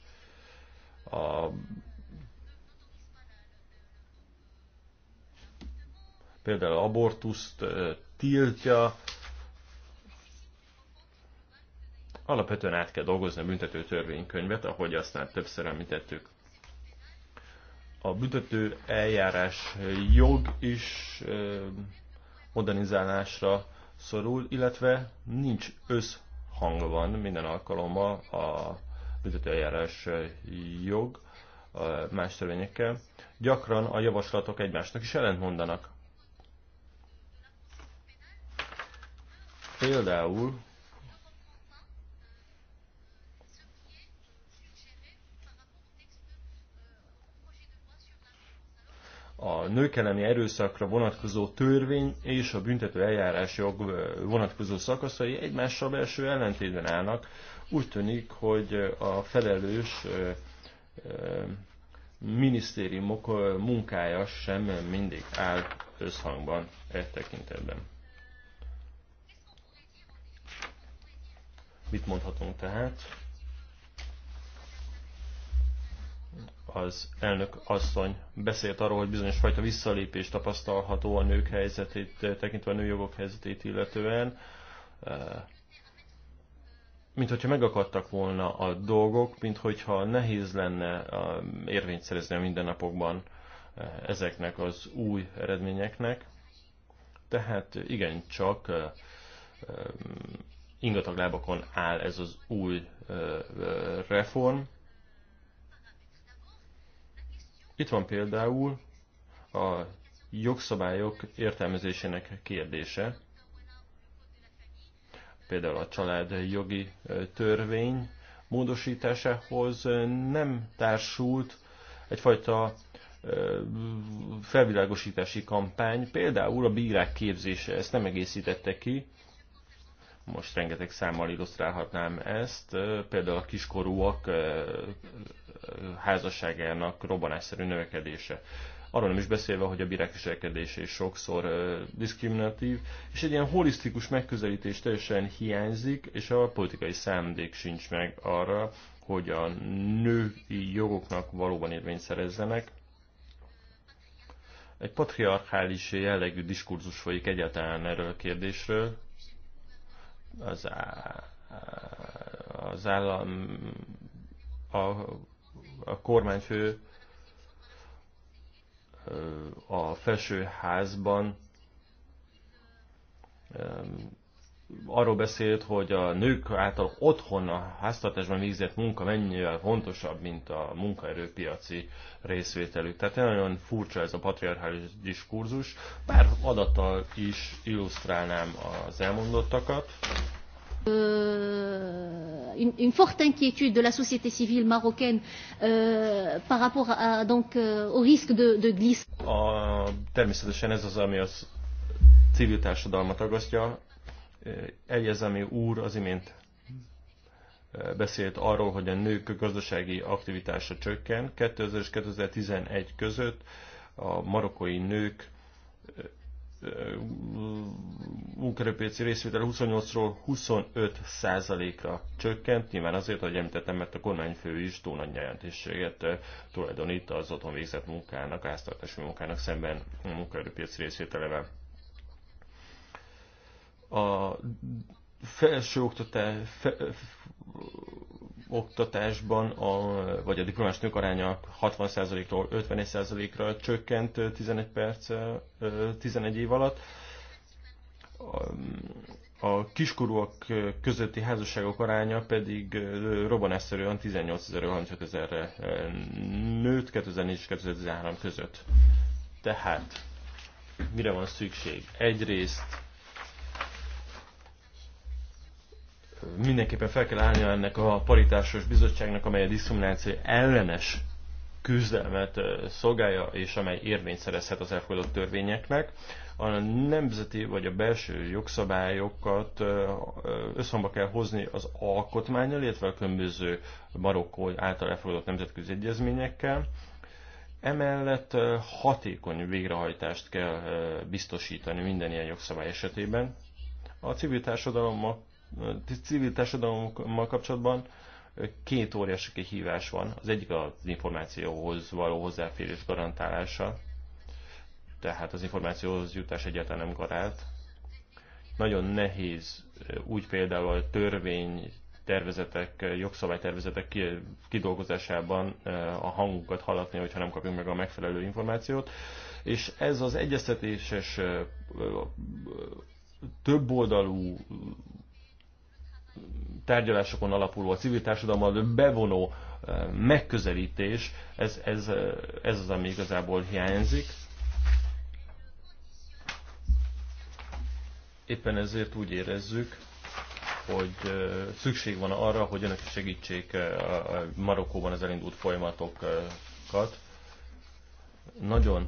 a például abortuszt tiltja. Alapvetően át kell dolgozni a büntető törvénykönyvet, ahogy azt már többször említettük. A büntető eljárás jog is modernizálásra szorul, illetve nincs összhang van minden alkalommal a eljárás jog más törvényekkel. Gyakran a javaslatok egymásnak is ellentmondanak. Például a nők elleni erőszakra vonatkozó törvény és a büntető eljárás jog vonatkozó szakaszai egymással belső ellentétben állnak. Úgy tűnik, hogy a felelős minisztériumok munkája sem mindig áll összhangban e tekintetben. Mit mondhatunk tehát? Az elnök asszony beszélt arról, hogy bizonyos fajta visszalépés tapasztalható a nők helyzetét, eh, tekintve a nőjogok helyzetét illetően eh, mint hogyha megakadtak volna a dolgok, mint hogyha nehéz lenne érvényt szerezni a mindennapokban eh, ezeknek az új eredményeknek. Tehát igencsak ingataglábakon áll ez az új reform. Itt van például a jogszabályok értelmezésének kérdése, például a család jogi törvény módosításához nem társult egyfajta felvilágosítási kampány, például a bírák képzése ezt nem egészítette ki, most rengeteg számmal illusztrálhatnám ezt. Például a kiskorúak házasságának robbanásszerű növekedése. Arról nem is beszélve, hogy a bírák viselkedése is sokszor diszkriminatív, és egy ilyen holisztikus megközelítés teljesen hiányzik, és a politikai szándék sincs meg arra, hogy a női jogoknak valóban érvényt szerezzenek. Egy patriarchális jellegű diskurzus folyik egyáltalán erről a kérdésről, az, az állam, a, a kormányfő a felsőházban arról beszélt, hogy a nők által otthon a háztartásban végzett munka mennyivel fontosabb, mint a munkaerőpiaci részvételük. Tehát nagyon furcsa ez a patriarchális diskurzus. bár adattal is illusztrálnám az elmondottakat. Euh, une, une forte inquiétude de la société civile marocaine euh, par rapport à, donc, euh, au risque de, de A Természetesen ez az, ami az civil társadalmat agasztja, Egyezemi úr az imént beszélt arról, hogy a nők gazdasági aktivitása csökken. 2000 és 2011 között a marokkói nők munkerőpéci részvétel 28-ról 25 ra csökkent, nyilván azért, hogy említettem, mert a kormányfő is túl nagy jelentőséget tulajdonít az otthon végzett munkának, háztartási munkának szemben munkerőpéci munkaerőpiaci részvételevel a oktatás, fe, oktatásban, a, vagy a diplomás nők aránya 60%-ról 51%-ra csökkent 11, perc, 11 év alatt. A kiskorúak közötti házasságok aránya pedig robbanásszerűen 18000 35000 re nőtt 2004 és 2013 között. Tehát mire van szükség? Egyrészt mindenképpen fel kell állnia ennek a paritásos bizottságnak, amely a diszkrimináció ellenes küzdelmet szolgálja, és amely érvényt szerezhet az elfogadott törvényeknek. A nemzeti vagy a belső jogszabályokat összhangba kell hozni az alkotmányal, illetve a különböző Marokkó által elfogadott nemzetközi egyezményekkel. Emellett hatékony végrehajtást kell biztosítani minden ilyen jogszabály esetében. A civil társadalommal civil társadalommal kapcsolatban két óriási kihívás van. Az egyik az információhoz való hozzáférés garantálása, tehát az információhoz jutás egyáltalán nem garált. Nagyon nehéz úgy például a törvény tervezetek, jogszabálytervezetek kidolgozásában a hangunkat hallatni, hogyha nem kapjuk meg a megfelelő információt. És ez az egyeztetéses többoldalú tárgyalásokon alapuló, a civil társadalommal bevonó eh, megközelítés, ez, ez, eh, ez az, ami igazából hiányzik. Éppen ezért úgy érezzük, hogy eh, szükség van arra, hogy önök segítsék Marokkóban az elindult folyamatokat. Nagyon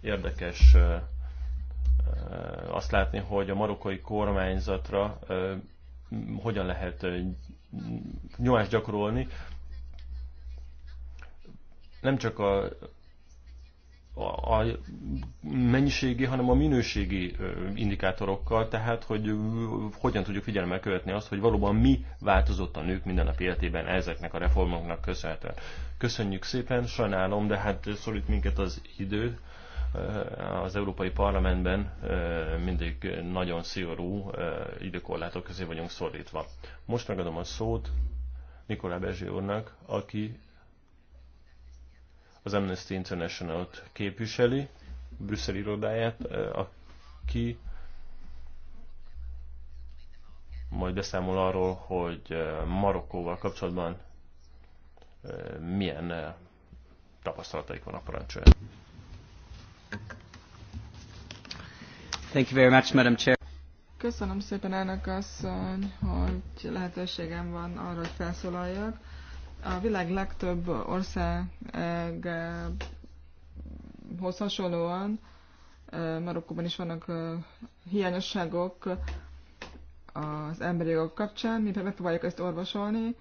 érdekes azt látni, hogy a marokkai kormányzatra hogyan lehet nyomást gyakorolni, nem csak a, a, a mennyiségi, hanem a minőségi indikátorokkal, tehát hogy hogyan tudjuk figyelemmel követni azt, hogy valóban mi változott a nők minden nap életében ezeknek a reformoknak köszönhetően. Köszönjük szépen, sajnálom, de hát szorít minket az idő. Eh, az Európai Parlamentben eh, mindig nagyon szigorú eh, időkorlátok közé vagyunk szorítva. Most megadom a szót Nikolá Bezsi úrnak, aki az Amnesty International-t képviseli, Brüsszel irodáját, aki majd beszámol arról, hogy Marokkóval kapcsolatban milyen tapasztalataik van a parancsolat. Thank you very much, Madam Chair. Köszönöm szépen elnök asszony, hogy lehetőségem van arra, hogy felszólaljak. A világ legtöbb országhoz hasonlóan Marokkóban is vannak hiányosságok az emberi jogok kapcsán, mi megpróbáljuk ezt orvosolni,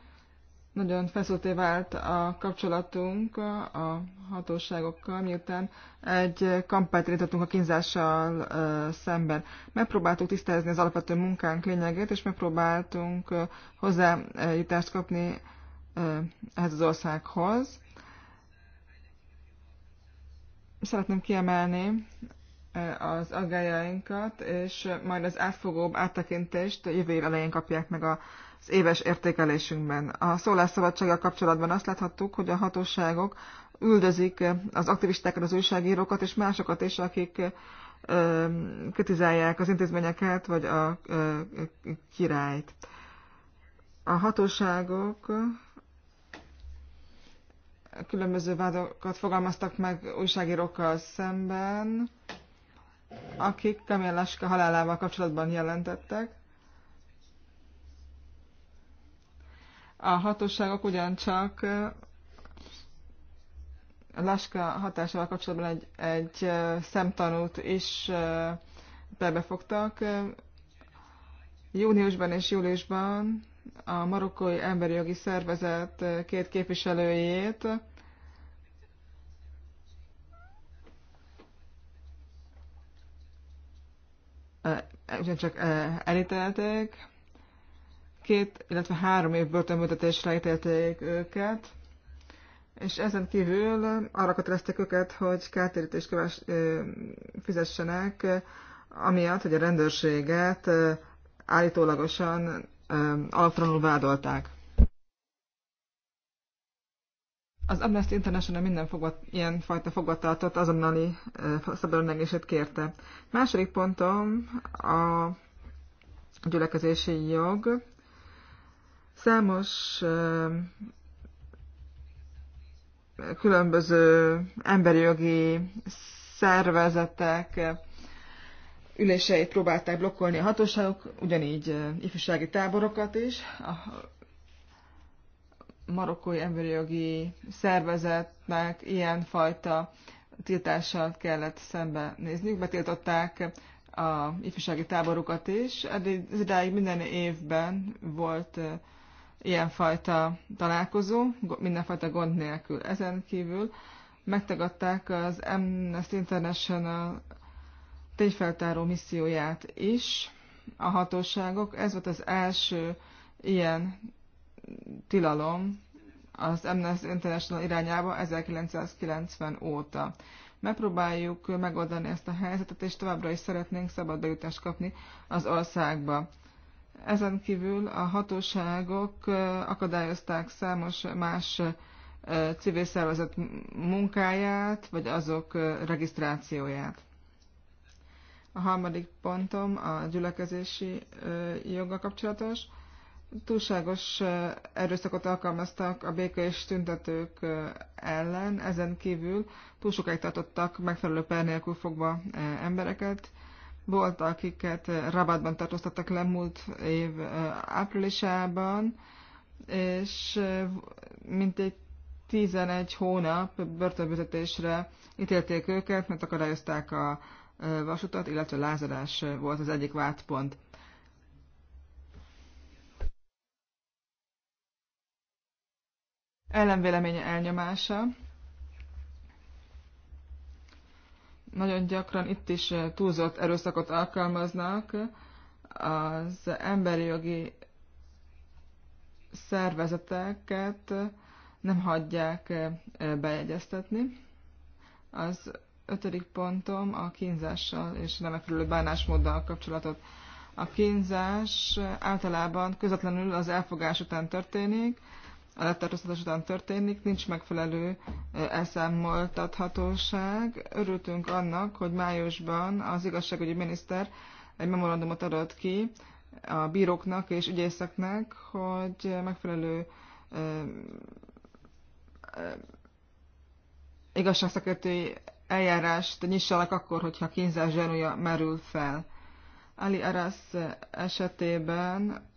nagyon feszülté vált a kapcsolatunk a hatóságokkal, miután egy kampányt indítottunk a kínzással szemben. Megpróbáltuk tisztázni az alapvető munkánk lényegét, és megpróbáltunk hozzájutást kapni ehhez az országhoz. Szeretném kiemelni az aggájainkat, és majd az átfogóbb áttekintést jövő év elején kapják meg a az éves értékelésünkben. A szólásszabadsággal kapcsolatban azt láthattuk, hogy a hatóságok üldözik az aktivistákat, az újságírókat és másokat is, akik kritizálják az intézményeket vagy a királyt. A hatóságok különböző vádokat fogalmaztak meg újságírókkal szemben, akik Kamil Laska halálával kapcsolatban jelentettek. A hatóságok ugyancsak a Laska hatásával kapcsolatban egy, egy szemtanút is bebefogtak. Júniusban és júliusban a marokkói emberi jogi szervezet két képviselőjét ugyancsak elítelték, két, illetve három év börtönbüntetésre ítélték őket, és ezen kívül arra kötelezték őket, hogy kártérítést köves, fizessenek, amiatt, hogy a rendőrséget állítólagosan alaptalanul vádolták. Az Amnesty International minden fogva, fajta fogvatartott azonnali szabadonlegését kérte. Második pontom a gyülekezési jog. Számos különböző emberi jogi szervezetek üléseit próbálták blokkolni a hatóságok, ugyanígy ifjúsági táborokat is. A marokkói emberi jogi szervezetnek ilyenfajta tiltással kellett szembe nézniük. Betiltották a ifjúsági táborokat is. Ez idáig minden évben volt ilyenfajta találkozó, mindenfajta gond nélkül. Ezen kívül megtagadták az Amnesty International tényfeltáró misszióját is a hatóságok. Ez volt az első ilyen tilalom az Amnesty International irányába 1990 óta. Megpróbáljuk megoldani ezt a helyzetet, és továbbra is szeretnénk szabad bejutást kapni az országba. Ezen kívül a hatóságok akadályozták számos más civil szervezet munkáját, vagy azok regisztrációját. A harmadik pontom a gyülekezési joga kapcsolatos. Túlságos erőszakot alkalmaztak a béke és tüntetők ellen, ezen kívül túl sokáig tartottak megfelelő per nélkül fogva embereket, volt, akiket Rabatban tartóztattak le múlt év áprilisában, és mintegy 11 hónap börtönbüntetésre ítélték őket, mert akadályozták a vasutat, illetve lázadás volt az egyik vádpont. Ellenvéleménye elnyomása. nagyon gyakran itt is eh, túlzott erőszakot alkalmaznak. Az emberi jogi szervezeteket nem hagyják eh, bejegyeztetni. Az ötödik pontom a kínzással és nem megfelelő bánásmóddal kapcsolatot. A kínzás eh, általában közvetlenül az elfogás után történik, a letartóztatás után történik, nincs megfelelő elszámoltathatóság. Örültünk annak, hogy májusban az igazságügyi miniszter egy memorandumot adott ki a bíróknak és ügyészeknek, hogy megfelelő igazságszakértői eljárást nyissanak akkor, hogyha kínzás zsenúja merül fel. Ali Aras esetében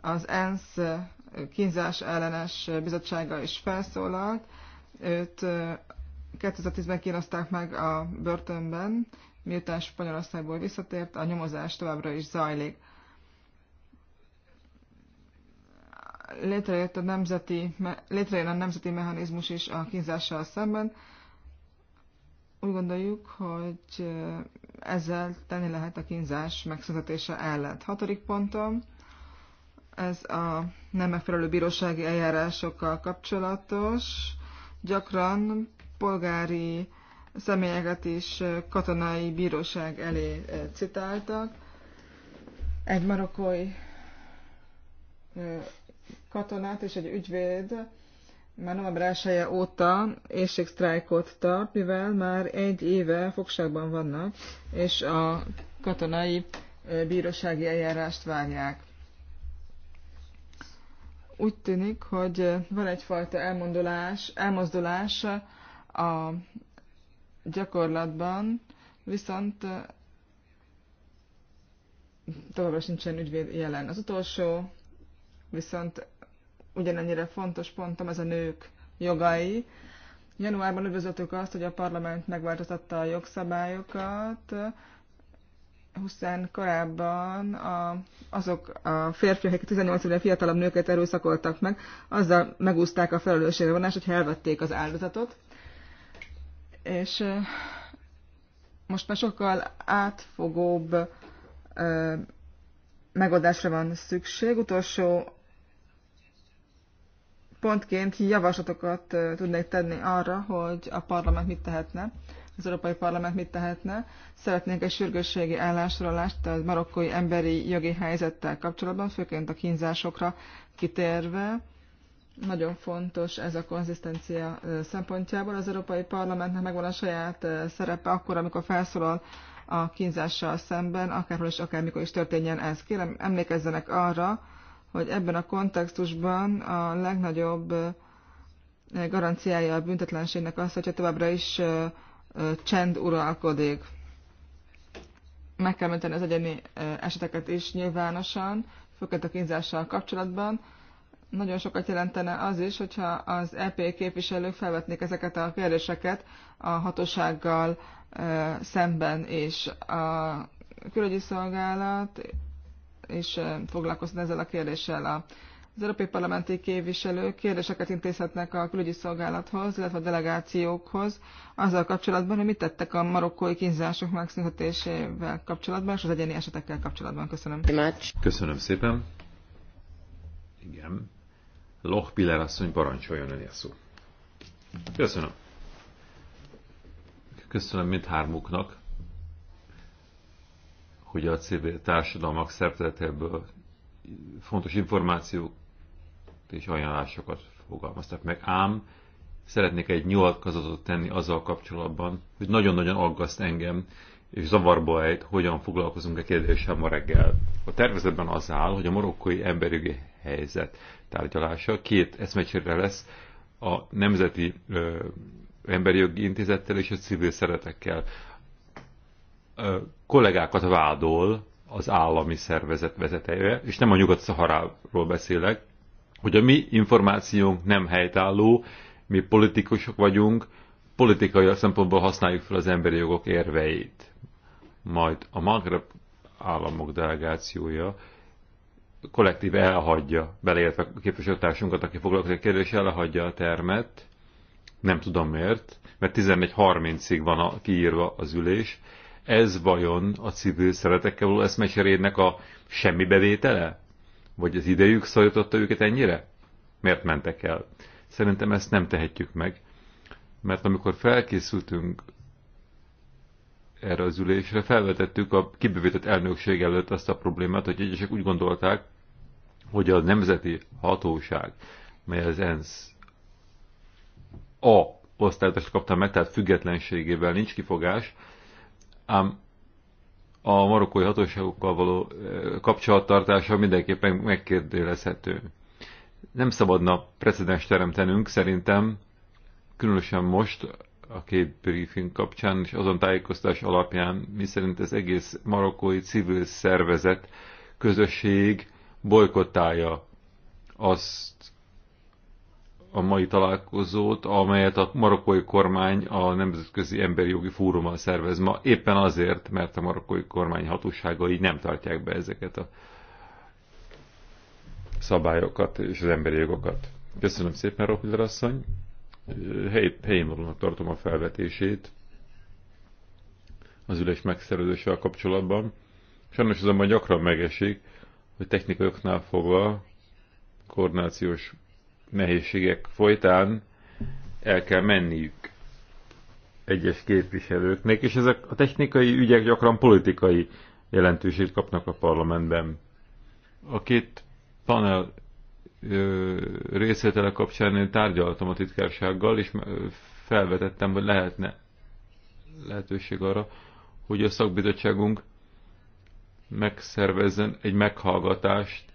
az ENSZ kínzás ellenes bizottsága is felszólalt. Őt 2010-ben kínozták meg a börtönben, miután Spanyolországból visszatért, a nyomozás továbbra is zajlik. Létrejött a nemzeti, létrejön a nemzeti mechanizmus is a kínzással szemben. Úgy gondoljuk, hogy ezzel tenni lehet a kínzás megszüntetése ellen. Hatodik pontom ez a nem megfelelő bírósági eljárásokkal kapcsolatos. Gyakran polgári személyeket is katonai bíróság elé citáltak. Egy marokkói katonát és egy ügyvéd már november 1 óta éjségsztrájkot tart, mivel már egy éve fogságban vannak, és a katonai bírósági eljárást várják úgy tűnik, hogy eh, van egyfajta elmondolás, elmozdulás eh, a gyakorlatban, viszont eh, továbbra sincsen ügyvéd jelen. Az utolsó viszont ugyanennyire fontos pontom ez a nők jogai. Januárban üdvözöltük azt, hogy a parlament megváltoztatta a jogszabályokat, hiszen korábban a, azok a férfiak, akik 18 évvel fiatalabb nőket erőszakoltak meg, azzal megúzták a felelősségre vonást, hogy elvették az áldozatot. És most már sokkal átfogóbb ö, megoldásra van szükség. Utolsó pontként javaslatokat tudnék tenni arra, hogy a parlament mit tehetne az Európai Parlament mit tehetne. Szeretnénk egy sürgősségi állásolást a marokkói emberi jogi helyzettel kapcsolatban, főként a kínzásokra kitérve. Nagyon fontos ez a konzisztencia szempontjából. Az Európai Parlamentnek megvan a saját szerepe akkor, amikor felszólal a kínzással szemben, akárhol és akármikor is történjen ez. Kérem, emlékezzenek arra, hogy ebben a kontextusban a legnagyobb garanciája a büntetlenségnek az, hogyha továbbra is csend uralkodik. Meg kell menteni az egyéni eseteket is nyilvánosan, főként a kínzással kapcsolatban. Nagyon sokat jelentene az is, hogyha az EP képviselők felvetnék ezeket a kérdéseket a hatósággal szemben, és a külügyi szolgálat és foglalkozni ezzel a kérdéssel a az európai parlamenti képviselők kérdéseket intézhetnek a külügyi szolgálathoz, illetve a delegációkhoz azzal kapcsolatban, hogy mit tettek a marokkói kínzások megszüntetésével kapcsolatban, és az egyéni esetekkel kapcsolatban. Köszönöm. Köszönöm szépen. Igen. Loch Piller asszony parancsoljon önél szó. Köszönöm. Köszönöm mindhármuknak, hogy a civil társadalmak szerteletéből fontos információk és ajánlásokat fogalmaztak meg. Ám szeretnék egy nyilatkozatot tenni azzal kapcsolatban, hogy nagyon-nagyon aggaszt engem, és zavarba ejt, hogyan foglalkozunk a kérdéssel ma reggel. A tervezetben az áll, hogy a marokkói emberügyi helyzet tárgyalása két eszmecsére lesz a Nemzeti ö, jogi Intézettel és a civil szeretekkel. Ö, kollégákat vádol az állami szervezet vezetője, és nem a Nyugat-Szaharáról beszélek, hogy a mi információnk nem helytálló, mi politikusok vagyunk, politikai szempontból használjuk fel az emberi jogok érveit. Majd a Magreb államok delegációja kollektív elhagyja, beleértve a képviselőtársunkat, aki foglalkozik kérdés, elhagyja a termet, nem tudom miért, mert 1130 ig van a, kiírva az ülés. Ez vajon a civil szeretekkel való eszmecserének a semmi bevétele? Vagy az idejük szajototta őket ennyire? Miért mentek el? Szerintem ezt nem tehetjük meg, mert amikor felkészültünk erre az ülésre, felvetettük a kibővített elnökség előtt azt a problémát, hogy egyesek úgy gondolták, hogy a nemzeti hatóság, mely az ENSZ A osztályt kapta meg, tehát függetlenségével nincs kifogás, ám a marokkói hatóságokkal való kapcsolattartása mindenképpen megkérdőjelezhető. Nem szabadna precedens teremtenünk szerintem, különösen most a két briefing kapcsán és azon tájékoztás alapján, miszerint ez egész marokkói civil szervezet, közösség bolykottálja azt, a mai találkozót, amelyet a marokkói kormány a Nemzetközi Emberi Jogi Fórummal szervez ma, éppen azért, mert a marokkói kormány hatóságai nem tartják be ezeket a szabályokat és az emberi jogokat. Köszönöm szépen, Ropiler asszony. helyén valónak tartom a felvetését az ülés megszervezéssel kapcsolatban. Sajnos azonban gyakran megesik, hogy technikai oknál fogva koordinációs nehézségek folytán el kell menniük egyes képviselőknek, és ezek a technikai ügyek gyakran politikai jelentőséget kapnak a parlamentben. A két panel részvétele kapcsán én tárgyaltam a titkársággal, és felvetettem, hogy lehetne lehetőség arra, hogy a szakbizottságunk megszervezzen egy meghallgatást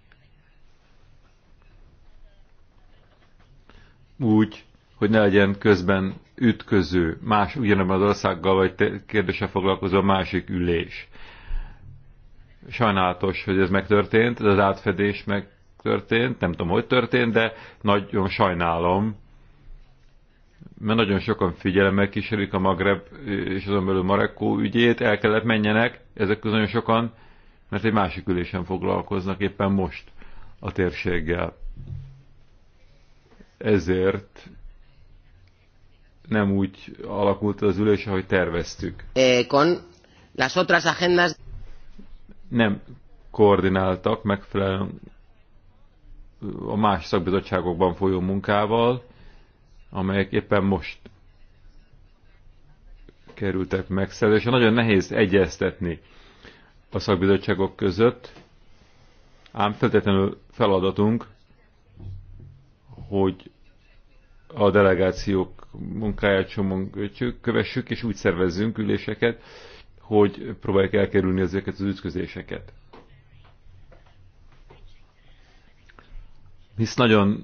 úgy, hogy ne legyen közben ütköző, más ugyanabban az országgal vagy kérdése foglalkozó másik ülés. Sajnálatos, hogy ez megtörtént, ez az átfedés megtörtént, nem tudom, hogy történt, de nagyon sajnálom, mert nagyon sokan figyelemmel kísérik a Magreb és azon belül Marekkó ügyét, el kellett menjenek, ezek közül nagyon sokan, mert egy másik ülésen foglalkoznak éppen most a térséggel ezért nem úgy alakult az ülés, ahogy terveztük. Eh, con las otras agendas... Nem koordináltak megfelelően a más szakbizottságokban folyó munkával, amelyek éppen most kerültek megszerzésre. Nagyon nehéz egyeztetni a szakbizottságok között, ám feltétlenül feladatunk, hogy a delegációk munkáját csomon kövessük, és úgy szervezzünk üléseket, hogy próbáljuk elkerülni ezeket az ütközéseket. Hisz nagyon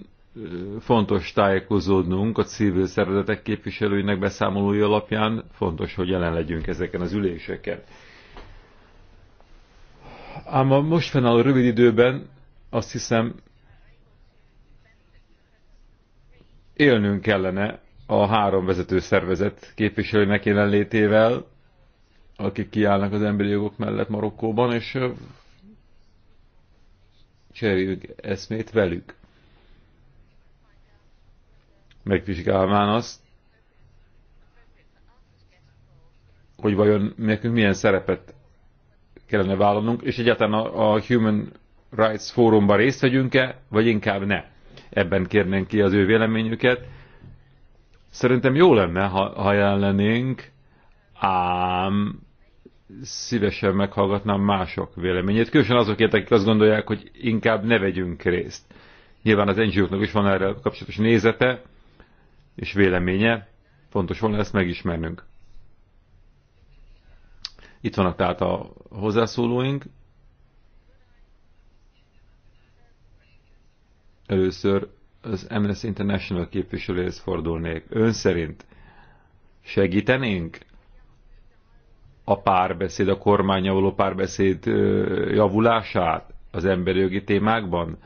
fontos tájékozódnunk a civil szervezetek képviselőinek beszámolói alapján, fontos, hogy jelen legyünk ezeken az üléseken. Ám a most fennálló rövid időben azt hiszem élnünk kellene a három vezető szervezet képviselőnek jelenlétével, akik kiállnak az emberi jogok mellett Marokkóban, és cseréljük eszmét velük. Megvizsgálván azt, hogy vajon nekünk milyen szerepet kellene vállalnunk, és egyáltalán a, Human Rights Forumban részt vegyünk-e, vagy inkább ne ebben kérnénk ki az ő véleményüket. Szerintem jó lenne, ha, ha jelen lennénk, ám szívesen meghallgatnám mások véleményét, különösen azokért, akik azt gondolják, hogy inkább ne vegyünk részt. Nyilván az NGO-knak is van erre kapcsolatos nézete és véleménye, fontos volna ezt megismernünk. Itt vannak tehát a hozzászólóink, Először az Amnesty International képviselőhez fordulnék. Ön szerint segítenénk a párbeszéd, a kormánya való párbeszéd javulását az emberi jogi témákban?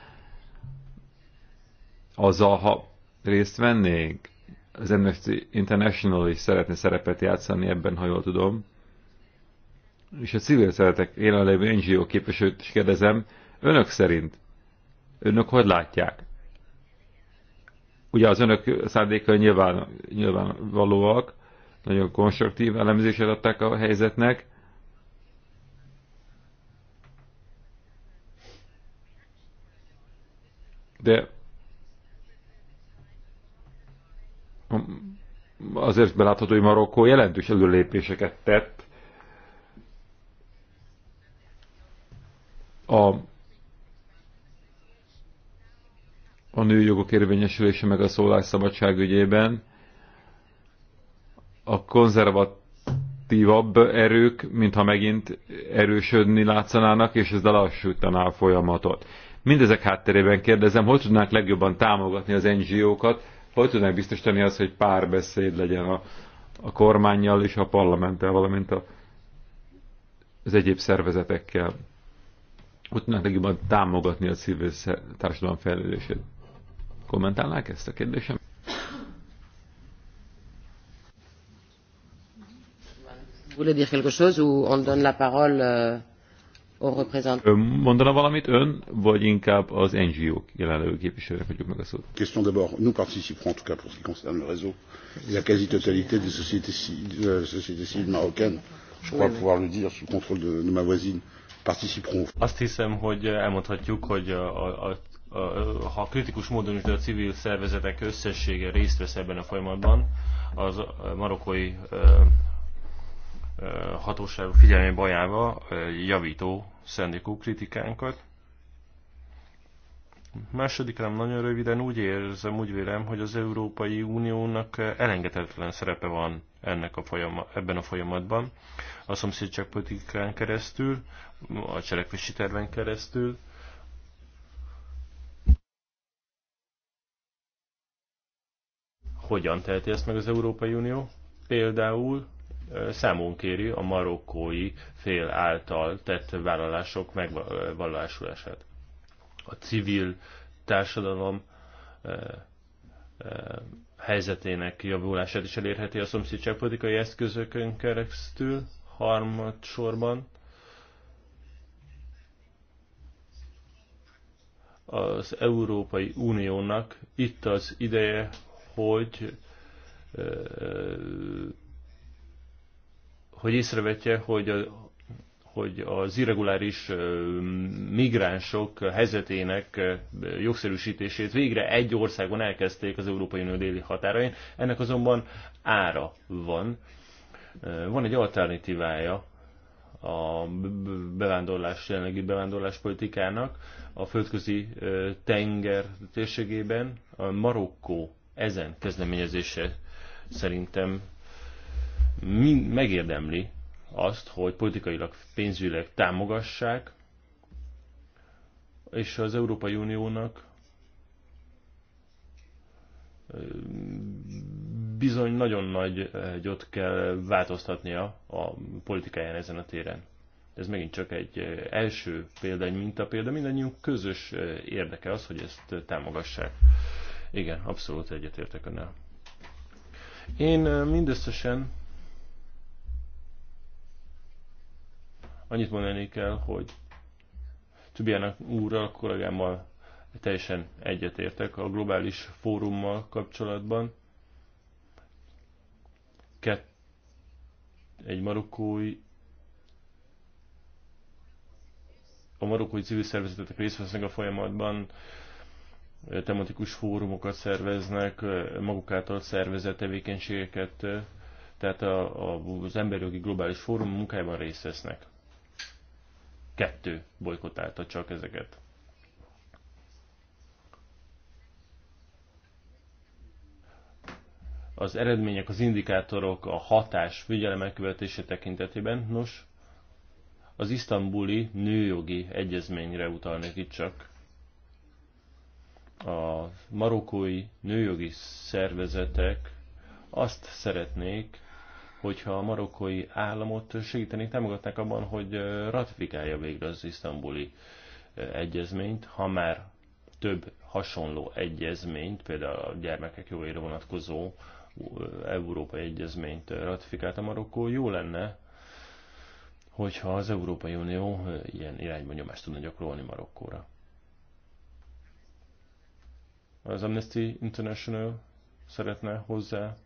Azzal, ha részt vennénk, az Amnesty International is szeretne szerepet játszani ebben, ha jól tudom, és a civil szeretek jelenlévő NGO képviselőt is kérdezem, önök szerint Önök hogy látják? Ugye az önök szándéka nyilván, nyilvánvalóak, nagyon konstruktív elemzését adták a helyzetnek, de azért belátható, hogy Marokkó jelentős előlépéseket tett a a nőjogok érvényesülése meg a szólásszabadság ügyében a konzervatívabb erők, mintha megint erősödni látszanának, és ez lelassítaná a folyamatot. Mindezek hátterében kérdezem, hogy tudnánk legjobban támogatni az NGO-kat, hogy tudnánk biztosítani azt, hogy párbeszéd legyen a, a kormányjal és a parlamenttel, valamint a, az egyéb szervezetekkel. Hogy tudnánk legjobban támogatni a civil társadalom fejlődését. Kommentálnák ezt a kérdésem? Euh, mondana valamit ön, vagy inkább az NGO-k jelenlevő képviselőnek adjuk meg a szót? Question d'abord, nous participons en tout cas pour ce qui concerne le réseau la quasi-totalité des sociétés civiles marocaines, je crois pouvoir le dire sous contrôle de, de ma voisine, participeront. Azt hiszem, hogy elmondhatjuk, hogy a, a ha kritikus módon is, de a civil szervezetek összessége részt vesz ebben a folyamatban, az marokkói hatóság figyelmében bajába javító szendékú kritikánkat. Második nem nagyon röviden úgy érzem, úgy vélem, hogy az Európai Uniónak elengedhetetlen szerepe van ennek a folyama, ebben a folyamatban. A szomszédságpolitikán keresztül, a cselekvési terven keresztül, Hogyan teheti ezt meg az Európai Unió? Például számon kéri a marokkói fél által tett vállalások megvallásulását. A civil társadalom helyzetének javulását is elérheti a szomszédságpolitikai eszközökön keresztül, harmadsorban. Az Európai Uniónak itt az ideje, hogy hogy észrevetje, hogy, a, hogy az irreguláris migránsok helyzetének jogszerűsítését végre egy országon elkezdték az Európai Unió déli határain. Ennek azonban ára van. Van egy alternatívája a bevándorlás, jelenlegi bevándorlás politikának a földközi tenger térségében, a Marokkó ezen kezdeményezése szerintem megérdemli azt, hogy politikailag, pénzügyileg támogassák, és az Európai Uniónak bizony nagyon nagy gyot kell változtatnia a politikáján ezen a téren. Ez megint csak egy első példa, egy példa. mindannyiunk közös érdeke az, hogy ezt támogassák. Igen, abszolút egyetértek önnel. Én mindösszesen annyit mondani kell, hogy Tübiának úrral, kollégámmal teljesen egyetértek a globális fórummal kapcsolatban. Kett, egy marokkói a marokkói civil szervezetek részt vesznek a folyamatban, tematikus fórumokat szerveznek, maguk által szervezett tevékenységeket, tehát a, a, az emberjogi globális fórum munkájában részt vesznek. Kettő bolykotálta csak ezeket. Az eredmények, az indikátorok, a hatás figyelemelkövetése tekintetében, nos, az isztambuli nőjogi egyezményre utalnék itt csak, a marokkói nőjogi szervezetek azt szeretnék, hogyha a marokkói államot segítenék, támogatnák abban, hogy ratifikálja végre az isztambuli egyezményt, ha már több hasonló egyezményt, például a gyermekek jogaira vonatkozó európai egyezményt ratifikált a Marokkó, jó lenne, hogyha az Európai Unió ilyen irányba nyomást tudna gyakorolni Marokkóra az Amnesty International szeretne hozzá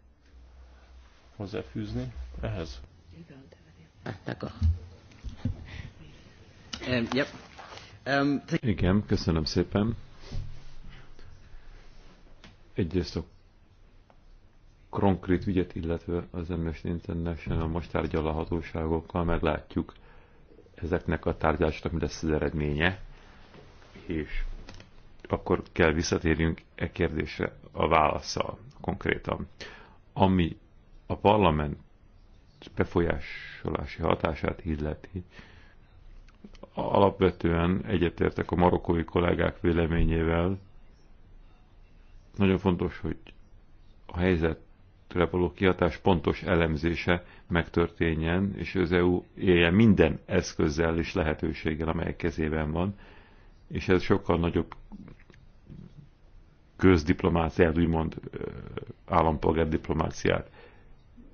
hozzáfűzni ehhez? Um, um, Igen, köszönöm szépen. Egyrészt a konkrét ügyet, illetve az Amnesty International most tárgyal a hatóságokkal, meglátjuk ezeknek a tárgyalásoknak mi lesz az eredménye, és akkor kell visszatérjünk e kérdésre a válaszsal konkrétan. Ami a parlament befolyásolási hatását illeti, alapvetően egyetértek a marokkói kollégák véleményével. Nagyon fontos, hogy a helyzetre való kihatás pontos elemzése megtörténjen, és az EU éljen minden eszközzel és lehetőséggel, amely kezében van, és ez sokkal nagyobb közdiplomáciát, úgymond állampolgár diplomáciát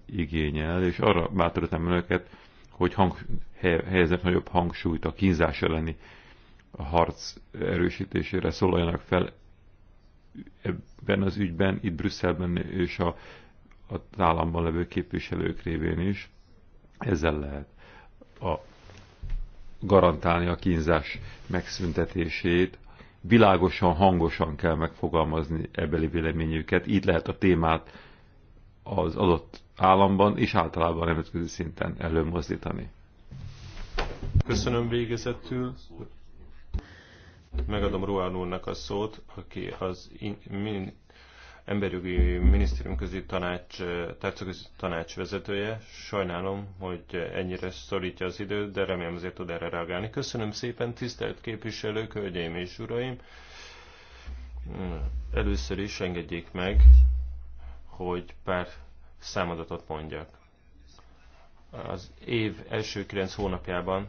igényel, és arra bátorítom önöket, hogy hang, helyezett nagyobb hangsúlyt a kínzás elleni a harc erősítésére szólaljanak fel ebben az ügyben, itt Brüsszelben és a, a államban levő képviselők révén is. Ezzel lehet a garantálni a kínzás megszüntetését, világosan, hangosan kell megfogalmazni ebbeli véleményüket, így lehet a témát az adott államban és általában a nemzetközi szinten előmozdítani. Köszönöm végezetül. Megadom Ruán úrnak a szót, aki az in, min, emberjogi minisztérium közé tanács, közé tanács vezetője. Sajnálom, hogy ennyire szorítja az időt, de remélem azért tud erre reagálni. Köszönöm szépen, tisztelt képviselők, hölgyeim és uraim! Először is engedjék meg, hogy pár számadatot mondjak. Az év első 9 hónapjában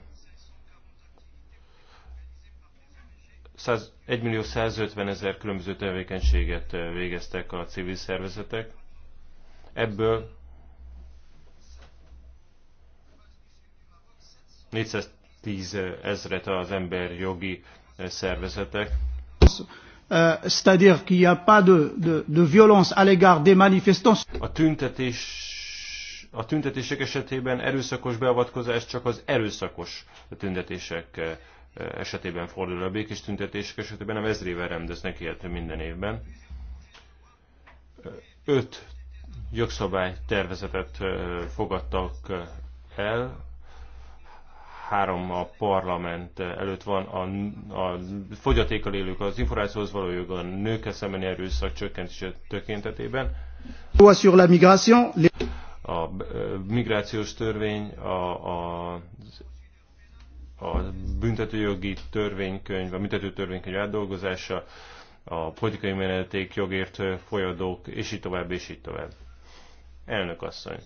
1 millió 150 ezer különböző tevékenységet végeztek a civil szervezetek. Ebből 410 ezret az emberjogi szervezetek. Euh, c'est-à-dire qu'il n'y a pas de, de, de violence à l'égard des manifestants. A tüntetés a tüntetések esetében erőszakos beavatkozás csak az erőszakos tüntetések esetében fordul a békés tüntetések esetében, nem ezrével rendeznek ilyet minden évben. Öt jogszabály tervezetet fogadtak el, három a parlament előtt van, a, a fogyatékkal élők az információhoz való jog, a nők szembeni erőszak csökkentése tökéntetében. A migrációs törvény, a, a, az a büntetőjogi törvénykönyv, a büntető törvénykönyv átdolgozása, a politikai meneték, jogért folyadók, és így tovább, és így tovább. Elnök asszony.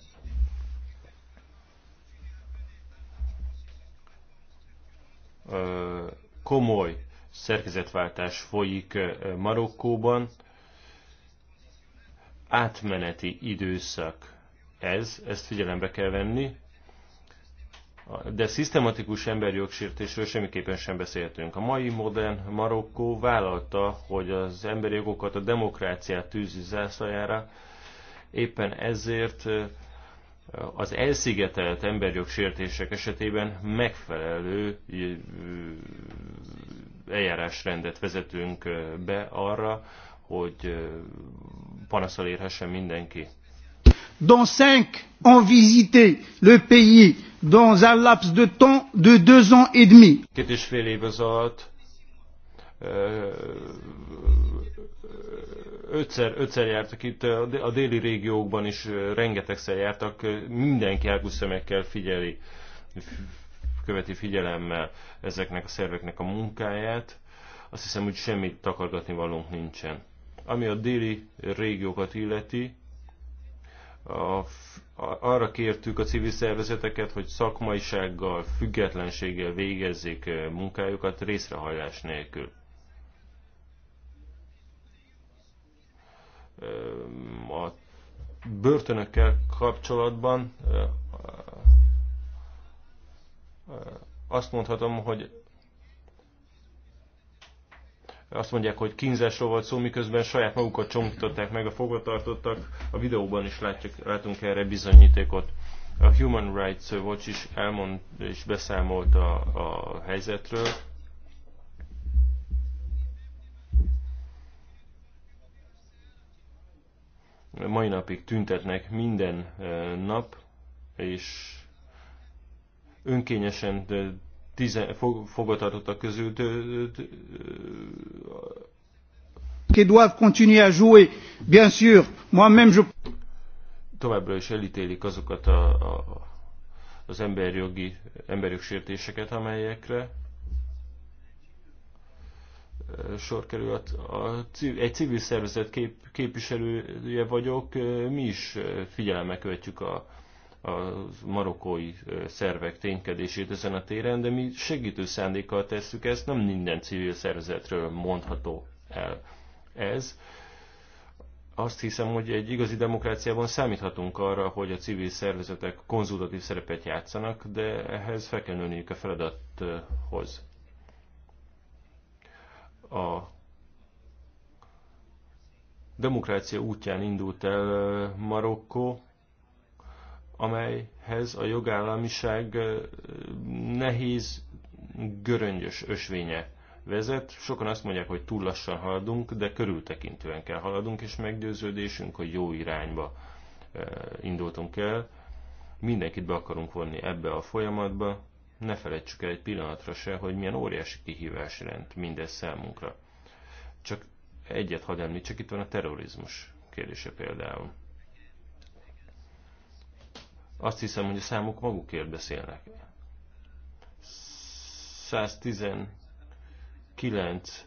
Komoly szerkezetváltás folyik Marokkóban. Átmeneti időszak ez, ezt figyelembe kell venni, de szisztematikus emberjogsértésről semmiképpen sem beszéltünk. A mai modern Marokkó vállalta, hogy az emberi jogokat, a demokráciát tűzi zászlajára, éppen ezért az elszigetelt emberjogsértések esetében megfelelő eljárásrendet vezetünk be arra, hogy panaszal érhessen mindenki. Dans cinq ont visité le pays dans un laps de temps de deux ans et demi. Két és fél év az ötszer, ötszer jártak itt, a déli régiókban is rengetegszer jártak, mindenki árgus szemekkel figyeli, követi figyelemmel ezeknek a szerveknek a munkáját. Azt hiszem, hogy semmit takargatni valónk nincsen. Ami a déli régiókat illeti, a arra kértük a civil szervezeteket, hogy szakmaisággal, függetlenséggel végezzék munkájukat részrehajlás nélkül. A börtönökkel kapcsolatban azt mondhatom, hogy azt mondják, hogy kínzásról volt szó, miközben saját magukat csonkították meg a fogvatartottak. A videóban is látjuk, látunk erre bizonyítékot. A Human Rights Watch is elmond és beszámolt a, a helyzetről. Mai napig tüntetnek minden eh, nap, és önkényesen fogvatartottak közül qui doivent continuer à jouer, bien sûr. Moi-même, je... Továbbra is elítélik azokat a, a, az emberjogi, emberjog sértéseket, amelyekre e, sor kerül. A, a, egy civil szervezet kép, képviselője vagyok, e, mi is e, figyelemmel követjük a, a marokkói szervek ténykedését ezen a téren, de mi segítő szándékkal tesszük ezt, nem minden civil szervezetről mondható el. Ez azt hiszem, hogy egy igazi demokráciában számíthatunk arra, hogy a civil szervezetek konzultatív szerepet játszanak, de ehhez fel kell nőniük a feladathoz. A demokrácia útján indult el Marokkó, amelyhez a jogállamiság nehéz, göröngyös ösvénye vezet. Sokan azt mondják, hogy túl lassan haladunk, de körültekintően kell haladunk, és meggyőződésünk, hogy jó irányba indultunk el. Mindenkit be akarunk vonni ebbe a folyamatba. Ne felejtsük el egy pillanatra se, hogy milyen óriási kihívás rend mindez számunkra. Csak egyet hadd említsek, itt van a terrorizmus kérdése például. Azt hiszem, hogy a számok magukért beszélnek. 119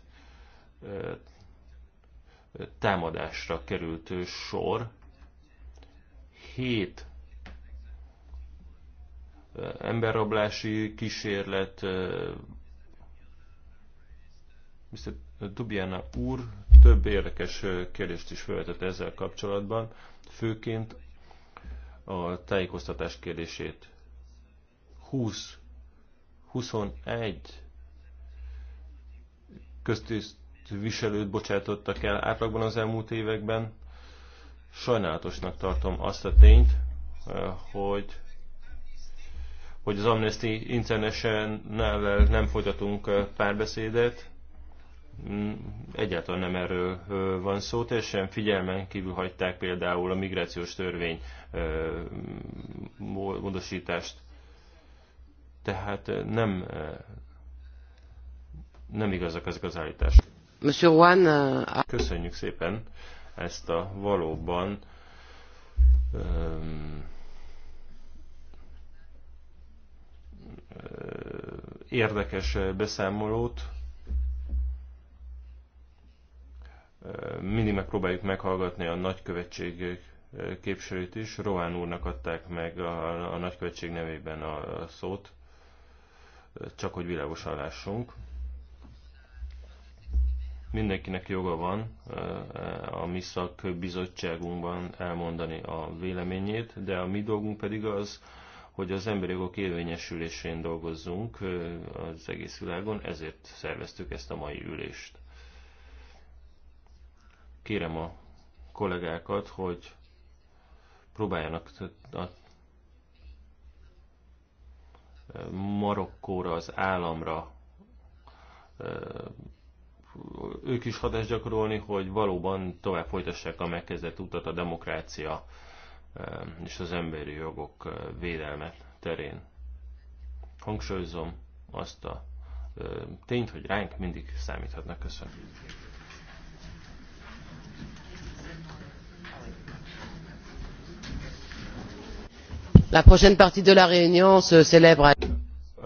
támadásra került sor, 7 emberrablási kísérlet, Mr. Dubiana úr több érdekes kérdést is felvetett ezzel kapcsolatban, főként a tájékoztatás kérdését. 20, 21 köztisztviselőt bocsátottak el átlagban az elmúlt években. Sajnálatosnak tartom azt a tényt, eh, hogy hogy az Amnesty International nem folytatunk eh, párbeszédet, Mm, egyáltalán nem erről van szó, teljesen figyelmen kívül hagyták például a migrációs törvény módosítást. Tehát nem, nem igazak ezek az állítások. Monsieur Juan, Köszönjük szépen ezt a valóban érdekes beszámolót. mindig megpróbáljuk meghallgatni a nagykövetség képviselőt is. Rohán úrnak adták meg a, a nagykövetség nevében a, a szót, csak hogy világosan lássunk. Mindenkinek joga van a mi szakbizottságunkban elmondani a véleményét, de a mi dolgunk pedig az, hogy az emberi jogok érvényesülésén dolgozzunk az egész világon, ezért szerveztük ezt a mai ülést. Kérem a kollégákat, hogy próbáljanak a Marokkóra, az államra ők is hatást gyakorolni, hogy valóban tovább folytassák a megkezdett utat a demokrácia és az emberi jogok védelme terén. Hangsúlyozom azt a tényt, hogy ránk mindig számíthatnak. Köszönöm. la prochaine partie de la réunion se célèbre à.